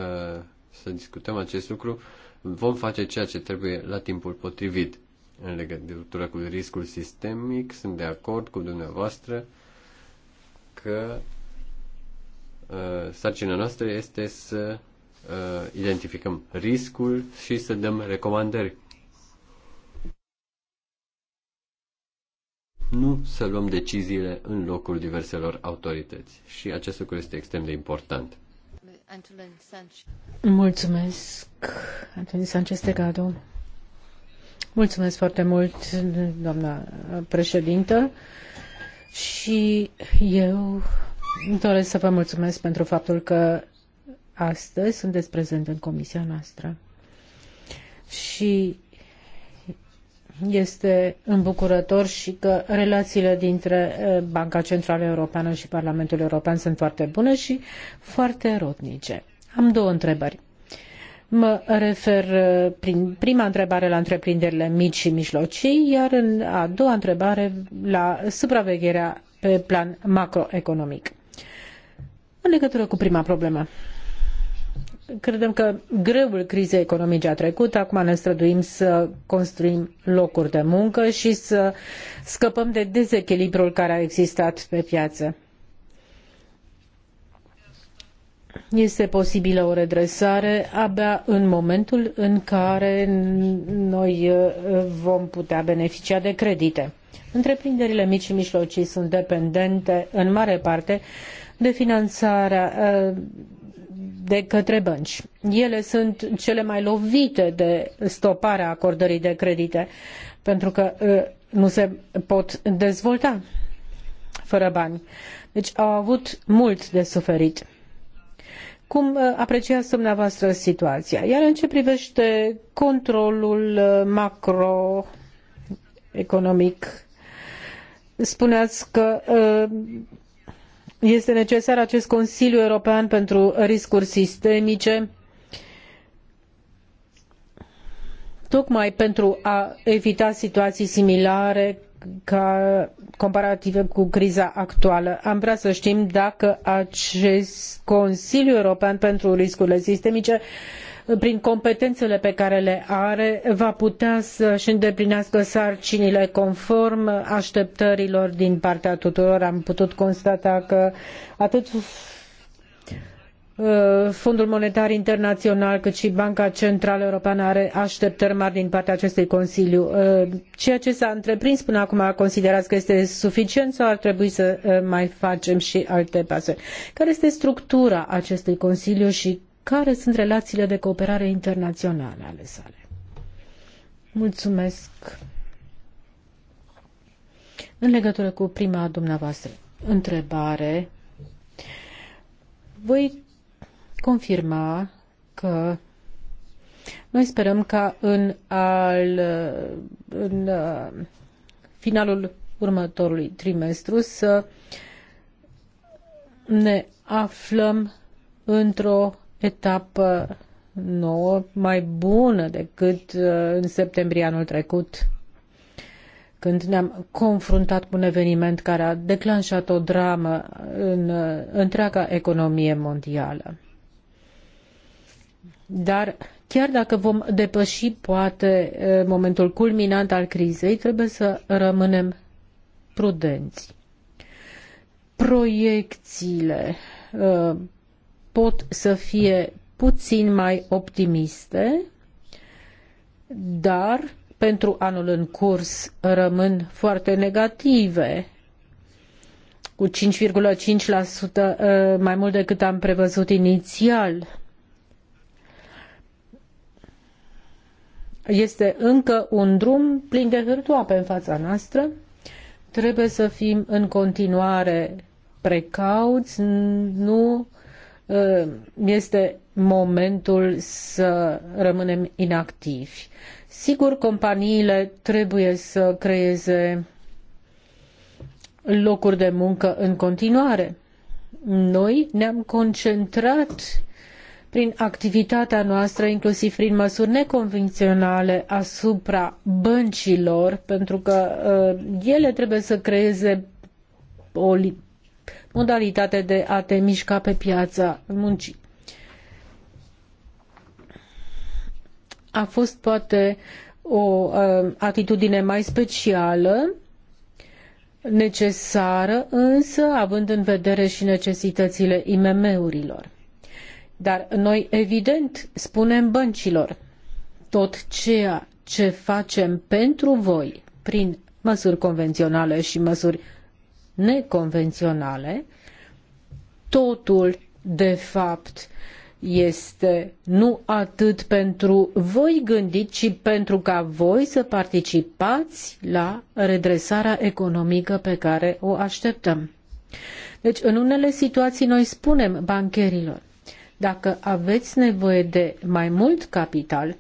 să discutăm acest lucru vom face ceea ce trebuie la timpul potrivit. În legătură cu riscul sistemic, sunt de acord cu dumneavoastră că uh, sarcina noastră este să uh, identificăm riscul și să dăm recomandări. Nu să luăm deciziile în locul diverselor autorități. Și acest lucru este extrem de important. Mulțumesc, Antonin Sanchez Tegado. Mulțumesc foarte mult, doamna președintă. Și eu doresc să vă mulțumesc pentru faptul că astăzi sunteți prezent în comisia noastră. Și este îmbucurător și că relațiile dintre Banca Centrală Europeană și Parlamentul European sunt foarte bune și foarte rotnice. Am două întrebări. Mă refer prin prima întrebare la întreprinderile mici și mijlocii, iar în a doua întrebare la supravegherea pe plan macroeconomic. În legătură cu prima problemă, Credem că greul crizei economice a trecut, acum ne străduim să construim locuri de muncă și să scăpăm de dezechilibrul care a existat pe piață. Este posibilă o redresare abia în momentul în care noi uh, vom putea beneficia de credite. Întreprinderile mici și mijlocii sunt dependente în mare parte de finanțarea uh, de către bănci. Ele sunt cele mai lovite de stoparea acordării de credite, pentru că uh, nu se pot dezvolta fără bani. Deci au avut mult de suferit. Cum uh, apreciați dumneavoastră situația? Iar în ce privește controlul uh, macroeconomic, spuneați că este necesar acest Consiliu European pentru riscuri sistemice tocmai pentru a evita situații similare ca comparative cu criza actuală. Am vrea să știm dacă acest Consiliu European pentru riscurile sistemice prin competențele pe care le are, va putea să-și îndeplinească sarcinile conform așteptărilor din partea tuturor. Am putut constata că atât uh, Fondul Monetar Internațional, cât și Banca Centrală Europeană are așteptări mari din partea acestui Consiliu. Uh, ceea ce s-a întreprins până acum, considerați că este suficient sau ar trebui să uh, mai facem și alte pase? Care este structura acestui Consiliu și care sunt relațiile de cooperare internaționale ale sale. Mulțumesc. În legătură cu prima dumneavoastră întrebare, voi confirma că noi sperăm ca în, al, în uh, finalul următorului trimestru să ne aflăm într-o etapă nouă mai bună decât uh, în septembrie anul trecut, când ne-am confruntat cu un eveniment care a declanșat o dramă în uh, întreaga economie mondială. Dar chiar dacă vom depăși poate uh, momentul culminant al crizei, trebuie să rămânem prudenți. Proiecțiile pot să fie puțin mai optimiste, dar pentru anul în curs rămân foarte negative, cu 5,5% uh, mai mult decât am prevăzut inițial. Este încă un drum plin de hârtoape în fața noastră. Trebuie să fim în continuare precauți, nu uh, Ă, este momentul să rămânem inactivi. Sigur, companiile trebuie să creeze locuri de muncă în continuare. Noi ne-am concentrat prin activitatea noastră, inclusiv prin măsuri neconvenționale asupra băncilor, pentru că uh, ele trebuie să creeze o modalitate de a te mișca pe piața muncii. A fost poate o uh, atitudine mai specială necesară, însă având în vedere și necesitățile IMM-urilor. Dar noi, evident, spunem băncilor tot ceea ce facem pentru voi prin măsuri convenționale și măsuri neconvenționale, totul, de fapt, este nu atât pentru voi gândit, ci pentru ca voi să participați la redresarea economică pe care o așteptăm. Deci, în unele situații, noi spunem bancherilor, dacă aveți nevoie de mai mult capital,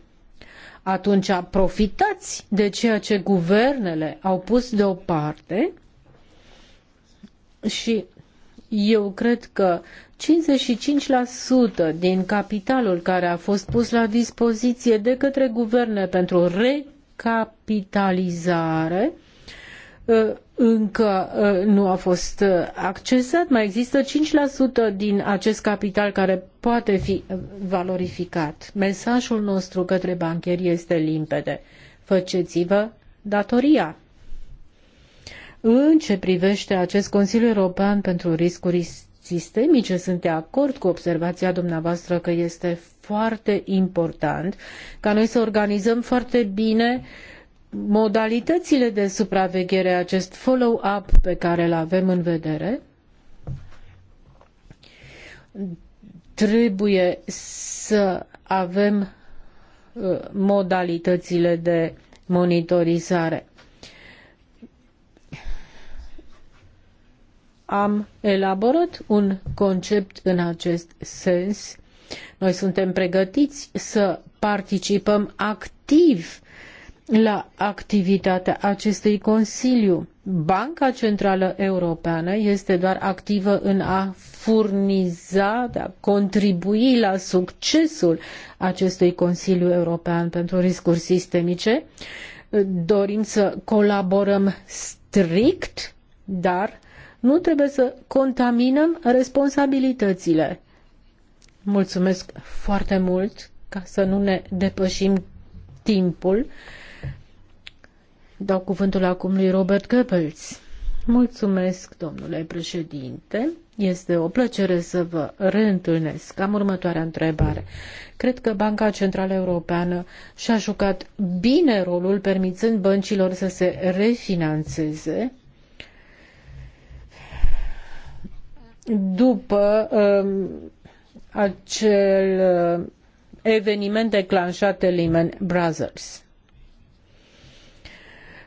atunci profitați de ceea ce guvernele au pus deoparte și eu cred că 55% din capitalul care a fost pus la dispoziție de către guverne pentru recapitalizare ă, încă ă, nu a fost ă, accesat. Mai există 5% din acest capital care poate fi valorificat. Mesajul nostru către bancheri este limpede. Făceți-vă datoria. În ce privește acest Consiliu European pentru riscuri sistemice, sunt de acord cu observația dumneavoastră că este foarte important ca noi să organizăm foarte bine modalitățile de supraveghere, acest follow-up pe care îl avem în vedere. Trebuie să avem uh, modalitățile de monitorizare. am elaborat un concept în acest sens. Noi suntem pregătiți să participăm activ la activitatea acestui Consiliu. Banca Centrală Europeană este doar activă în a furniza, de a contribui la succesul acestui Consiliu European pentru riscuri sistemice. Dorim să colaborăm strict, dar nu trebuie să contaminăm responsabilitățile. Mulțumesc foarte mult ca să nu ne depășim timpul. Dau cuvântul acum lui Robert Goebbels. Mulțumesc, domnule președinte. Este o plăcere să vă reîntâlnesc. Am următoarea întrebare. Cred că Banca Centrală Europeană și-a jucat bine rolul permițând băncilor să se refinanțeze după um, acel uh, eveniment declanșat de Lehman Brothers.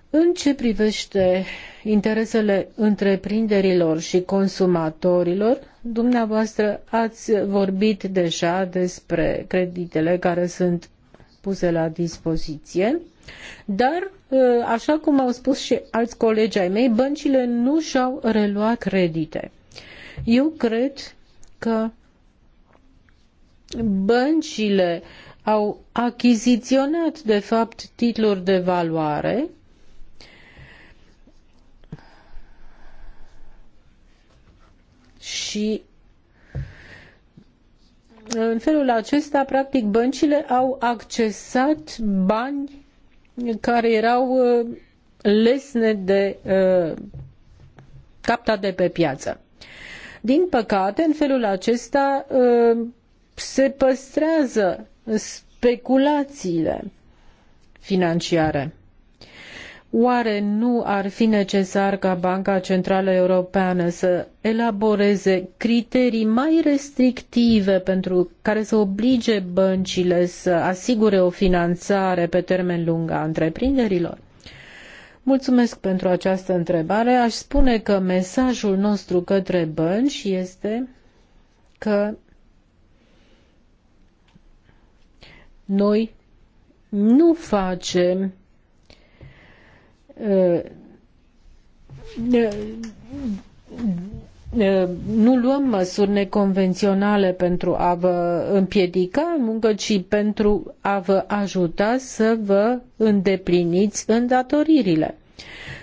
În ce privește interesele întreprinderilor și consumatorilor, dumneavoastră ați vorbit deja despre creditele care sunt puse la dispoziție, dar, uh, așa cum au spus și alți colegi ai mei, băncile nu și-au reluat credite. Eu cred că băncile au achiziționat, de fapt, titluri de valoare și în felul acesta, practic, băncile au accesat bani care erau uh, lesne de uh, captate de pe piață. Din păcate, în felul acesta uh, se păstrează speculațiile financiare. Oare nu ar fi necesar ca Banca Centrală Europeană să elaboreze criterii mai restrictive pentru care să oblige băncile să asigure o finanțare pe termen lung a întreprinderilor? Mulțumesc pentru această întrebare. Aș spune că mesajul nostru către bănci este că noi nu facem uh, nu luăm măsuri neconvenționale pentru a vă împiedica muncă, ci pentru a vă ajuta să vă îndepliniți îndatoririle.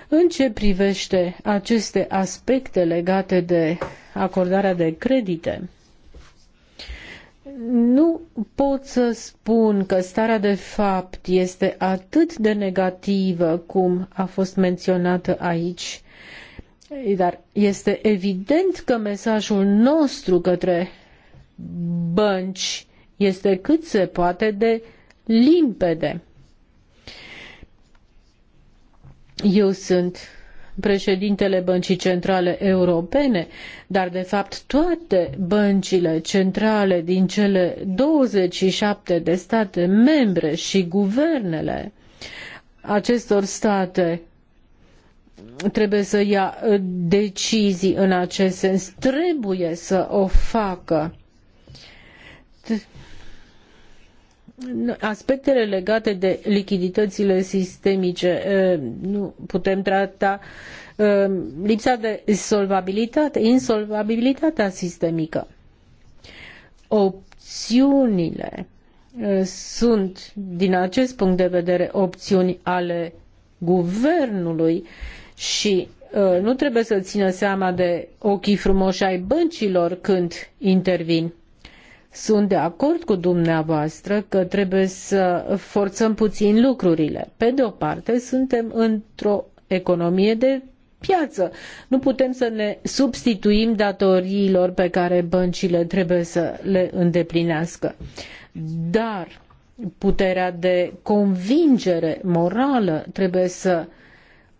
În ce privește aceste aspecte legate de acordarea de credite, nu pot să spun că starea de fapt este atât de negativă cum a fost menționată aici. Dar este evident că mesajul nostru către bănci este cât se poate de limpede. Eu sunt președintele Băncii Centrale Europene, dar de fapt toate băncile centrale din cele 27 de state membre și guvernele acestor state trebuie să ia uh, decizii în acest sens. Trebuie să o facă. Aspectele legate de lichiditățile sistemice uh, nu putem trata uh, lipsa de solvabilitate, insolvabilitatea sistemică. Opțiunile sunt, din acest punct de vedere, opțiuni ale guvernului și ă, nu trebuie să țină seama de ochii frumoși ai băncilor când intervin. Sunt de acord cu dumneavoastră că trebuie să forțăm puțin lucrurile. Pe de o parte, suntem într-o economie de piață. Nu putem să ne substituim datoriilor pe care băncile trebuie să le îndeplinească. Dar puterea de convingere morală trebuie să uh,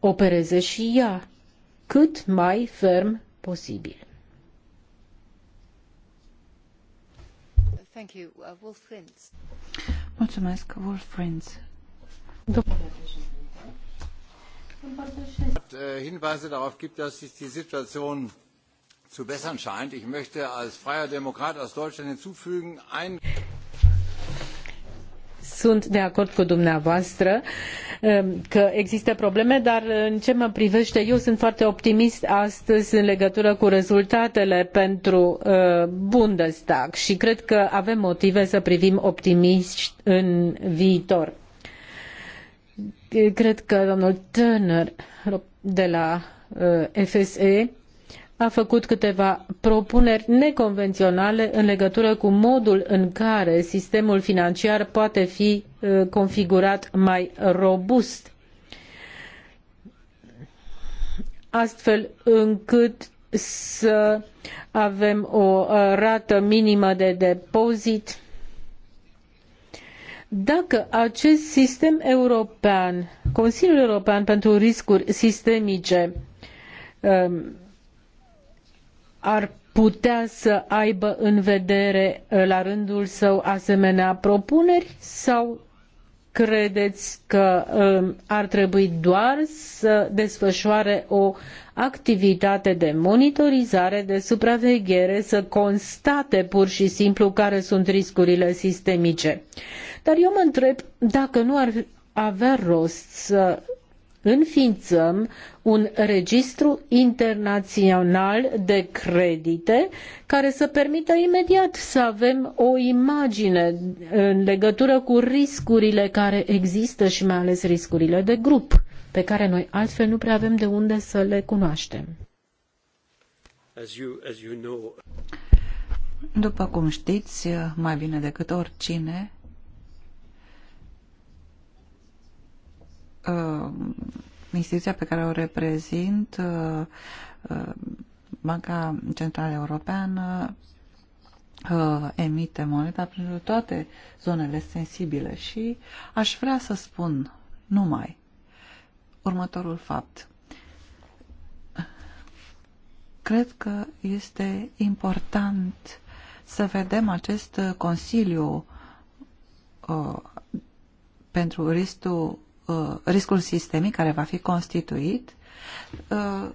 opereze și ea cât mai ferm posibil. Thank you. Uh, Wolf Friends. Mulțumesc, Wolf Friends. Domnule äh, Hinweise darauf gibt, dass sich die Situation zu bessern scheint. Ich möchte als freier Demokrat aus Deutschland hinzufügen, ein Sunt de acord cu dumneavoastră. Uh, Ehm, că există probleme, dar eh, în ce mă privește, eu sunt foarte optimist astăzi în legătură cu rezultatele pentru eh, Bundestag și cred că avem motive să privim optimist în viitor. Cred că domnul Turner de la eh, FSE a făcut câteva propuneri neconvenționale în legătură cu modul în care sistemul financiar poate fi uh, configurat mai robust, astfel încât să avem o uh, rată minimă de depozit. Dacă acest sistem european, Consiliul European pentru Riscuri Sistemice, um, ar putea să aibă în vedere eh, la rândul său asemenea propuneri sau credeți că eh, ar trebui doar să desfășoare o activitate de monitorizare, de supraveghere, să constate pur și simplu care sunt riscurile sistemice. Dar eu mă întreb dacă nu ar avea rost să înființăm un registru internațional de credite care să permită imediat să avem o imagine în legătură cu riscurile care există și mai ales riscurile de grup, pe care noi altfel nu prea avem de unde să le cunoaștem. După cum știți, mai bine decât oricine, Uh, instituția pe care o reprezint, uh, uh, Banca Centrală Europeană, emite moneda pentru toate zonele sensibile și aș vrea să spun numai următorul fapt. Cred că este important să vedem acest Consiliu uh, pentru riscul Uh, riscul sistemic care va fi constituit, uh,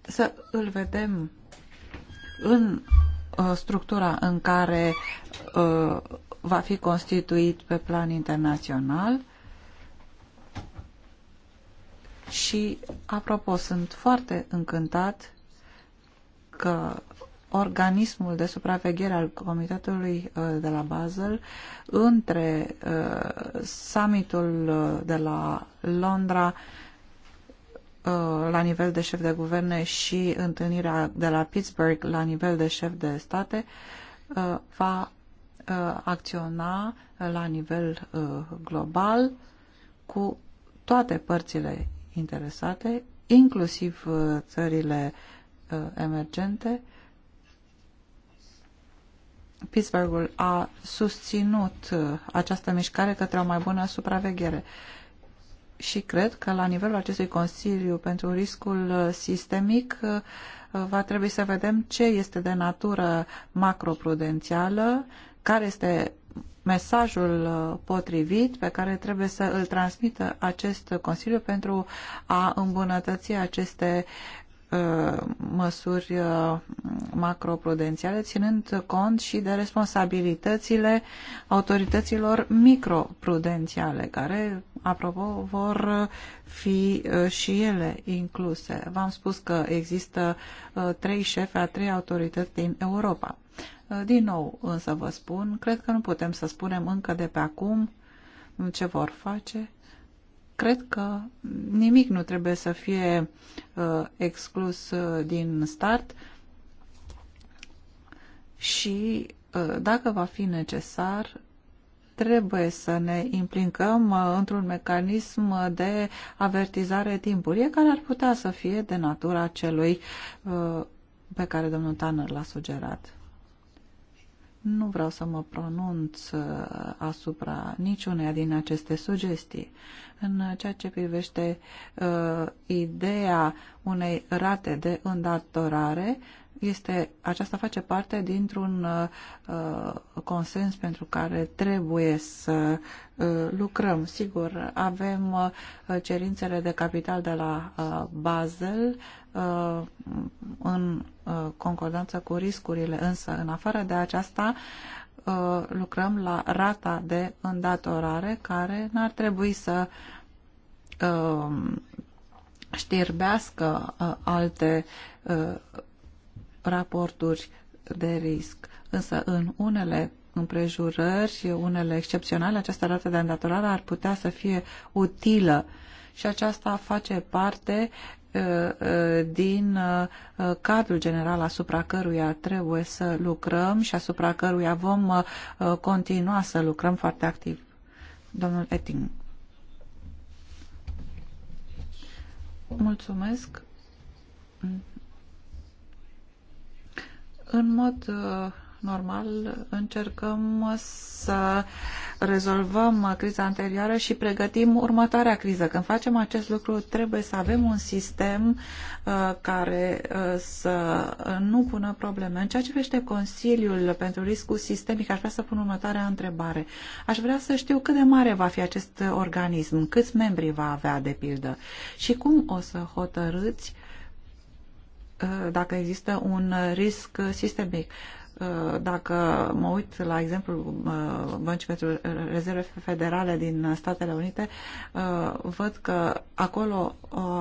să îl vedem în uh, structura în care va fi constituit pe plan internațional și, apropo, sunt foarte încântat că organismul de supraveghere al Comitetului uh, de la Basel între uh, summitul uh, de la Londra la nivel de șef de guverne și întâlnirea de la Pittsburgh la nivel de șef de state va acționa la nivel global cu toate părțile interesate, inclusiv țările emergente, Pittsburghul a susținut uh, această mișcare către o mai bună supraveghere. Și cred că la nivelul acestui Consiliu pentru riscul uh, sistemic uh, va trebui să vedem ce este de natură macroprudențială, care este mesajul potrivit pe care trebuie să îl transmită acest Consiliu pentru a îmbunătăți aceste Uh, măsuri uh, macroprudențiale, ținând cont și de responsabilitățile autorităților microprudențiale, care, apropo, vor uh, fi și ele incluse. V-am spus că există trei șefe a trei autorități din Europa. Din nou, însă vă spun, cred că nu putem să spunem încă de pe acum ce vor face, Cred că nimic nu trebuie să fie uh, exclus uh, din start și uh, dacă va fi necesar, trebuie să ne implicăm uh, într-un mecanism de avertizare timpurie care ar putea să fie de natura celui uh, pe care domnul Tanner l-a sugerat. Nu vreau să mă pronunț uh, asupra niciuneia din aceste sugestii. În ceea ce privește uh, ideea unei rate de îndatorare, este, aceasta face parte dintr-un uh, uh consens pentru care trebuie să uh, lucrăm. Sigur, avem uh, cerințele de capital de la uh, Basel, Uh, în uh, concordanță cu riscurile, însă în afară de aceasta uh, lucrăm la rata de îndatorare care n-ar trebui să știrbească alte raporturi de risc. Însă în unele împrejurări, unele excepționale, această rată de îndatorare ar putea să fie utilă și aceasta face parte Uh, uh, din uh, cadrul general asupra căruia trebuie să lucrăm și asupra căruia vom continua să lucrăm foarte activ. Domnul Etting. Mulțumesc. În mod normal încercăm să rezolvăm criza anterioară și pregătim următoarea criză. Când facem acest lucru, trebuie să avem un sistem uh, care uh, să nu pună probleme. În ceea ce privește Consiliul pentru Riscul Sistemic, aș vrea să pun următoarea întrebare. Aș vrea să știu cât de mare va fi acest organism, câți membri va avea, de pildă, și cum o să hotărâți uh, dacă există un risc sistemic. Uh, dacă mă uit la exemplul uh, Băncii pentru Rezerve Federale din Statele Unite, uh, văd că acolo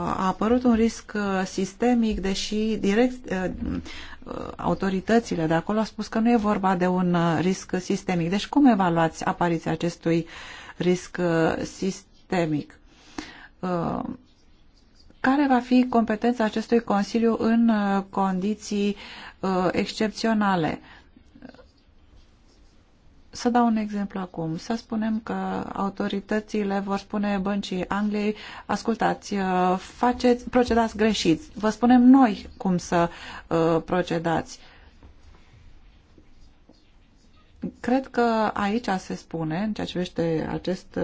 a apărut un risc sistemic, deși direct autoritățile de acolo au spus că nu e vorba de un risc sistemic. Deci cum evaluați apariția acestui risc sistemic? care va fi competența acestui Consiliu în uh, condiții uh, excepționale? Să dau un exemplu acum. Să spunem că autoritățile vor spune băncii Angliei, ascultați, uh, faceți, procedați greșit. Vă spunem noi cum să uh, procedați. Cred că aici se spune, în ceea ce vește acest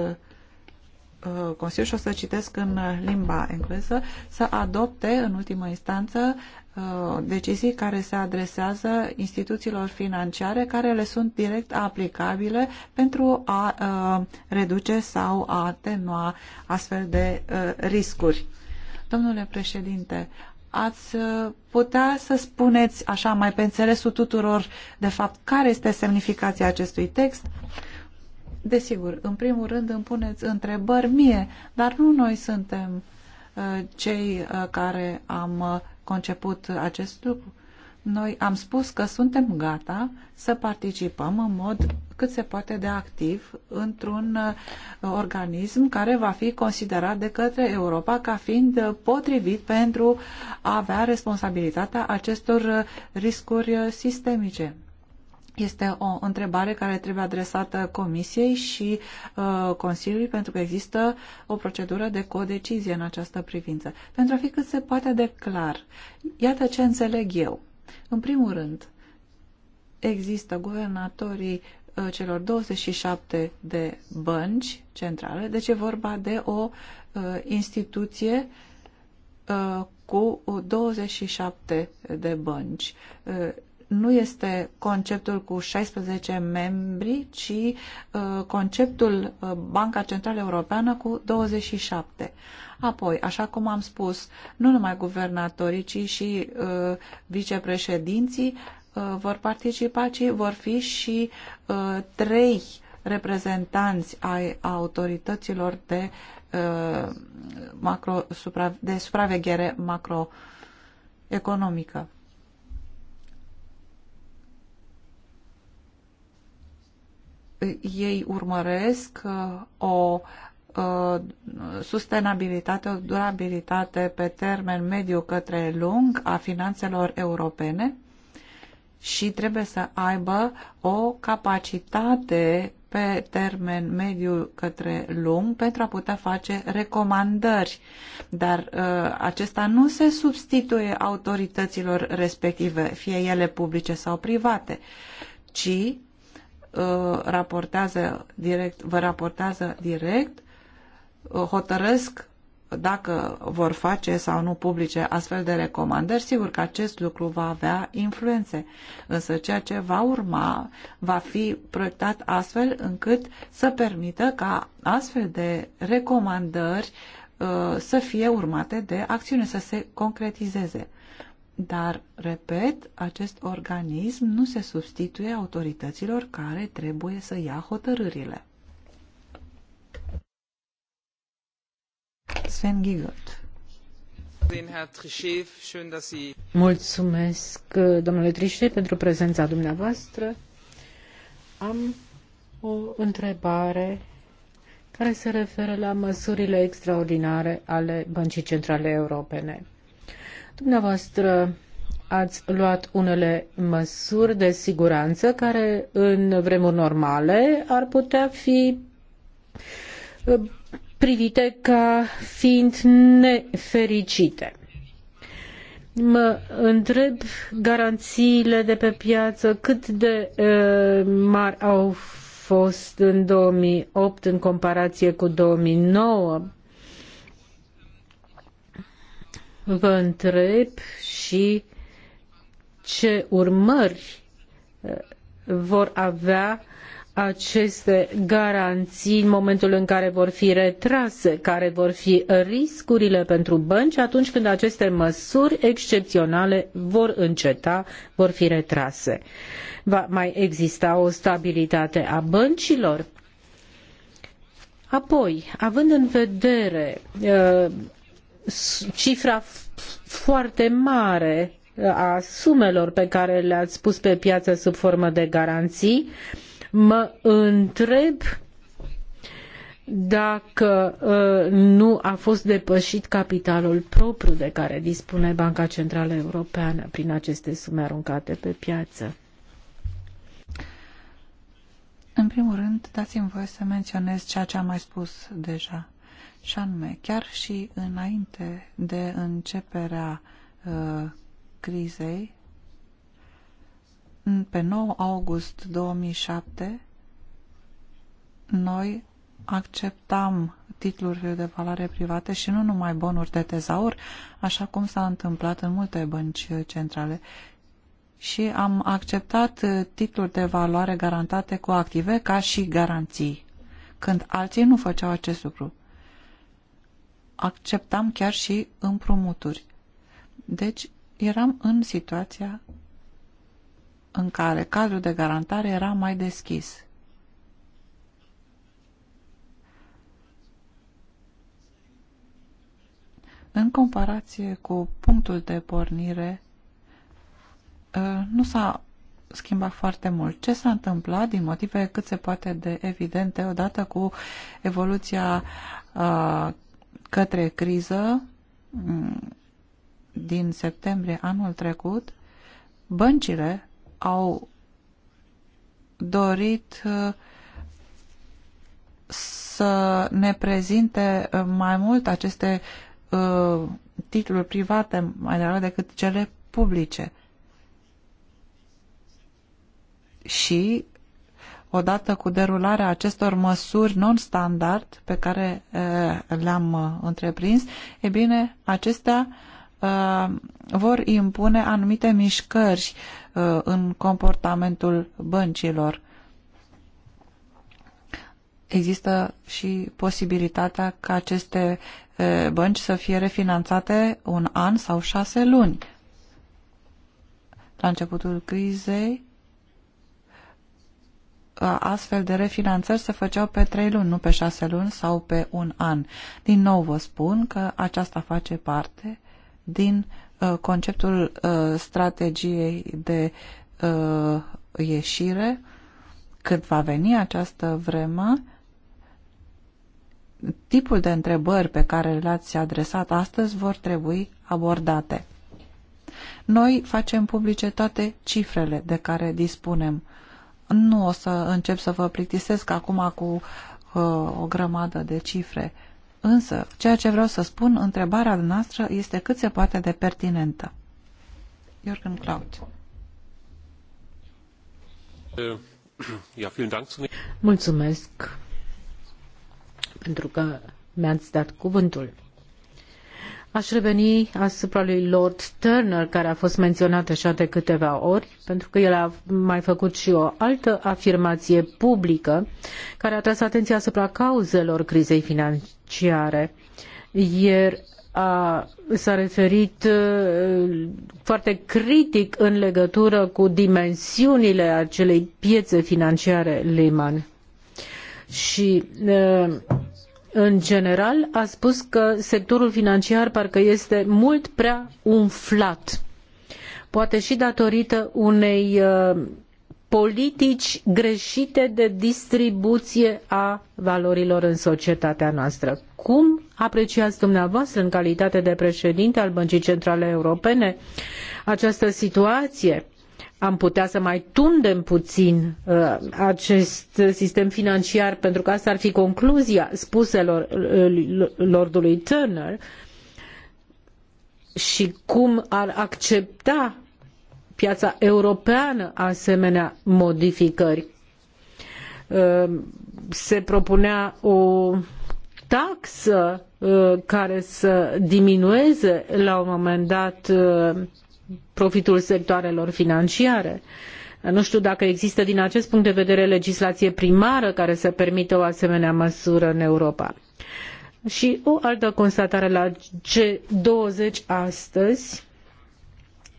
Uh, Consiliu și o să citesc în limba engleză, să adopte în ultimă instanță uh, decizii care se adresează instituțiilor financiare care le sunt direct aplicabile pentru a uh, reduce sau a atenua astfel de riscuri. Domnule președinte, ați putea să spuneți așa mai pe înțelesul tuturor, de fapt, care este semnificația acestui text? Uh, Desigur, în primul rând îmi puneți întrebări mie, dar nu noi suntem uh, cei uh, care am uh, conceput acest lucru. Noi am spus că suntem gata să participăm în mod cât se poate de activ într-un organism care va fi considerat de către Europa ca fiind potrivit pentru a avea responsabilitatea acestor riscuri sistemice. Este o întrebare care trebuie adresată Comisiei și uh, Consiliului pentru că există o procedură de codecizie în această privință. Pentru a fi cât se poate de clar, iată ce înțeleg eu. În primul rând, există guvernatorii uh, celor 27 de bănci centrale, deci e vorba de o uh, instituție uh, cu 27 de bănci. Uh, nu este conceptul cu 16 membri, ci uh, conceptul uh, Banca Centrală Europeană cu 27. Apoi, așa cum am spus, nu numai guvernatorii, ci și uh, vicepreședinții vor participa, ci vor fi și trei reprezentanți ai autorităților de, macro, supra, de supraveghere macroeconomică. ei urmăresc uh, o uh, sustenabilitate, o durabilitate pe termen mediu către lung a finanțelor europene și trebuie să aibă o capacitate pe termen mediu către lung pentru a putea face recomandări. Dar uh, acesta nu se substituie autorităților respective, fie ele publice sau private, ci Uh, raportează direct, vă raportează direct, uh, hotărăsc dacă vor face sau nu publice astfel de recomandări, sigur că acest lucru va avea influențe. Însă ceea ce va urma va fi proiectat astfel încât să permită ca astfel de recomandări uh, să fie urmate de acțiune, să se concretizeze. Dar, repet, acest organism nu se substituie autorităților care trebuie să ia hotărârile. Sven Gigot Mulțumesc, domnule Trichet, pentru prezența dumneavoastră. Am o întrebare care se referă la măsurile extraordinare ale Băncii Centrale Europene Dumneavoastră ați luat unele măsuri de siguranță care în vremuri normale ar putea fi uh, privite ca fiind nefericite. Mă întreb garanțiile de pe piață cât de uh, mari au fost în 2008 în comparație cu 2009 vă întreb și ce urmări uh, vor avea aceste garanții în momentul în care vor fi retrase, care vor fi riscurile pentru bănci atunci când aceste măsuri excepționale vor înceta, vor fi retrase. Va mai exista o stabilitate a băncilor? Apoi, având în vedere uh, cifra foarte mare uh, a sumelor pe care le-ați pus pe piață sub formă de garanții, mă întreb dacă uh, nu a fost depășit capitalul propriu de care dispune Banca Centrală Europeană prin aceste sume aruncate pe piață. În primul rând, dați-mi voie să menționez ceea ce am mai spus deja. Și anume, chiar și înainte de începerea uh, crizei, pe 9 august 2007, noi acceptam titlurile de valoare private și nu numai bonuri de tezaur, așa cum s-a întâmplat în multe bănci centrale. Și am acceptat uh, titluri de valoare garantate cu active ca și garanții, când alții nu făceau acest lucru acceptam chiar și împrumuturi. Deci eram în situația în care cadrul de garantare era mai deschis. În comparație cu punctul de pornire, ă, nu s-a schimbat foarte mult. Ce s-a întâmplat din motive cât se poate de evidente odată cu evoluția ă, către criză mm, din septembrie anul trecut, băncile au dorit uh, să ne prezinte uh, mai mult aceste uh, titluri private mai degrabă decât cele publice. Și odată cu derularea acestor măsuri non-standard pe care le-am întreprins, e bine, acestea vor impune anumite mișcări în comportamentul băncilor. Există și posibilitatea ca aceste bănci să fie refinanțate un an sau șase luni. La începutul crizei, Uh, astfel de refinanțări se făceau pe trei luni, nu pe șase luni sau pe un an. Din nou vă spun că aceasta face parte din uh, conceptul uh, strategiei de ieșire. Când va veni această vreme, tipul de întrebări pe care le-ați adresat astăzi vor trebui abordate. Noi facem publice toate cifrele de care dispunem nu o să încep să vă plictisesc acum cu uh, o grămadă de cifre, însă ceea ce vreau să spun, întrebarea noastră este cât se poate de pertinentă. Jürgen Klaut. Mulțumesc pentru că mi-ați dat cuvântul. Aș reveni asupra lui Lord Turner, care a fost menționat așa de câteva ori, pentru că el a mai făcut și o altă afirmație publică care a tras atenția asupra cauzelor crizei financiare. Ieri a, s-a referit uh, foarte critic în legătură cu dimensiunile acelei piețe financiare Lehman. Și uh, în general a spus că sectorul financiar parcă este mult prea umflat. Poate și datorită unei uh, politici greșite de distribuție a valorilor în societatea noastră. Cum apreciați dumneavoastră în calitate de președinte al Băncii Centrale Europene această situație? am putea să mai tundem puțin uh, acest sistem financiar, pentru că asta ar fi concluzia spuselor uh, Lordului Turner, și cum ar accepta piața europeană asemenea modificări. Uh, se propunea o taxă care să diminueze la un moment dat profitul sectoarelor financiare. Nu știu dacă există din acest punct de vedere legislație primară care să permită o asemenea măsură în Europa. Și o altă constatare la G20 astăzi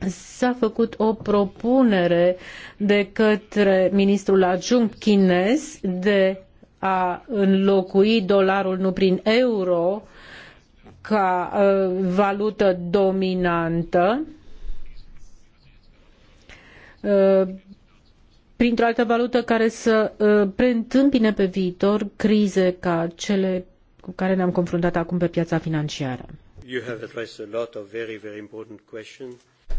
s-a făcut o propunere de către ministrul adjunct chinez de a înlocui dolarul nu prin euro ca uh, valută dominantă uh, Uh, printr-o altă valută care să uh, preîntâmpine pe viitor crize ca cele cu care ne-am confruntat acum pe piața financiară. Very, very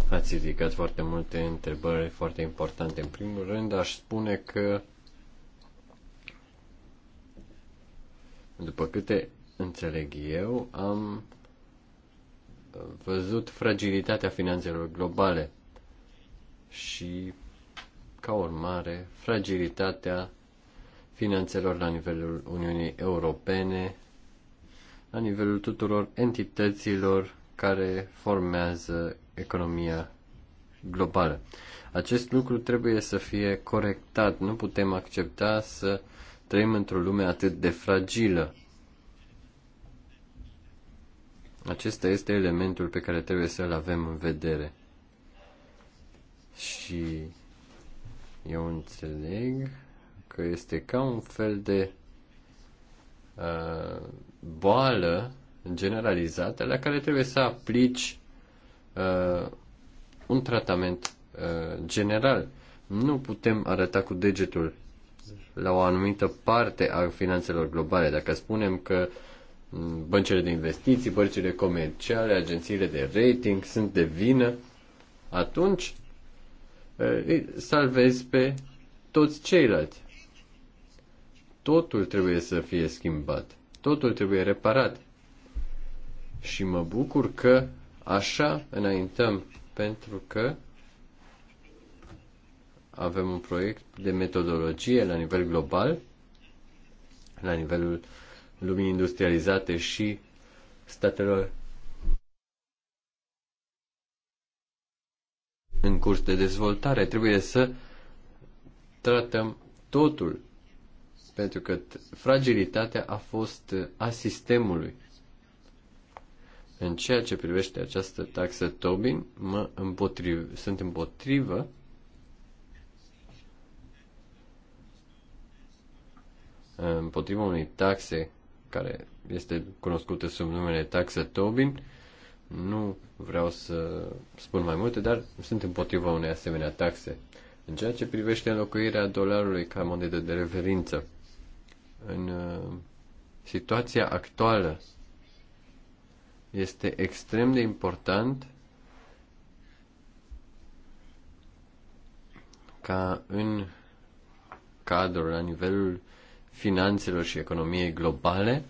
Ați ridicat foarte multe întrebări foarte importante. În primul rând, aș spune că după câte înțeleg eu, am văzut fragilitatea finanțelor globale și, ca urmare, fragilitatea finanțelor la nivelul Uniunii Europene, la nivelul tuturor entităților care formează economia globală. Acest lucru trebuie să fie corectat. Nu putem accepta să trăim într-o lume atât de fragilă. Acesta este elementul pe care trebuie să-l avem în vedere. Și eu înțeleg că este ca un fel de uh, boală generalizată la care trebuie să aplici uh, un tratament uh, general. Nu putem arăta cu degetul la o anumită parte a finanțelor globale. Dacă spunem că mm, băncile de investiții, băncile comerciale, agențiile de rating sunt de vină, atunci Eh, îi salvezi pe toți ceilalți. Totul trebuie să fie schimbat. Totul trebuie reparat. Și mă bucur că așa înaintăm, pentru că avem un proiect de metodologie la nivel global, la nivelul lumii industrializate și statelor în curs de dezvoltare. Trebuie să tratăm totul, pentru că fragilitatea a fost a sistemului. În ceea ce privește această taxă Tobin, mă împotriv, sunt împotrivă împotriva unei taxe care este cunoscută sub numele taxă Tobin, nu vreau să spun mai multe, dar sunt împotriva unei asemenea taxe. În ceea ce privește înlocuirea dolarului ca monedă de referință, în uh, situația actuală este extrem de important ca în cadrul, la nivelul finanțelor și economiei globale,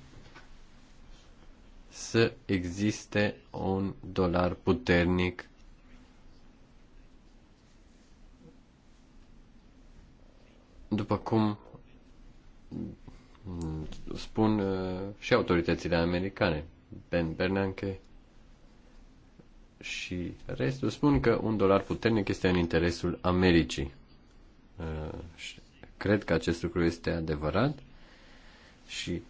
să existe un dolar puternic după cum spun uh, și autoritățile americane, Ben Bernanke și restul, spun că un dolar puternic este în interesul Americii. Uh, cred că acest lucru este adevărat și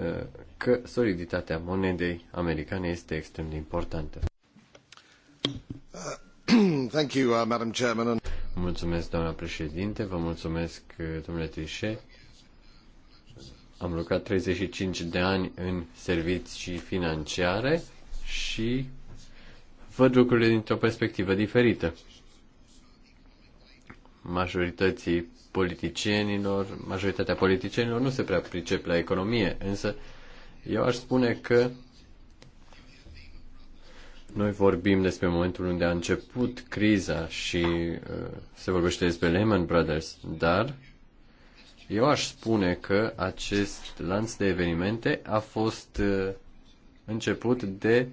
Uh, că soliditatea monedei americane este extrem de importantă. Uh, *clears throat* thank you, uh, Madam Chairman. Mulțumesc, doamna președinte, vă mulțumesc, domnule Trichet. Am lucrat 35 de ani în servicii financiare și văd lucrurile dintr-o perspectivă diferită. Majorității politicienilor, majoritatea politicienilor nu se prea pricep la economie, însă eu aș spune că noi vorbim despre momentul unde a început criza și uh, se vorbește despre Lehman Brothers, dar eu aș spune că acest lanț de evenimente a fost uh, început de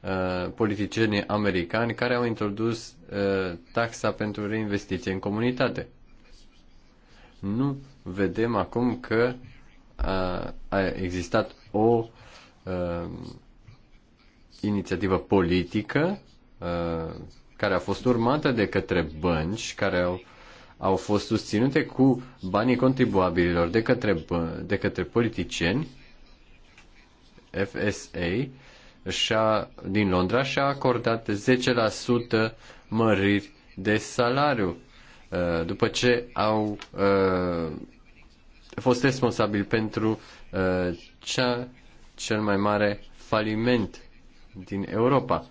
uh, politicienii americani care au introdus uh, taxa pentru reinvestiție în comunitate nu vedem acum că a, existat o a, inițiativă politică a, care a fost urmată de către bănci care au, au fost susținute cu banii contribuabililor de către, de către politicieni FSA și-a, din Londra și-a acordat 10% măriri de salariu Uh, după ce au uh, fost responsabili pentru uh, cea, cel mai mare faliment din Europa.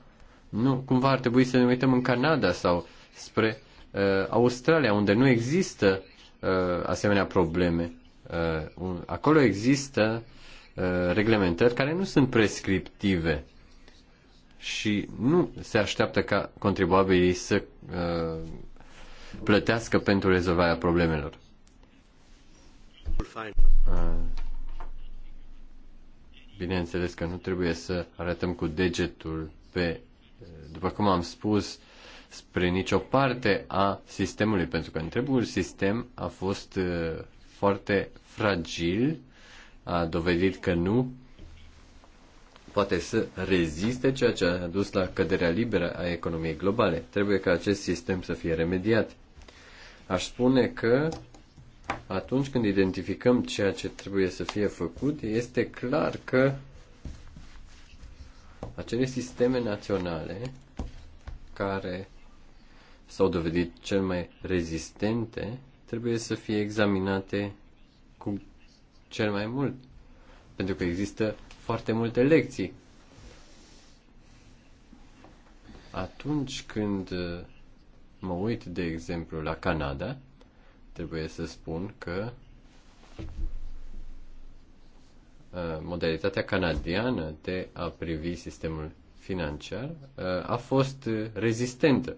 Nu, cumva ar trebui să ne uităm în Canada sau spre uh, Australia, unde nu există uh, asemenea probleme. Uh, un, acolo există uh, reglementări care nu sunt prescriptive și nu se așteaptă ca contribuabilii să uh, plătească pentru rezolvarea problemelor. Bineînțeles că nu trebuie să arătăm cu degetul pe, după cum am spus, spre nicio parte a sistemului, pentru că întregul sistem a fost foarte fragil, a dovedit că nu poate să reziste, ceea ce a dus la căderea liberă a economiei globale. Trebuie ca acest sistem să fie remediat. Aș spune că atunci când identificăm ceea ce trebuie să fie făcut, este clar că acele sisteme naționale care s-au dovedit cel mai rezistente trebuie să fie examinate cu cel mai mult. Pentru că există foarte multe lecții. Atunci când mă uit, de exemplu, la Canada, trebuie să spun că uh, modalitatea canadiană de a privi sistemul financiar uh, a fost uh, rezistentă.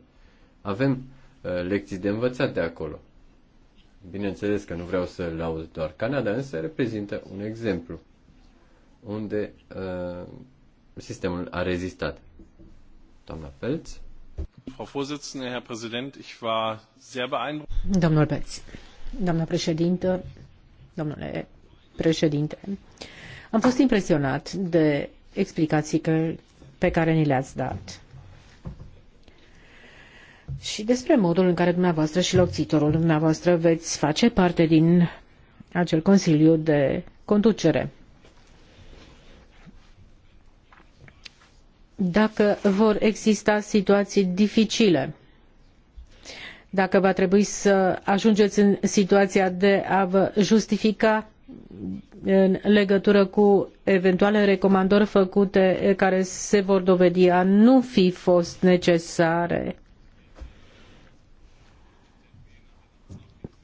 Avem lecții de învățat de acolo. Bineînțeles că nu vreau să laud doar Canada, însă reprezintă un exemplu unde sistemul a rezistat. Doamna Pelț? Frau Vorsitzende, Herr Präsident, ich war sehr beeindruckt. Domnul Beț, doamna președintă, domnule președinte, am fost impresionat de explicații pe care ni le-ați dat și despre modul în care dumneavoastră și locțitorul dumneavoastră veți face parte din acel Consiliu de Conducere. dacă vor exista situații dificile, dacă va trebui să ajungeți în situația de a vă justifica în legătură cu eventuale recomandări făcute care se vor dovedi a nu fi fost necesare.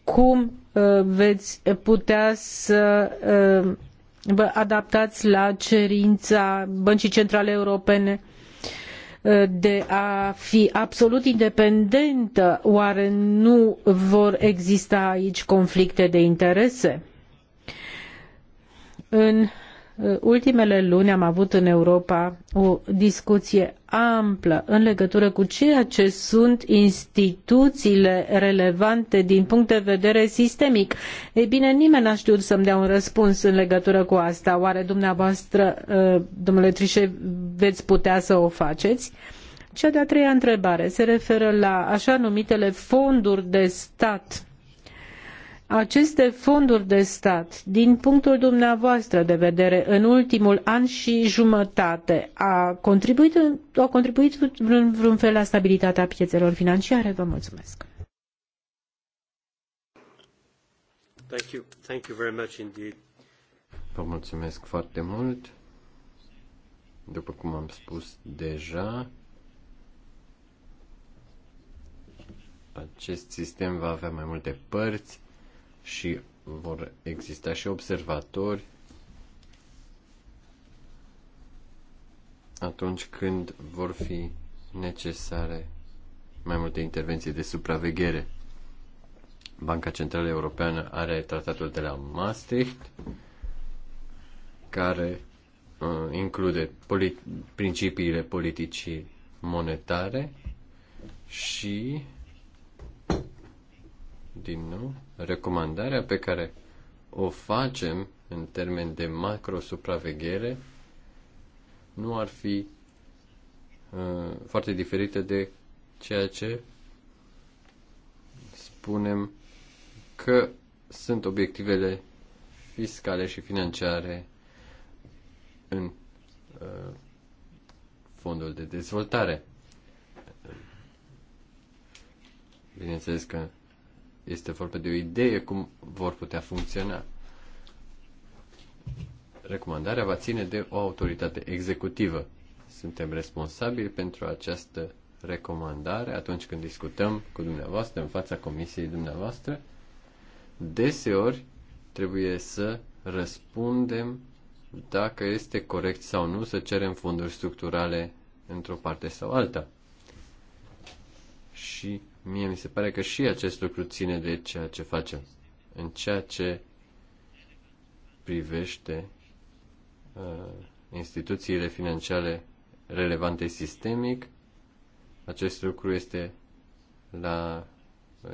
Cum uh, veți putea să uh, vă adaptați la cerința Băncii Centrale Europene uh, de a fi absolut independentă, oare nu vor exista aici conflicte de interese? În Uh, ultimele luni am avut în Europa o discuție amplă în legătură cu ceea ce sunt instituțiile relevante din punct de vedere sistemic. Ei bine, nimeni n-a știut să-mi dea un răspuns în legătură cu asta. Oare dumneavoastră, uh, domnule Trișe, veți putea să o faceți? Cea de-a treia întrebare se referă la așa numitele fonduri de stat aceste fonduri de stat, din punctul dumneavoastră de vedere, în ultimul an și jumătate, a contribuit, au contribuit în vreun fel la stabilitatea piețelor financiare? Vă mulțumesc. Thank you. Thank you very much indeed. Vă mulțumesc foarte mult. După cum am spus deja, acest sistem va avea mai multe părți și vor exista și observatori atunci când vor fi necesare mai multe intervenții de supraveghere. Banca Centrală Europeană are tratatul de la Maastricht, care uh, include polit- principiile politicii monetare și din nou, recomandarea pe care o facem în termen de macro-supraveghere nu ar fi uh, foarte diferită de ceea ce spunem că sunt obiectivele fiscale și financiare în uh, fondul de dezvoltare. Bineînțeles că este vorba de o idee cum vor putea funcționa. Recomandarea va ține de o autoritate executivă. Suntem responsabili pentru această recomandare atunci când discutăm cu dumneavoastră, în fața comisiei dumneavoastră. Deseori trebuie să răspundem dacă este corect sau nu să cerem fonduri structurale într-o parte sau alta. Și Mie mi se pare că și acest lucru ține de ceea ce facem. În ceea ce privește uh, instituțiile financiare relevante sistemic, acest lucru este la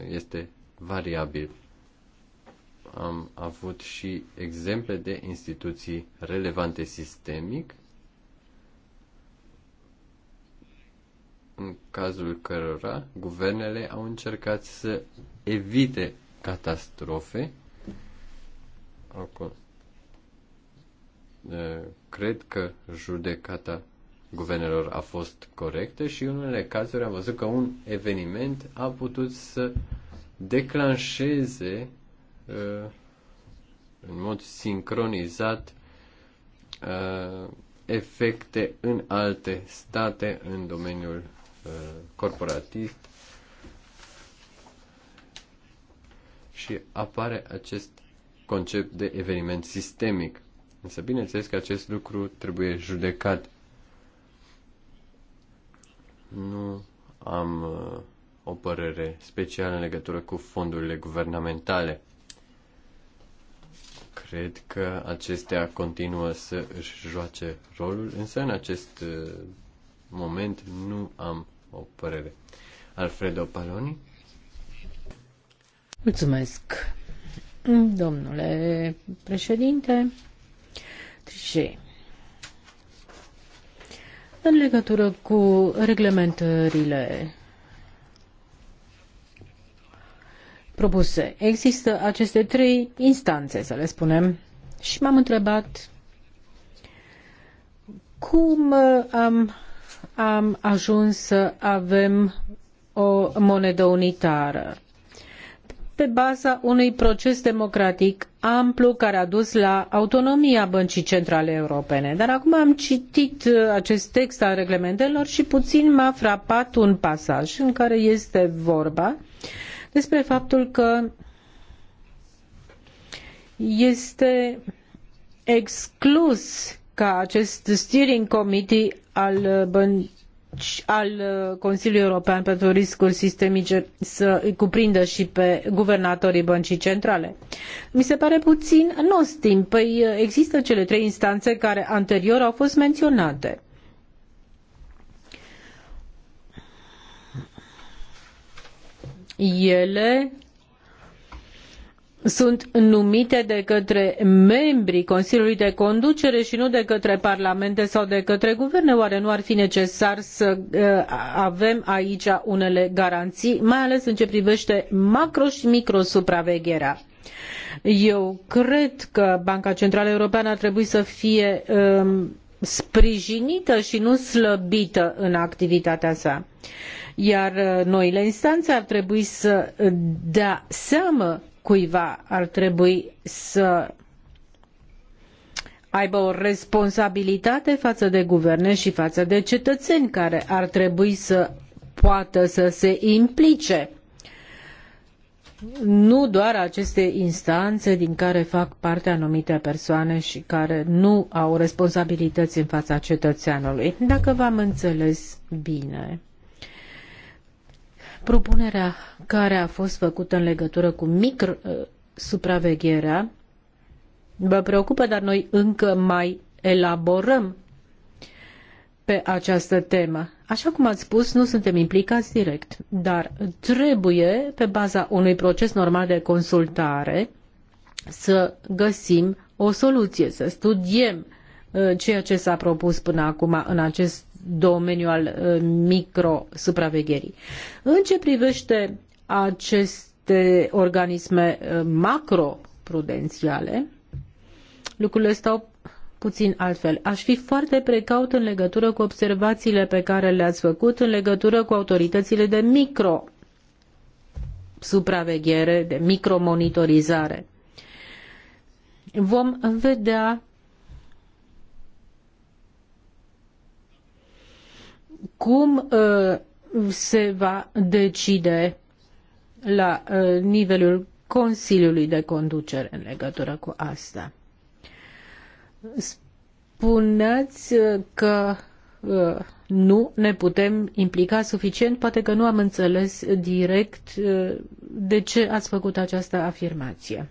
este variabil. Am avut și exemple de instituții relevante sistemic în cazul cărora guvernele au încercat să evite catastrofe. Acum. Eh, cred că judecata guvernelor a fost corectă și în unele cazuri am văzut că un eveniment a putut să declanșeze eh, în mod sincronizat eh, efecte în alte state în domeniul corporativ și apare acest concept de eveniment sistemic. Însă, bineînțeles că acest lucru trebuie judecat. Nu am uh, o părere specială în legătură cu fondurile guvernamentale. Cred că acestea continuă să își joace rolul, însă în acest uh, moment nu am o părere. Alfredo Paloni. Mulțumesc, domnule președinte. Trișei. În legătură cu reglementările propuse, există aceste trei instanțe, să le spunem, și m-am întrebat cum am am ajuns să avem o monedă unitară pe baza unui proces democratic amplu care a dus la autonomia băncii centrale europene. Dar acum am citit uh, acest text al reglementelor și puțin m-a frapat un pasaj în care este vorba despre faptul că este exclus ca acest steering committee al, uh, al uh, Consiliului European pentru Riscuri Sistemice să îi cuprindă și pe guvernatorii băncii centrale. Mi se pare puțin nostim, păi uh, există cele trei instanțe care anterior au fost menționate. Ele sunt numite de către membrii Consiliului de Conducere și nu de către parlamente sau de către guverne. Oare nu ar fi necesar să uh, avem aici unele garanții, mai ales în ce privește macro și microsupravegherea? Eu cred că Banca Centrală Europeană ar trebui să fie um, sprijinită și nu slăbită în activitatea sa. Iar uh, noile instanțe ar trebui să dea seamă cuiva ar trebui să aibă o responsabilitate față de guverne și față de cetățeni care ar trebui să poată să se implice. Nu doar aceste instanțe din care fac parte anumite persoane și care nu au responsabilități în fața cetățeanului. Dacă v-am înțeles bine, Propunerea care a fost făcută în legătură cu micro uh, supravegherea vă preocupă, dar noi încă mai elaborăm pe această temă. Așa cum ați spus, nu suntem implicați direct, dar trebuie, pe baza unui proces normal de consultare, să găsim o soluție, să studiem uh, ceea ce s-a propus până acum în acest domeniul al uh, microsupravegherii. În ce privește aceste organisme uh, macroprudențiale, lucrurile stau puțin altfel. Aș fi foarte precaut în legătură cu observațiile pe care le-ați făcut în legătură cu autoritățile de micro supraveghere, de micromonitorizare. Vom vedea cum ă, se va decide la ă, nivelul Consiliului de Conducere în legătură cu asta. Spuneți ă, că nu ne putem implica suficient, poate că nu am înțeles direct de ce ați făcut această afirmație.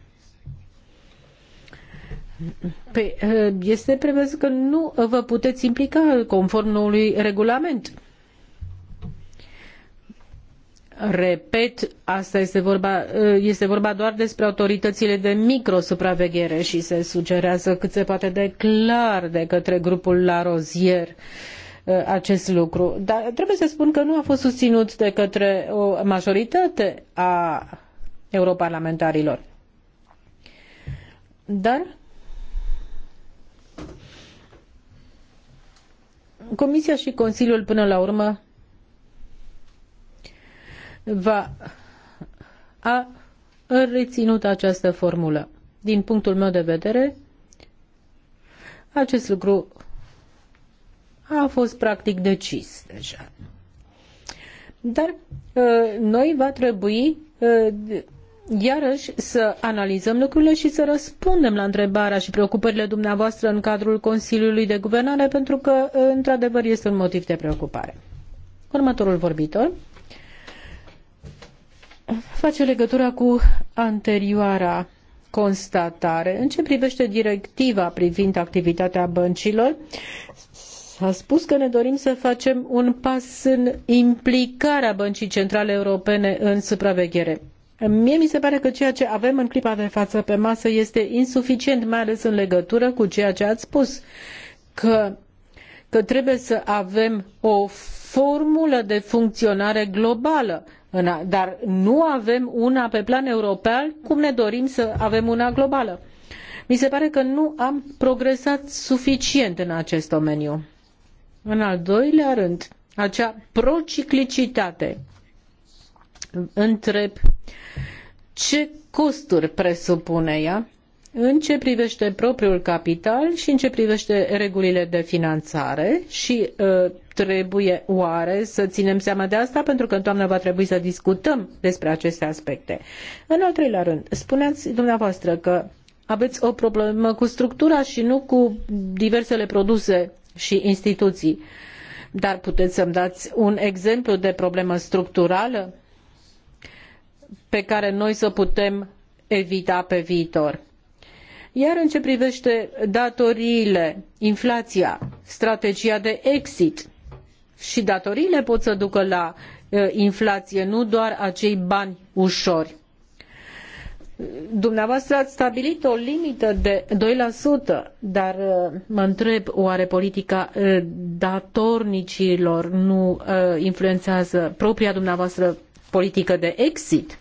Păi, ă, este prevăzut că nu vă puteți implica conform noului regulament. Repet, asta este vorba, ă, este vorba doar despre autoritățile de microsupraveghere și se sugerează cât se poate de clar de către grupul La Rozier ă, acest lucru. Dar trebuie să spun că nu a fost susținut de către o majoritate a europarlamentarilor. Dar Comisia și Consiliul până la urmă va a reținut această formulă. Din punctul meu de vedere, acest lucru a fost practic decis deja. Dar uh, noi va trebui uh, iarăși să analizăm lucrurile și să răspundem la întrebarea și preocupările dumneavoastră în cadrul Consiliului de Guvernare, pentru că, într-adevăr, este un motiv de preocupare. Următorul vorbitor face legătura cu anterioara constatare. În ce privește directiva privind activitatea băncilor, a spus că ne dorim să facem un pas în implicarea Băncii Centrale Europene în supraveghere. Mie mi se pare că ceea ce avem în clipa de față pe masă este insuficient, mai ales în legătură cu ceea ce ați spus, că, că trebuie să avem o formulă de funcționare globală, dar nu avem una pe plan european cum ne dorim să avem una globală. Mi se pare că nu am progresat suficient în acest domeniu. În al doilea rând, acea prociclicitate întreb ce costuri presupune ea în ce privește propriul capital și în ce privește regulile de finanțare și uh, trebuie oare să ținem seama de asta pentru că în toamnă va trebui să discutăm despre aceste aspecte. În al treilea rând, spuneați dumneavoastră că aveți o problemă cu structura și nu cu diversele produse și instituții. Dar puteți să-mi dați un exemplu de problemă structurală? pe care noi să putem evita pe viitor. Iar în ce privește datoriile, inflația, strategia de exit și datoriile pot să ducă la inflație, nu doar acei bani ușori. Dumneavoastră ați stabilit o limită de 2%, dar mă întreb, oare politica datornicilor nu influențează propria dumneavoastră politică de exit?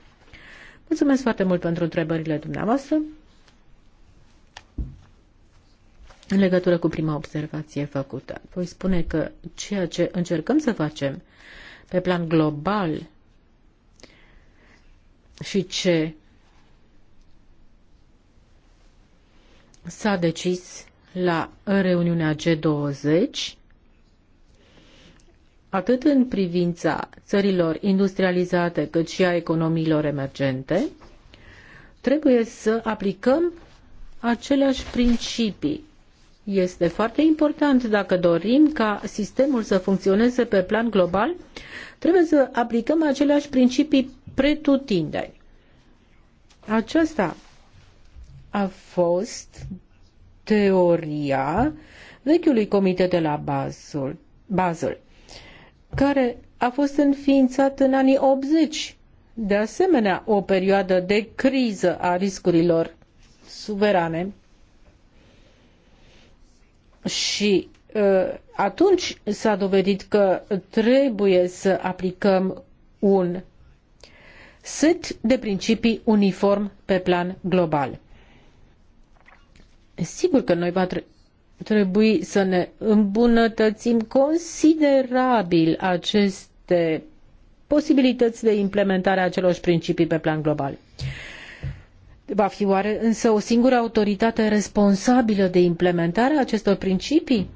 Mulțumesc foarte mult pentru întrebările dumneavoastră. În legătură cu prima observație făcută, voi spune că ceea ce încercăm să facem pe plan global și ce s-a decis la reuniunea G20 atât în privința țărilor industrializate cât și a economiilor emergente, trebuie să aplicăm aceleași principii. Este foarte important dacă dorim ca sistemul să funcționeze pe plan global, trebuie să aplicăm aceleași principii pretutindeni. Aceasta a fost teoria vechiului comitet de la Basel. Basel care a fost înființat în anii 80, de asemenea o perioadă de criză a riscurilor suverane. Și uh, atunci s-a dovedit că trebuie să aplicăm un set de principii uniform pe plan global. Sigur că noi va trebui să ne îmbunătățim considerabil aceste posibilități de implementare a acelor principii pe plan global. Va fi oare însă o singură autoritate responsabilă de implementarea acestor principii?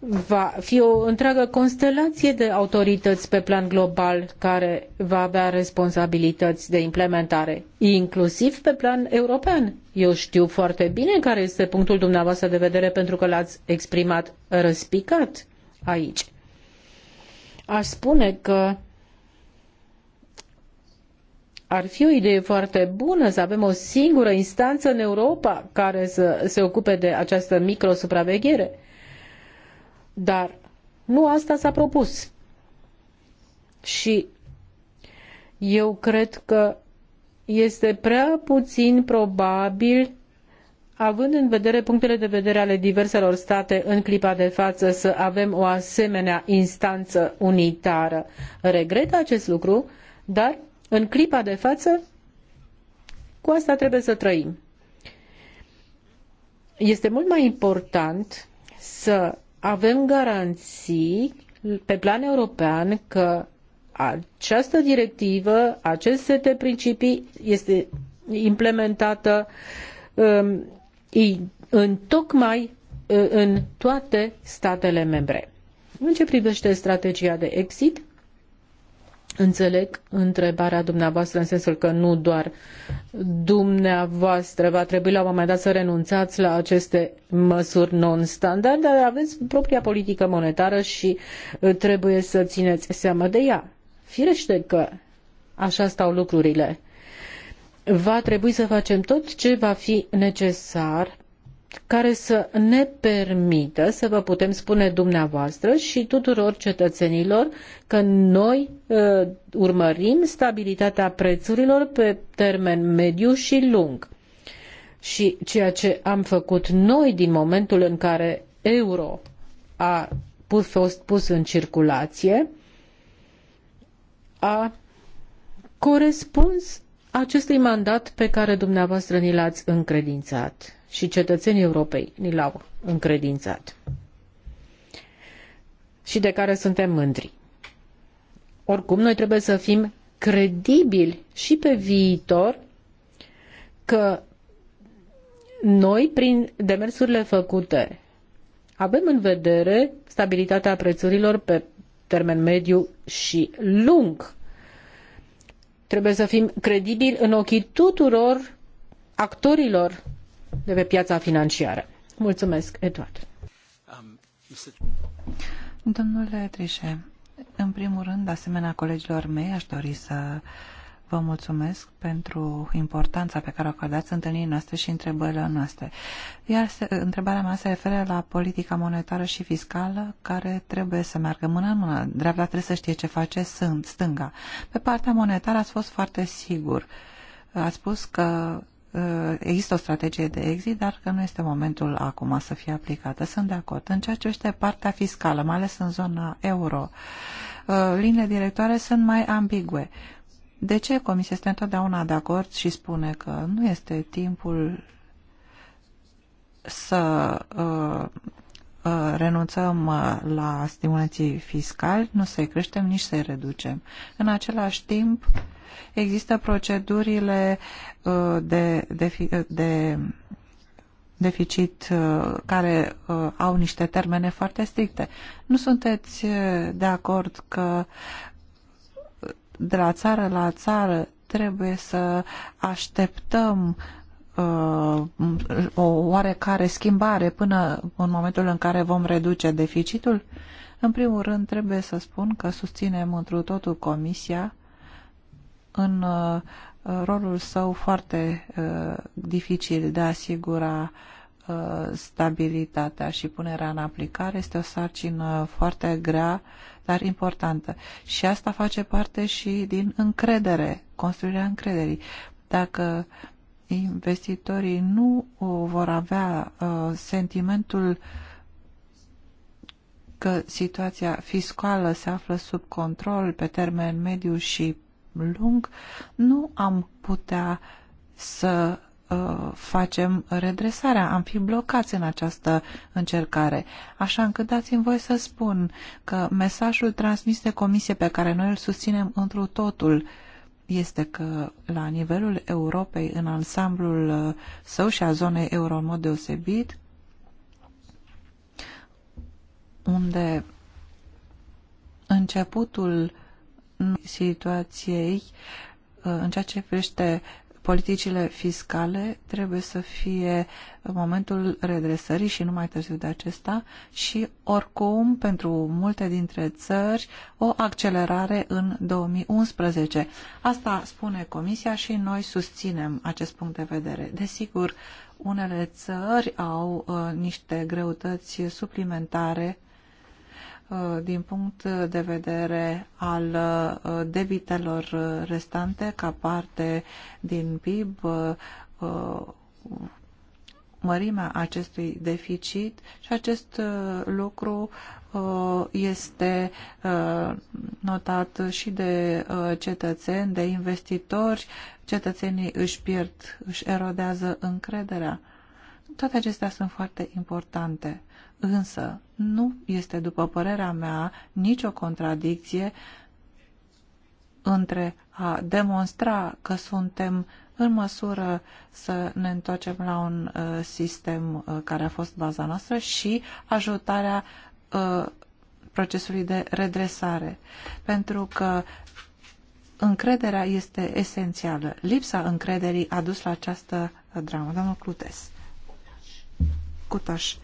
va fi o întreagă constelație de autorități pe plan global care va avea responsabilități de implementare, inclusiv pe plan european. Eu știu foarte bine care este punctul dumneavoastră de vedere pentru că l-ați exprimat răspicat aici. Aș spune că ar fi o idee foarte bună să avem o singură instanță în Europa care să se ocupe de această microsupraveghere dar nu asta s-a propus. Și eu cred că este prea puțin probabil, având în vedere punctele de vedere ale diverselor state în clipa de față, să avem o asemenea instanță unitară. Regret acest lucru, dar în clipa de față, cu asta trebuie să trăim. Este mult mai important să avem garanții pe plan european că această directivă, acest set de principii este implementată um, în tocmai uh, în toate statele membre. În ce privește strategia de exit, Înțeleg întrebarea dumneavoastră în sensul că nu doar dumneavoastră va trebui la un moment dat să renunțați la aceste măsuri non-standard, dar aveți propria politică monetară și uh, trebuie să țineți seama de ea. Firește că așa stau lucrurile. Va trebui să facem tot ce va fi necesar care să ne permită să vă putem spune dumneavoastră și tuturor cetățenilor că noi uh, urmărim stabilitatea prețurilor pe termen mediu și lung. Și ceea ce am făcut noi din momentul în care euro a pus, fost pus în circulație a corespuns acestui mandat pe care dumneavoastră ni l-ați încredințat și cetățenii Europei ni l-au încredințat și de care suntem mândri. Oricum, noi trebuie să fim credibili și pe viitor că noi, prin demersurile făcute, avem în vedere stabilitatea prețurilor pe termen mediu și lung Trebuie să fim credibili în ochii tuturor actorilor de pe piața financiară. Mulțumesc, Eduard. Um, Domnule Trișe, în primul rând, asemenea colegilor mei, aș dori să Vă mulțumesc pentru importanța pe care o acordați întâlnirii noastre și întrebările noastre. Iar se, întrebarea mea se referă la politica monetară și fiscală care trebuie să meargă mână în mână. Dreapta trebuie să știe ce face sunt, stânga. Pe partea monetară ați fost foarte sigur. Ați spus că ă, există o strategie de exit, dar că nu este momentul acum să fie aplicată. Sunt de acord. În ceea ce este partea fiscală, mai ales în zona euro, ă, liniile directoare sunt mai ambigue. De ce Comisia este întotdeauna de acord și spune că nu este timpul să uh, uh, renunțăm uh, la stimulații fiscali, nu să-i creștem, nici să-i reducem. În același timp, există procedurile uh, de, de, uh, de deficit uh, care au niște termene foarte stricte. Nu sunteți de acord că de la țară la țară trebuie să așteptăm uh, o oarecare schimbare până în momentul în care vom reduce deficitul? În primul rând, trebuie să spun că susținem întru totul Comisia în uh, rolul său foarte uh, dificil de a asigura uh, stabilitatea și punerea în aplicare. Este o sarcină foarte grea dar importantă. Și asta face parte și din încredere, construirea încrederii. Dacă investitorii nu uh, vor avea uh, sentimentul că situația fiscală se află sub control pe termen mediu și lung, nu am putea să Uh, facem redresarea. Am fi blocați în această încercare. Așa încât dați-mi voi să spun că mesajul transmis de comisie pe care noi îl susținem întru totul este că la nivelul Europei, în ansamblul uh, său și a zonei euro în mod deosebit, unde începutul situației uh, în ceea ce privește politicile fiscale trebuie să fie în momentul redresării și nu mai târziu de acesta și oricum pentru multe dintre țări o accelerare în 2011. Asta spune Comisia și noi susținem acest punct de vedere. Desigur, unele țări au uh, niște greutăți suplimentare Uh, din punct de vedere al uh, debitelor restante ca parte din PIB, uh, mărimea acestui deficit și acest lucru este notat și de cetățeni, de investitori. Cetățenii își pierd, își erodează încrederea. Toate acestea sunt foarte importante. Însă nu este, după părerea mea, nicio contradicție între a demonstra că suntem în măsură să ne întoarcem la un uh, sistem uh, care a fost baza noastră și ajutarea uh, procesului de redresare. Pentru că încrederea este esențială. Lipsa încrederii a dus la această dramă. Domnul Clutes. Cutaș.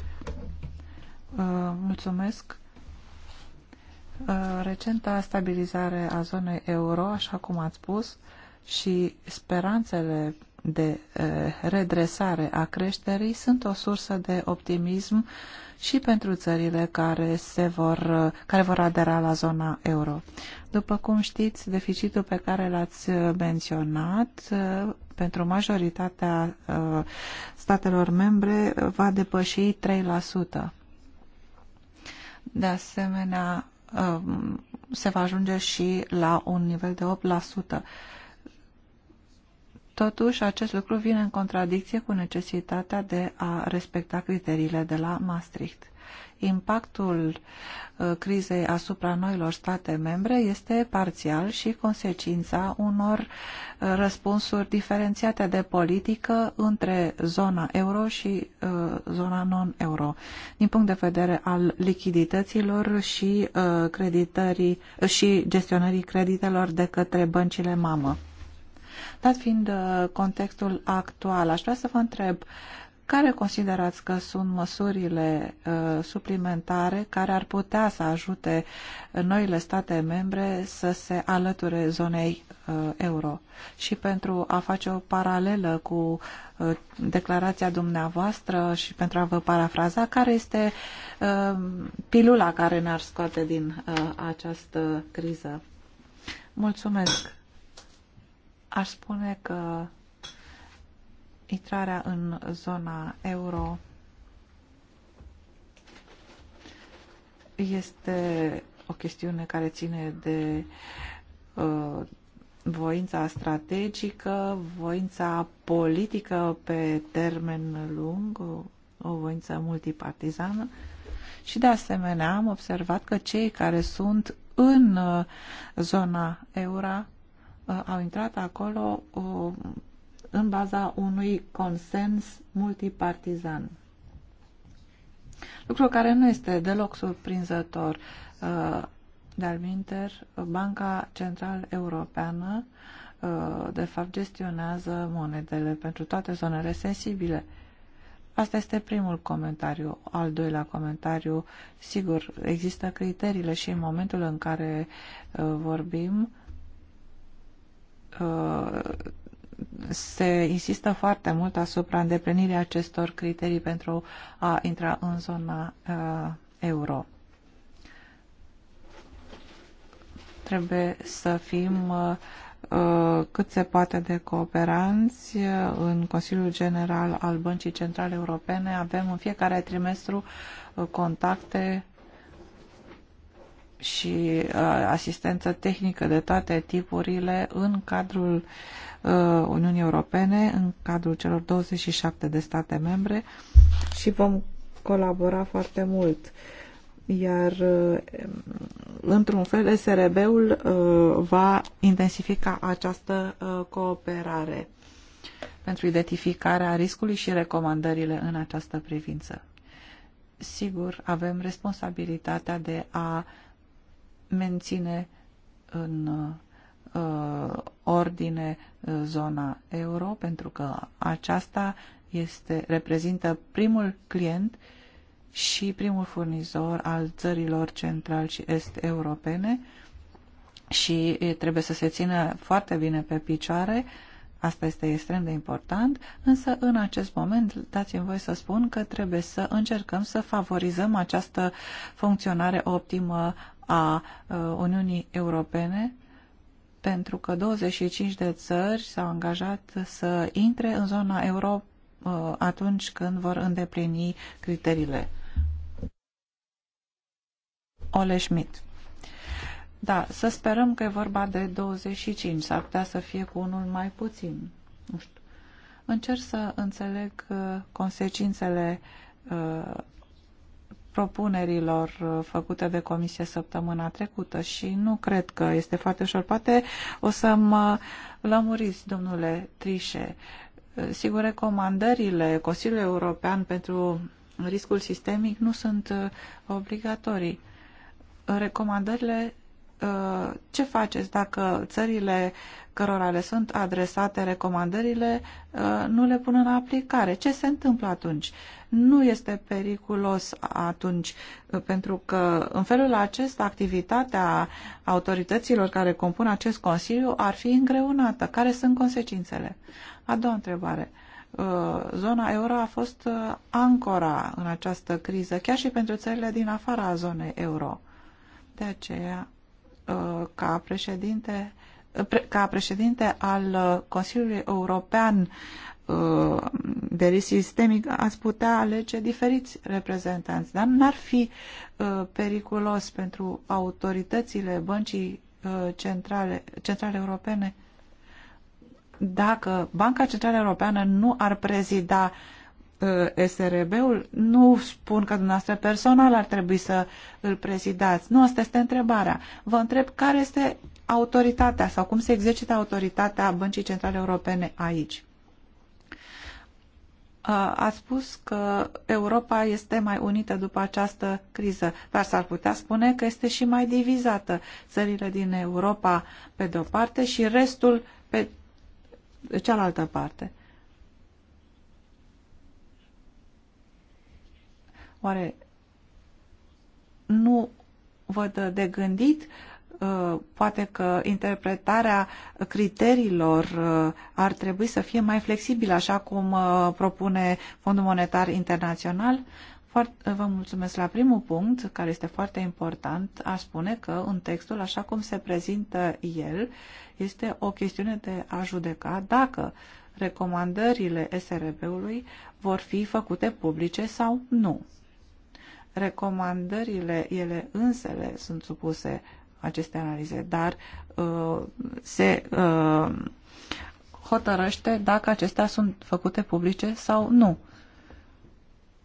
Uh, mulțumesc. Uh, recenta stabilizare a zonei euro, așa cum ați spus, și speranțele de uh, redresare a creșterii sunt o sursă de optimism și pentru țările care, se vor, care vor adera la zona euro. După cum știți, deficitul pe care l-ați menționat pentru majoritatea statelor membre va depăși de asemenea, um, se va ajunge și la un nivel de 8%. Totuși, acest lucru vine în contradicție cu necesitatea de a respecta criteriile de la Maastricht. Impactul uh, crizei asupra noilor state membre este parțial și consecința unor uh, răspunsuri diferențiate de politică între zona euro și uh, zona non-euro, din punct de vedere al lichidităților și, creditării, și gestionării creditelor de către băncile mamă. Dat fiind contextul actual, aș vrea să vă întreb care considerați că sunt măsurile uh, suplimentare care ar putea să ajute noile state membre să se alăture zonei uh, euro? Și pentru a face o paralelă cu uh, declarația dumneavoastră și pentru a vă parafraza, care este uh, pilula care ne-ar scoate din uh, această criză? Mulțumesc! Aș spune că intrarea în zona euro este o chestiune care ține de uh, voința strategică, voința politică pe termen lung, o, o voință multipartizană și de asemenea am observat că cei care sunt în uh, zona euro uh, au intrat acolo uh, în baza unui consens multipartizan. Lucru care nu este deloc surprinzător. Uh, de-al Banca Central Europeană uh, de fapt gestionează monedele pentru toate zonele sensibile. Asta este primul comentariu. Al doilea comentariu, sigur, există criteriile și în momentul în care uh, vorbim, uh, se insistă foarte mult asupra îndeplinirii acestor criterii pentru a intra în zona uh, euro. Trebuie să fim uh, uh cât se poate de cooperanți în Consiliul General al Băncii Centrale Europene. Avem în fiecare trimestru uh, contacte și uh, asistență tehnică de toate tipurile în cadrul uh, Uniunii Europene, în cadrul celor 27 de state membre și vom colabora foarte mult. Iar, uh, într-un fel, SRB-ul uh, va intensifica această uh, cooperare pentru identificarea riscului și recomandările în această privință. Sigur, avem responsabilitatea de a uh, menține în uh, ordine uh, zona euro, pentru că aceasta este, reprezintă primul client și primul furnizor al țărilor central și est-europene și trebuie să se țină foarte bine pe picioare. Asta este extrem de important, însă în acest moment dați-mi voi să spun că trebuie să încercăm să favorizăm această funcționare optimă a uh, Uniunii Europene pentru că 25 de țări s-au angajat să intre în zona euro uh, atunci când vor îndeplini criteriile. Ole Schmidt. Da, să sperăm că e vorba de 25, s-ar putea să fie cu unul mai puțin. Nu știu. Încerc să înțeleg uh, consecințele propunerilor uh, făcute de comisie săptămâna trecută și nu cred că este foarte ușor. Poate o să mă lămuriți, domnule Trișe. Uh, sigur, recomandările Consiliului European pentru riscul sistemic nu sunt uh, obligatorii. Recomandările Uh, ce faceți dacă țările cărora le sunt adresate recomandările uh, nu le pun în aplicare? Ce se întâmplă atunci? Nu este periculos atunci, uh, pentru că în felul acesta activitatea autorităților care compun acest Consiliu ar fi îngreunată. Care sunt consecințele? A doua întrebare zona euro a fost ancora în această criză, chiar și pentru țările din afara zonei euro. De aceea Uh, ca președinte uh, ca președinte al uh, Consiliului European de risc sistemic ați putea alege diferiți reprezentanți, dar n-ar fi periculos pentru autoritățile băncii centrale, centrale europene dacă Banca Centrală Europeană nu ar prezida Uh, SRB-ul, nu spun că dumneavoastră personal ar trebui să îl prezidați. Nu, asta este întrebarea. Vă întreb care este autoritatea sau cum se exercită autoritatea Băncii Centrale Europene aici. Uh, a spus că Europa este mai unită după această criză, dar s-ar putea spune că este și mai divizată. Țările din Europa pe de o parte și restul pe cealaltă parte. Oare nu văd de gândit uh, poate că interpretarea criteriilor uh, ar trebui să fie mai flexibilă, așa cum uh, propune Fondul Monetar Internațional. Vă mulțumesc la primul punct, care este foarte important. a spune că în textul, așa cum se prezintă el, este o chestiune de a judeca dacă recomandările SRB-ului vor fi făcute publice sau nu recomandările ele însele sunt supuse aceste analize, dar uh, se uh, hotărăște dacă acestea sunt făcute publice sau nu.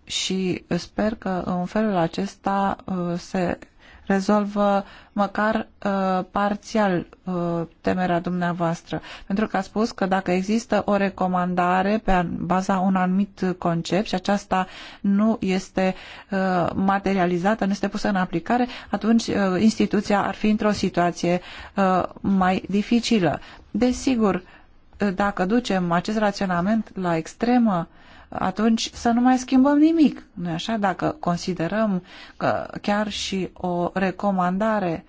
Și sper că în felul acesta uh, se rezolvă măcar uh, parțial uh, temerea dumneavoastră. Pentru că a spus că dacă există o recomandare pe baza un anumit concept și aceasta nu este uh, materializată, nu este pusă în aplicare, atunci uh, instituția ar fi într-o situație uh, mai dificilă. Desigur, uh, dacă ducem acest raționament la extremă, uh, atunci să nu mai schimbăm nimic. nu așa? Dacă considerăm că chiar și o recomandare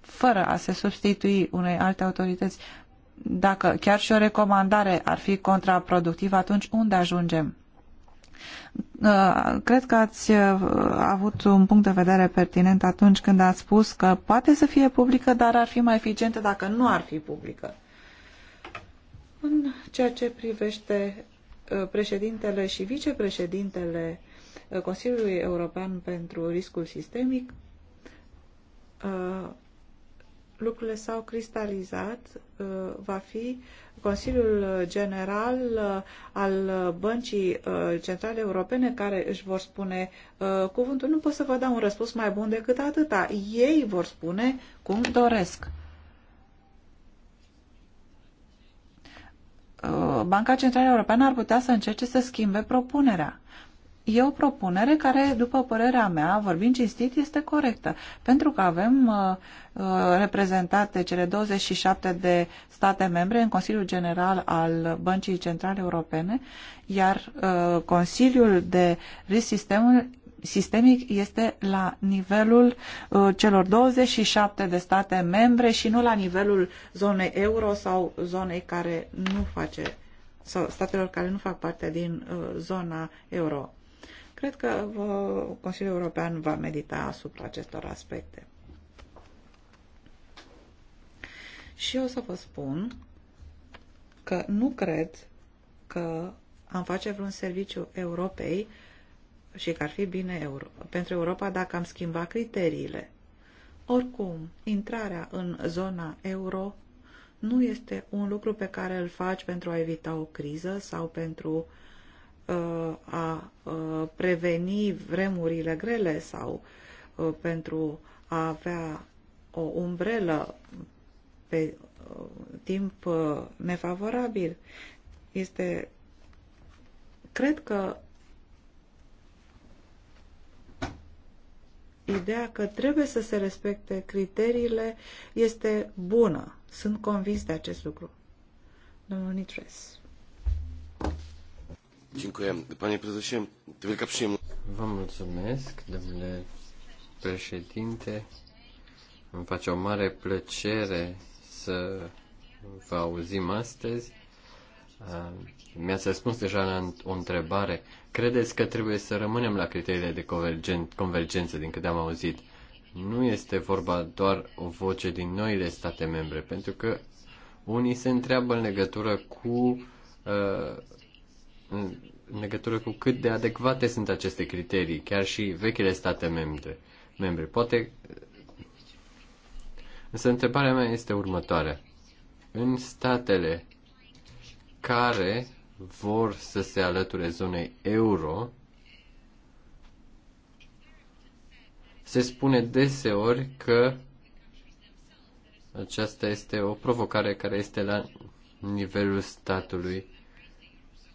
fără a se substitui unei alte autorități, dacă chiar și o recomandare ar fi contraproductivă, atunci unde ajungem? Uh, cred că ați uh, avut un punct de vedere pertinent atunci când ați spus că poate să fie publică, dar ar fi mai eficientă dacă nu ar fi publică. În ceea ce privește președintele și vicepreședintele uh, Consiliului European pentru Riscul Sistemic, uh, lucrurile s-au cristalizat, uh, va fi Consiliul General al Băncii Centrale Europene care își vor spune cuvântul. Nu pot să vă dau un răspuns mai bun decât atâta. Ei vor spune cum doresc. Uh, Banca Centrală Europeană ar putea să încerce să schimbe propunerea. E o propunere care, după părerea mea, vorbind cinstit, este corectă, pentru că avem uh, uh reprezentate cele 27 de state membre în Consiliul General al Băncii Centrale Europene, iar uh, Consiliul de Risc Sistemul sistemic este la nivelul uh, celor 27 de state membre și nu la nivelul zonei euro sau zonei care nu face sau statelor care nu fac parte din uh, zona euro. Cred că Consiliul European va medita asupra acestor aspecte. Și eu o să vă spun că nu cred că am face vreun serviciu Europei uh, și că ar fi bine Euro pentru Europa dacă am schimba criteriile. Oricum, intrarea în zona euro nu este un lucru pe care îl faci pentru a evita o criză sau pentru uh, a uh, preveni vremurile grele sau uh, pentru a avea o umbrelă pe uh, timp uh, nefavorabil. Este cred că ideea că trebuie să se respecte criteriile este bună. Sunt convins de acest lucru. Domnul Nitres. Vă mulțumesc, domnule președinte. Îmi face o mare plăcere să vă auzim astăzi. Uh, mi-ați răspuns deja la o întrebare. Credeți că trebuie să rămânem la criteriile de convergen- convergență, din câte am auzit? Nu este vorba doar o voce din noile state membre, pentru că unii se întreabă în legătură cu uh, în legătură cu cât de adecvate sunt aceste criterii, chiar și vechile state membre. membre. Poate. Însă întrebarea mea este următoarea. În statele care vor să se alăture zonei euro, se spune deseori că aceasta este o provocare care este la nivelul statului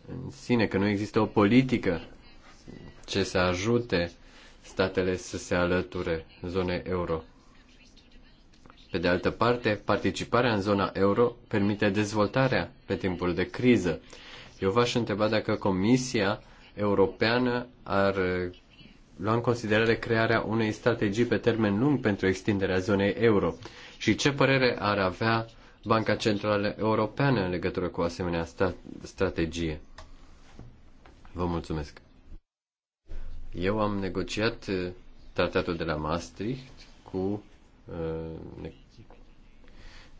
în sine, că nu există o politică ce să ajute statele să se alăture zonei euro. Pe de altă parte, participarea în zona euro permite dezvoltarea pe timpul de criză. Eu v-aș întreba dacă Comisia Europeană ar uh, lua în considerare crearea unei strategii pe termen lung pentru extinderea zonei euro și ce părere ar avea Banca Centrală Europeană în legătură cu o asemenea sta- strategie. Vă mulțumesc. Eu am negociat uh, tratatul de la Maastricht cu uh,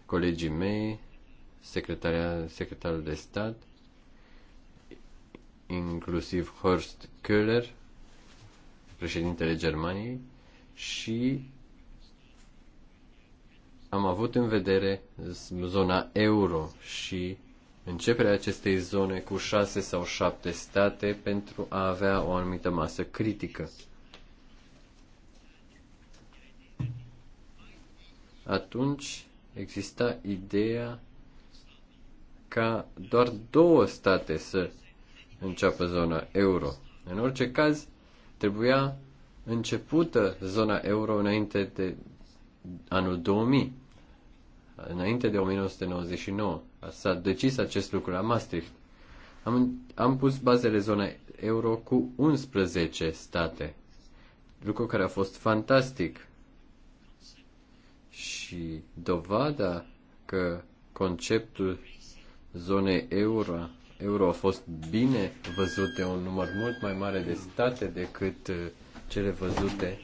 colegii mei, secretarul de stat, inclusiv Horst Köhler, președintele Germaniei, și am avut în vedere zona euro și începerea acestei zone cu șase sau șapte state pentru a avea o anumită masă critică. Atunci exista ideea ca doar două state să înceapă zona euro. În orice caz, trebuia începută zona euro înainte de anul 2000, înainte de 1999. S-a decis acest lucru la Maastricht. Am, am pus bazele zonei euro cu 11 state, lucru care a fost fantastic și dovada că conceptul zonei euro, euro a fost bine văzut de un număr mult mai mare de state decât uh, cele văzute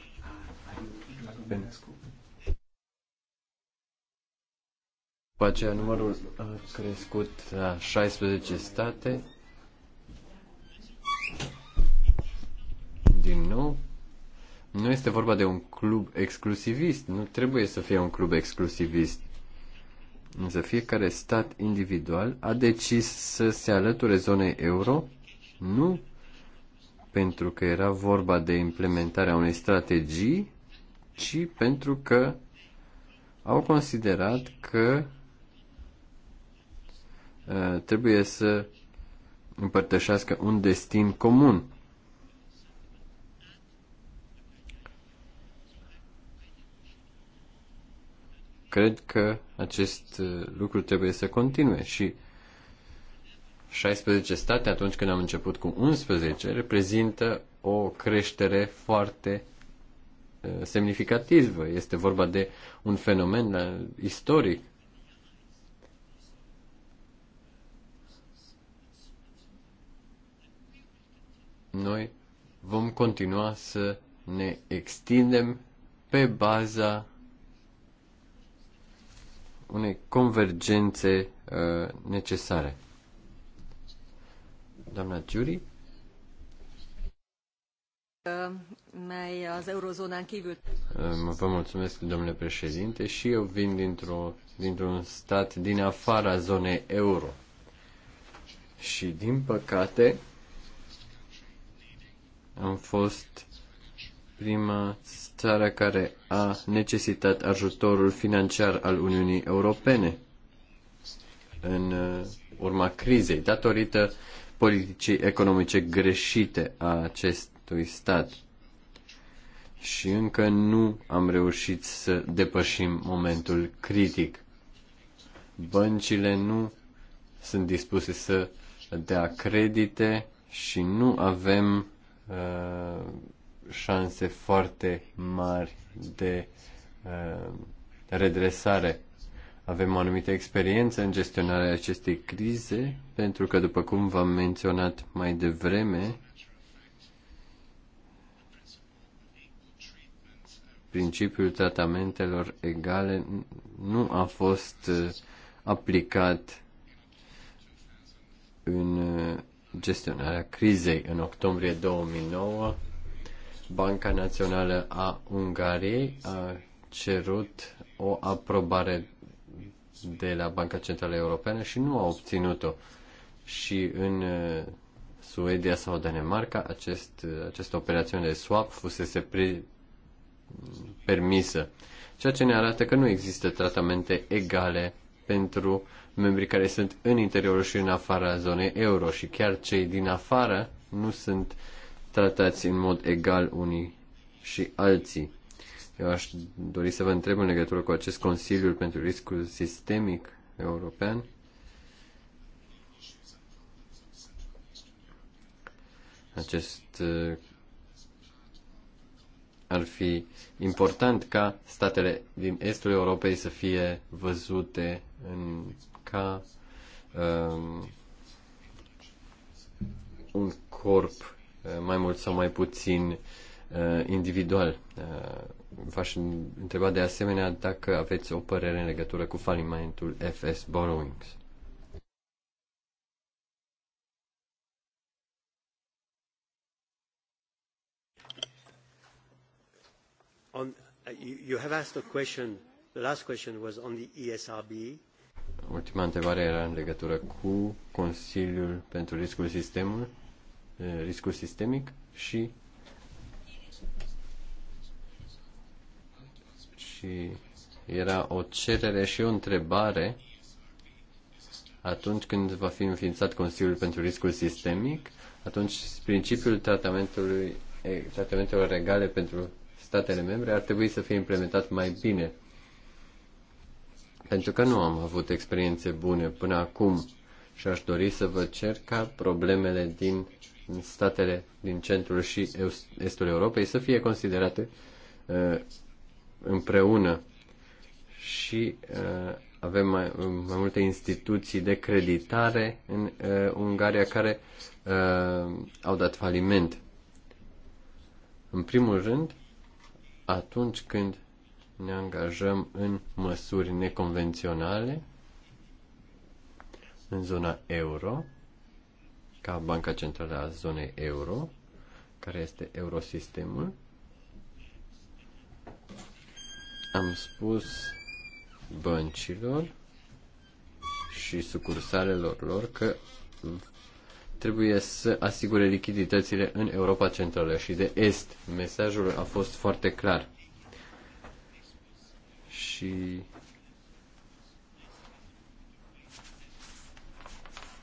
după aceea numărul a crescut la 16 state. Din nou, nu este vorba de un club exclusivist, nu trebuie să fie un club exclusivist. Însă fiecare stat individual a decis să se alăture zonei euro, nu pentru că era vorba de implementarea unei strategii, ci pentru că au considerat că uh, trebuie să împărtășească un destin comun. cred că acest uh, lucru trebuie să continue și 16 state, atunci când am început cu 11, reprezintă o creștere foarte uh, semnificativă. Este vorba de un fenomen uh, istoric. Noi vom continua să ne extindem pe baza unei convergențe uh, necesare. Doamna Giuri? Vă mulțumesc, domnule președinte, și eu vin dintr-o, dintr-un stat din afara zonei euro. Și, din păcate, am fost prima țară care a necesitat ajutorul financiar al Uniunii Europene în uh, urma crizei, datorită politicii economice greșite a acestui stat. Și încă nu am reușit să depășim momentul critic. Băncile nu sunt dispuse să dea credite și nu avem uh, șanse foarte mari de uh, redresare. Avem o anumită experiență în gestionarea acestei crize, pentru că, după cum v-am menționat mai devreme, principiul tratamentelor egale nu a fost uh, aplicat în uh, gestionarea crizei. În octombrie 2009, Banca Națională a Ungariei a cerut o aprobare de la Banca Centrală Europeană și nu a obținut-o. Și în uh, Suedia sau Danemarca acest, uh, această operațiune de swap fusese pre, permisă, ceea ce ne arată că nu există tratamente egale pentru membrii care sunt în interiorul și în afara zonei euro și chiar cei din afară nu sunt uh, tratați în mod egal unii și alții. Eu aș dori să vă întreb în legătură cu acest Consiliu pentru Riscul Sistemic European. Acest uh, ar fi important ca statele din estul Europei să fie văzute în, ca um, un corp Uh, mai mult sau mai puțin uh, individual. Uh, v-aș întreba de asemenea dacă aveți o părere în legătură cu falimentul FS Borrowings. On, you, you have asked a question, the last question was on the ESRB. Ultima întrebare era în legătură cu Consiliul pentru Riscul Sistemului Uh, riscul sistemic și și era o cerere și o întrebare atunci când va fi înființat Consiliul pentru Riscul Sistemic, atunci principiul tratamentului, tratamentelor regale pentru statele membre ar trebui să fie implementat mai bine. Pentru că nu am avut experiențe bune până acum și aș dori să vă cer ca problemele din statele din centrul și estul Europei să fie considerate uh, împreună și uh, avem mai, mai multe instituții de creditare în uh, Ungaria care au dat faliment. În primul rând, atunci când ne angajăm în măsuri neconvenționale în zona euro, ca Banca Centrală a Zonei Euro, care este Eurosistemul, am spus băncilor și sucursalelor lor că trebuie să asigure lichiditățile în Europa Centrală și de Est. Mesajul a fost foarte clar. Și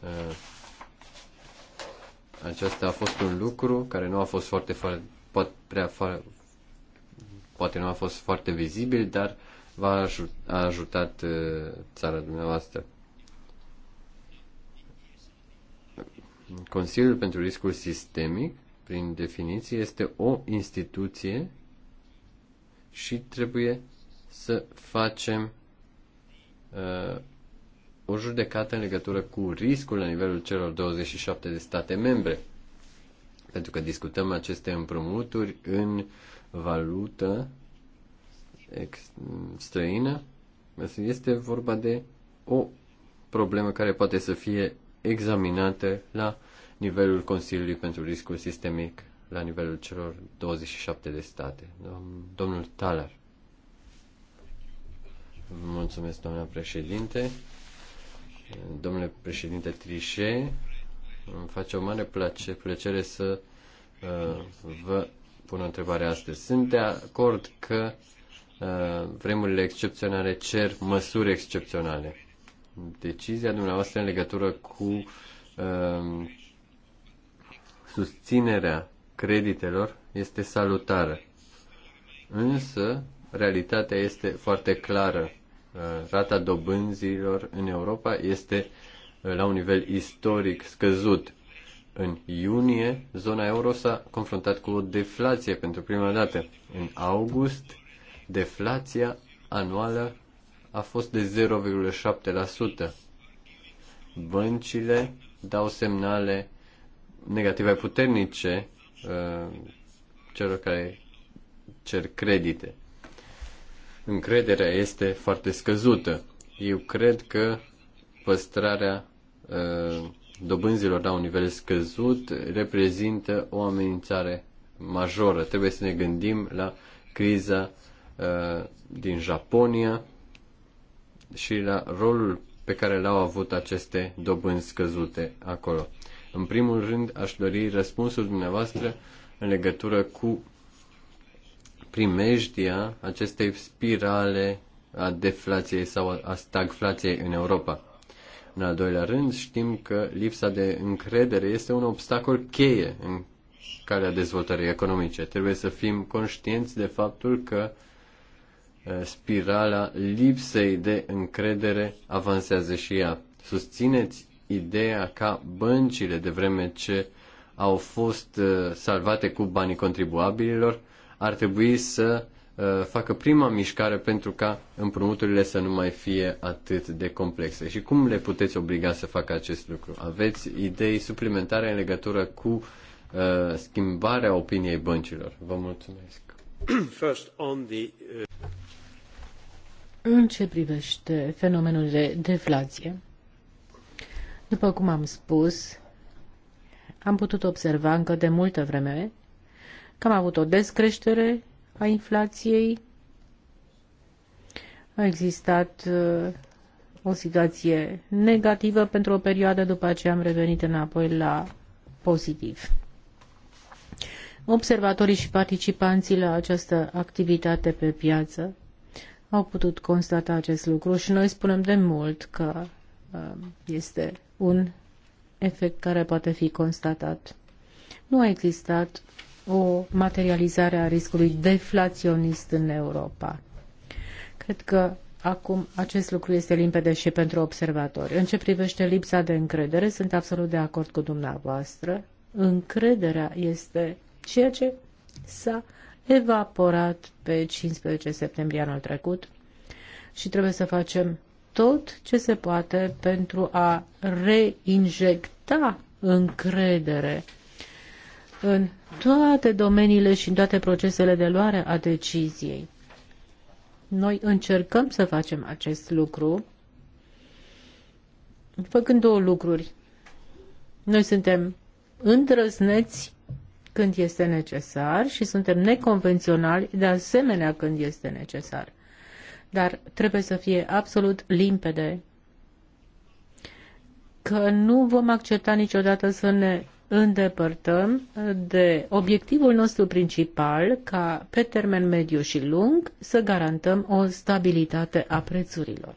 uh, acesta a fost un lucru care nu a fost foarte, poate, prea, poate nu a fost foarte vizibil, dar v-a ajut, a ajutat uh, țara dumneavoastră. Consiliul pentru riscul sistemic, prin definiție, este o instituție și trebuie să facem uh, o judecată în legătură cu riscul la nivelul celor 27 de state membre. Pentru că discutăm aceste împrumuturi în valută străină, este vorba de o problemă care poate să fie examinată la nivelul Consiliului pentru Riscul Sistemic, la nivelul celor 27 de state. Domnul Talar. Mulțumesc, doamna președinte domnule președinte Trișe, îmi face o mare plăcere, plăcere să uh, vă pun o întrebare astăzi. Sunt de acord că uh, vremurile excepționale cer măsuri excepționale. Decizia dumneavoastră în legătură cu uh, susținerea creditelor este salutară. Însă, realitatea este foarte clară. Uh, rata dobânzilor în Europa este uh, la un nivel istoric scăzut. În iunie, zona euro s-a confruntat cu o deflație pentru prima dată. În august, deflația anuală a fost de 0,7%. Băncile dau semnale negative puternice uh, celor care cer credite încrederea este foarte scăzută. Eu cred că păstrarea uh, dobânzilor la un nivel scăzut reprezintă o amenințare majoră. Trebuie să ne gândim la criza uh, din Japonia și la rolul pe care l-au avut aceste dobânzi scăzute acolo. În primul rând, aș dori răspunsul dumneavoastră în legătură cu primejdia acestei spirale a deflației sau a stagflației în Europa. În al doilea rând, știm că lipsa de încredere este un obstacol cheie în calea dezvoltării economice. Trebuie să fim conștienți de faptul că spirala lipsei de încredere avansează și ea. Susțineți ideea ca băncile, de vreme ce au fost salvate cu banii contribuabililor, ar trebui să uh, facă prima mișcare pentru ca împrumuturile să nu mai fie atât de complexe. Și cum le puteți obliga să facă acest lucru? Aveți idei suplimentare în legătură cu uh, schimbarea opiniei băncilor? Vă mulțumesc. *clears throat* First on the, uh... În ce privește fenomenul de deflație, după cum am spus, am putut observa încă de multă vreme că am avut o descreștere a inflației, a existat uh, o situație negativă pentru o perioadă, după aceea am revenit înapoi la pozitiv. Observatorii și participanții la această activitate pe piață au putut constata acest lucru și noi spunem de mult că uh, este un efect care poate fi constatat. Nu a existat o materializare a riscului deflaționist în Europa. Cred că acum acest lucru este limpede și pentru observatori. În ce privește lipsa de încredere, sunt absolut de acord cu dumneavoastră. Încrederea este ceea ce s-a evaporat pe 15 septembrie anul trecut și trebuie să facem tot ce se poate pentru a reinjecta încredere în toate domeniile și în toate procesele de luare a deciziei. Noi încercăm să facem acest lucru făcând două lucruri. Noi suntem îndrăzneți când este necesar și suntem neconvenționali de asemenea când este necesar. Dar trebuie să fie absolut limpede că nu vom accepta niciodată să ne îndepărtăm de obiectivul nostru principal ca pe termen mediu și lung să garantăm o stabilitate a prețurilor.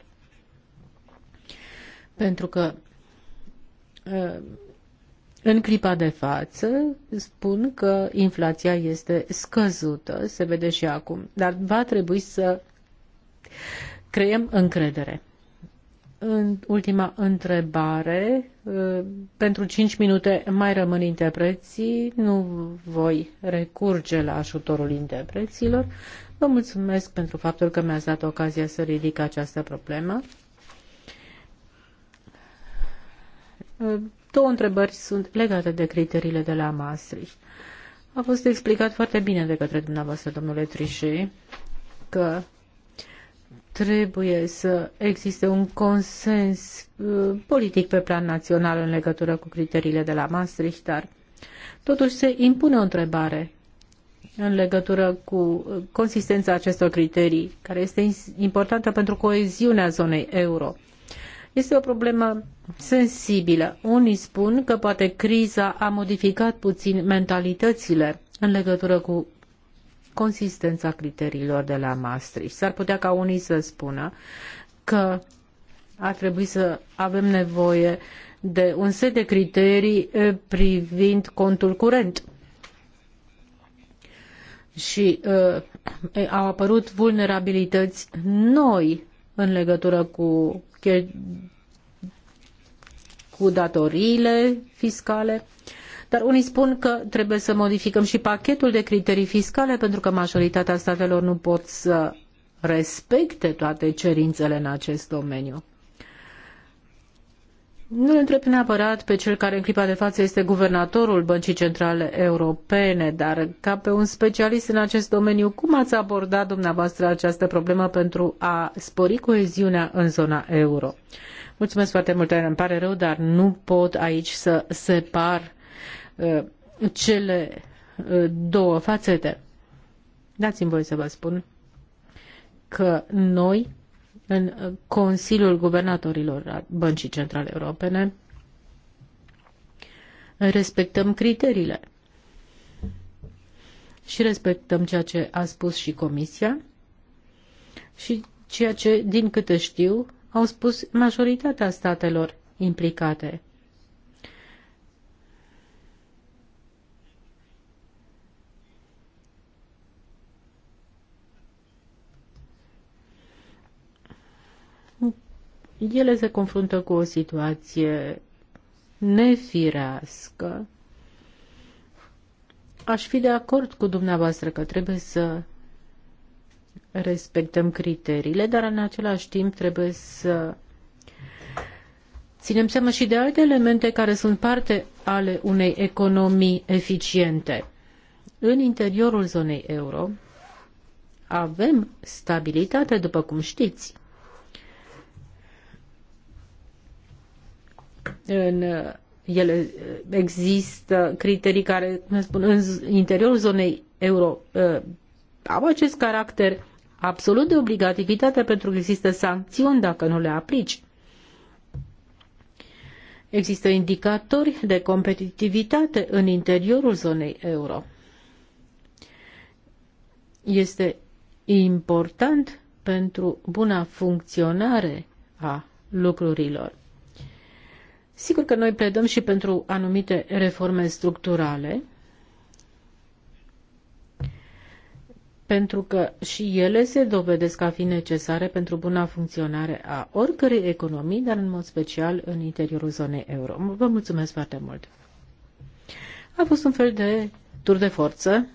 Pentru că ă, în clipa de față spun că inflația este scăzută, se vede și acum, dar va trebui să creăm încredere în ultima întrebare. Uh, pentru 5 minute mai rămân interpreții, nu voi recurge la ajutorul interpreților. Vă mulțumesc pentru faptul că mi-ați dat ocazia să ridic această problemă. Uh, două întrebări sunt legate de criteriile de la Maastricht. A fost explicat foarte bine de către dumneavoastră, domnule Trichet, că trebuie să existe un consens uh, politic pe plan național în legătură cu criteriile de la Maastricht, dar totuși se impune o întrebare în legătură cu uh, consistența acestor criterii, care este importantă pentru coeziunea zonei euro. Este o problemă sensibilă. Unii spun că poate criza a modificat puțin mentalitățile în legătură cu consistența criteriilor de la Maastricht. S-ar putea ca unii să spună că ar trebui să avem nevoie de un set de criterii privind contul curent. Și uh, au apărut vulnerabilități noi în legătură cu, cu datoriile fiscale. Uh, dar unii spun că trebuie să modificăm și pachetul de criterii fiscale pentru că majoritatea statelor nu pot să respecte toate cerințele în acest domeniu. Nu întreb neapărat pe cel care în clipa de față este guvernatorul Băncii Centrale Europene, dar ca pe un specialist în acest domeniu, cum ați abordat dumneavoastră această problemă pentru a spori coeziunea în zona euro? Mulțumesc foarte mult, îmi pare rău, dar nu pot aici să separ Uh, cele uh, două fațete. Dați-mi voi să vă spun că noi, în Consiliul Guvernatorilor Băncii Centrale Europene, respectăm criteriile și respectăm ceea ce a spus și Comisia și ceea ce, din câte știu, au spus majoritatea statelor implicate. ele se confruntă cu o situație nefirească. Aș fi de acord cu dumneavoastră că trebuie să respectăm criteriile, dar în același timp trebuie să ținem seama și de alte elemente care sunt parte ale unei economii eficiente. În interiorul zonei euro avem stabilitate, după cum știți. În ele există criterii care, spun, în interiorul zonei euro ă, au acest caracter absolut de obligativitate pentru că există sancțiuni dacă nu le aplici. Există indicatori de competitivitate în interiorul zonei euro. Este important pentru buna funcționare a lucrurilor. Sigur că noi pledăm și pentru anumite reforme structurale, pentru că și ele se dovedesc a fi necesare pentru buna funcționare a oricărei economii, dar în mod special în interiorul zonei euro. Vă mulțumesc foarte mult! A fost un fel de tur de forță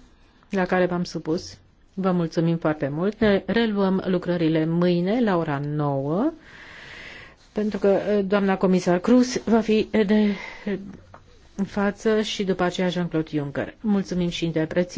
la care v-am supus. Vă mulțumim foarte mult. Ne reluăm lucrările mâine la ora 9 pentru că eh, doamna comisar Cruz va fi eh, de eh, în față și după aceea Jean-Claude Juncker. Mulțumim și interpreții.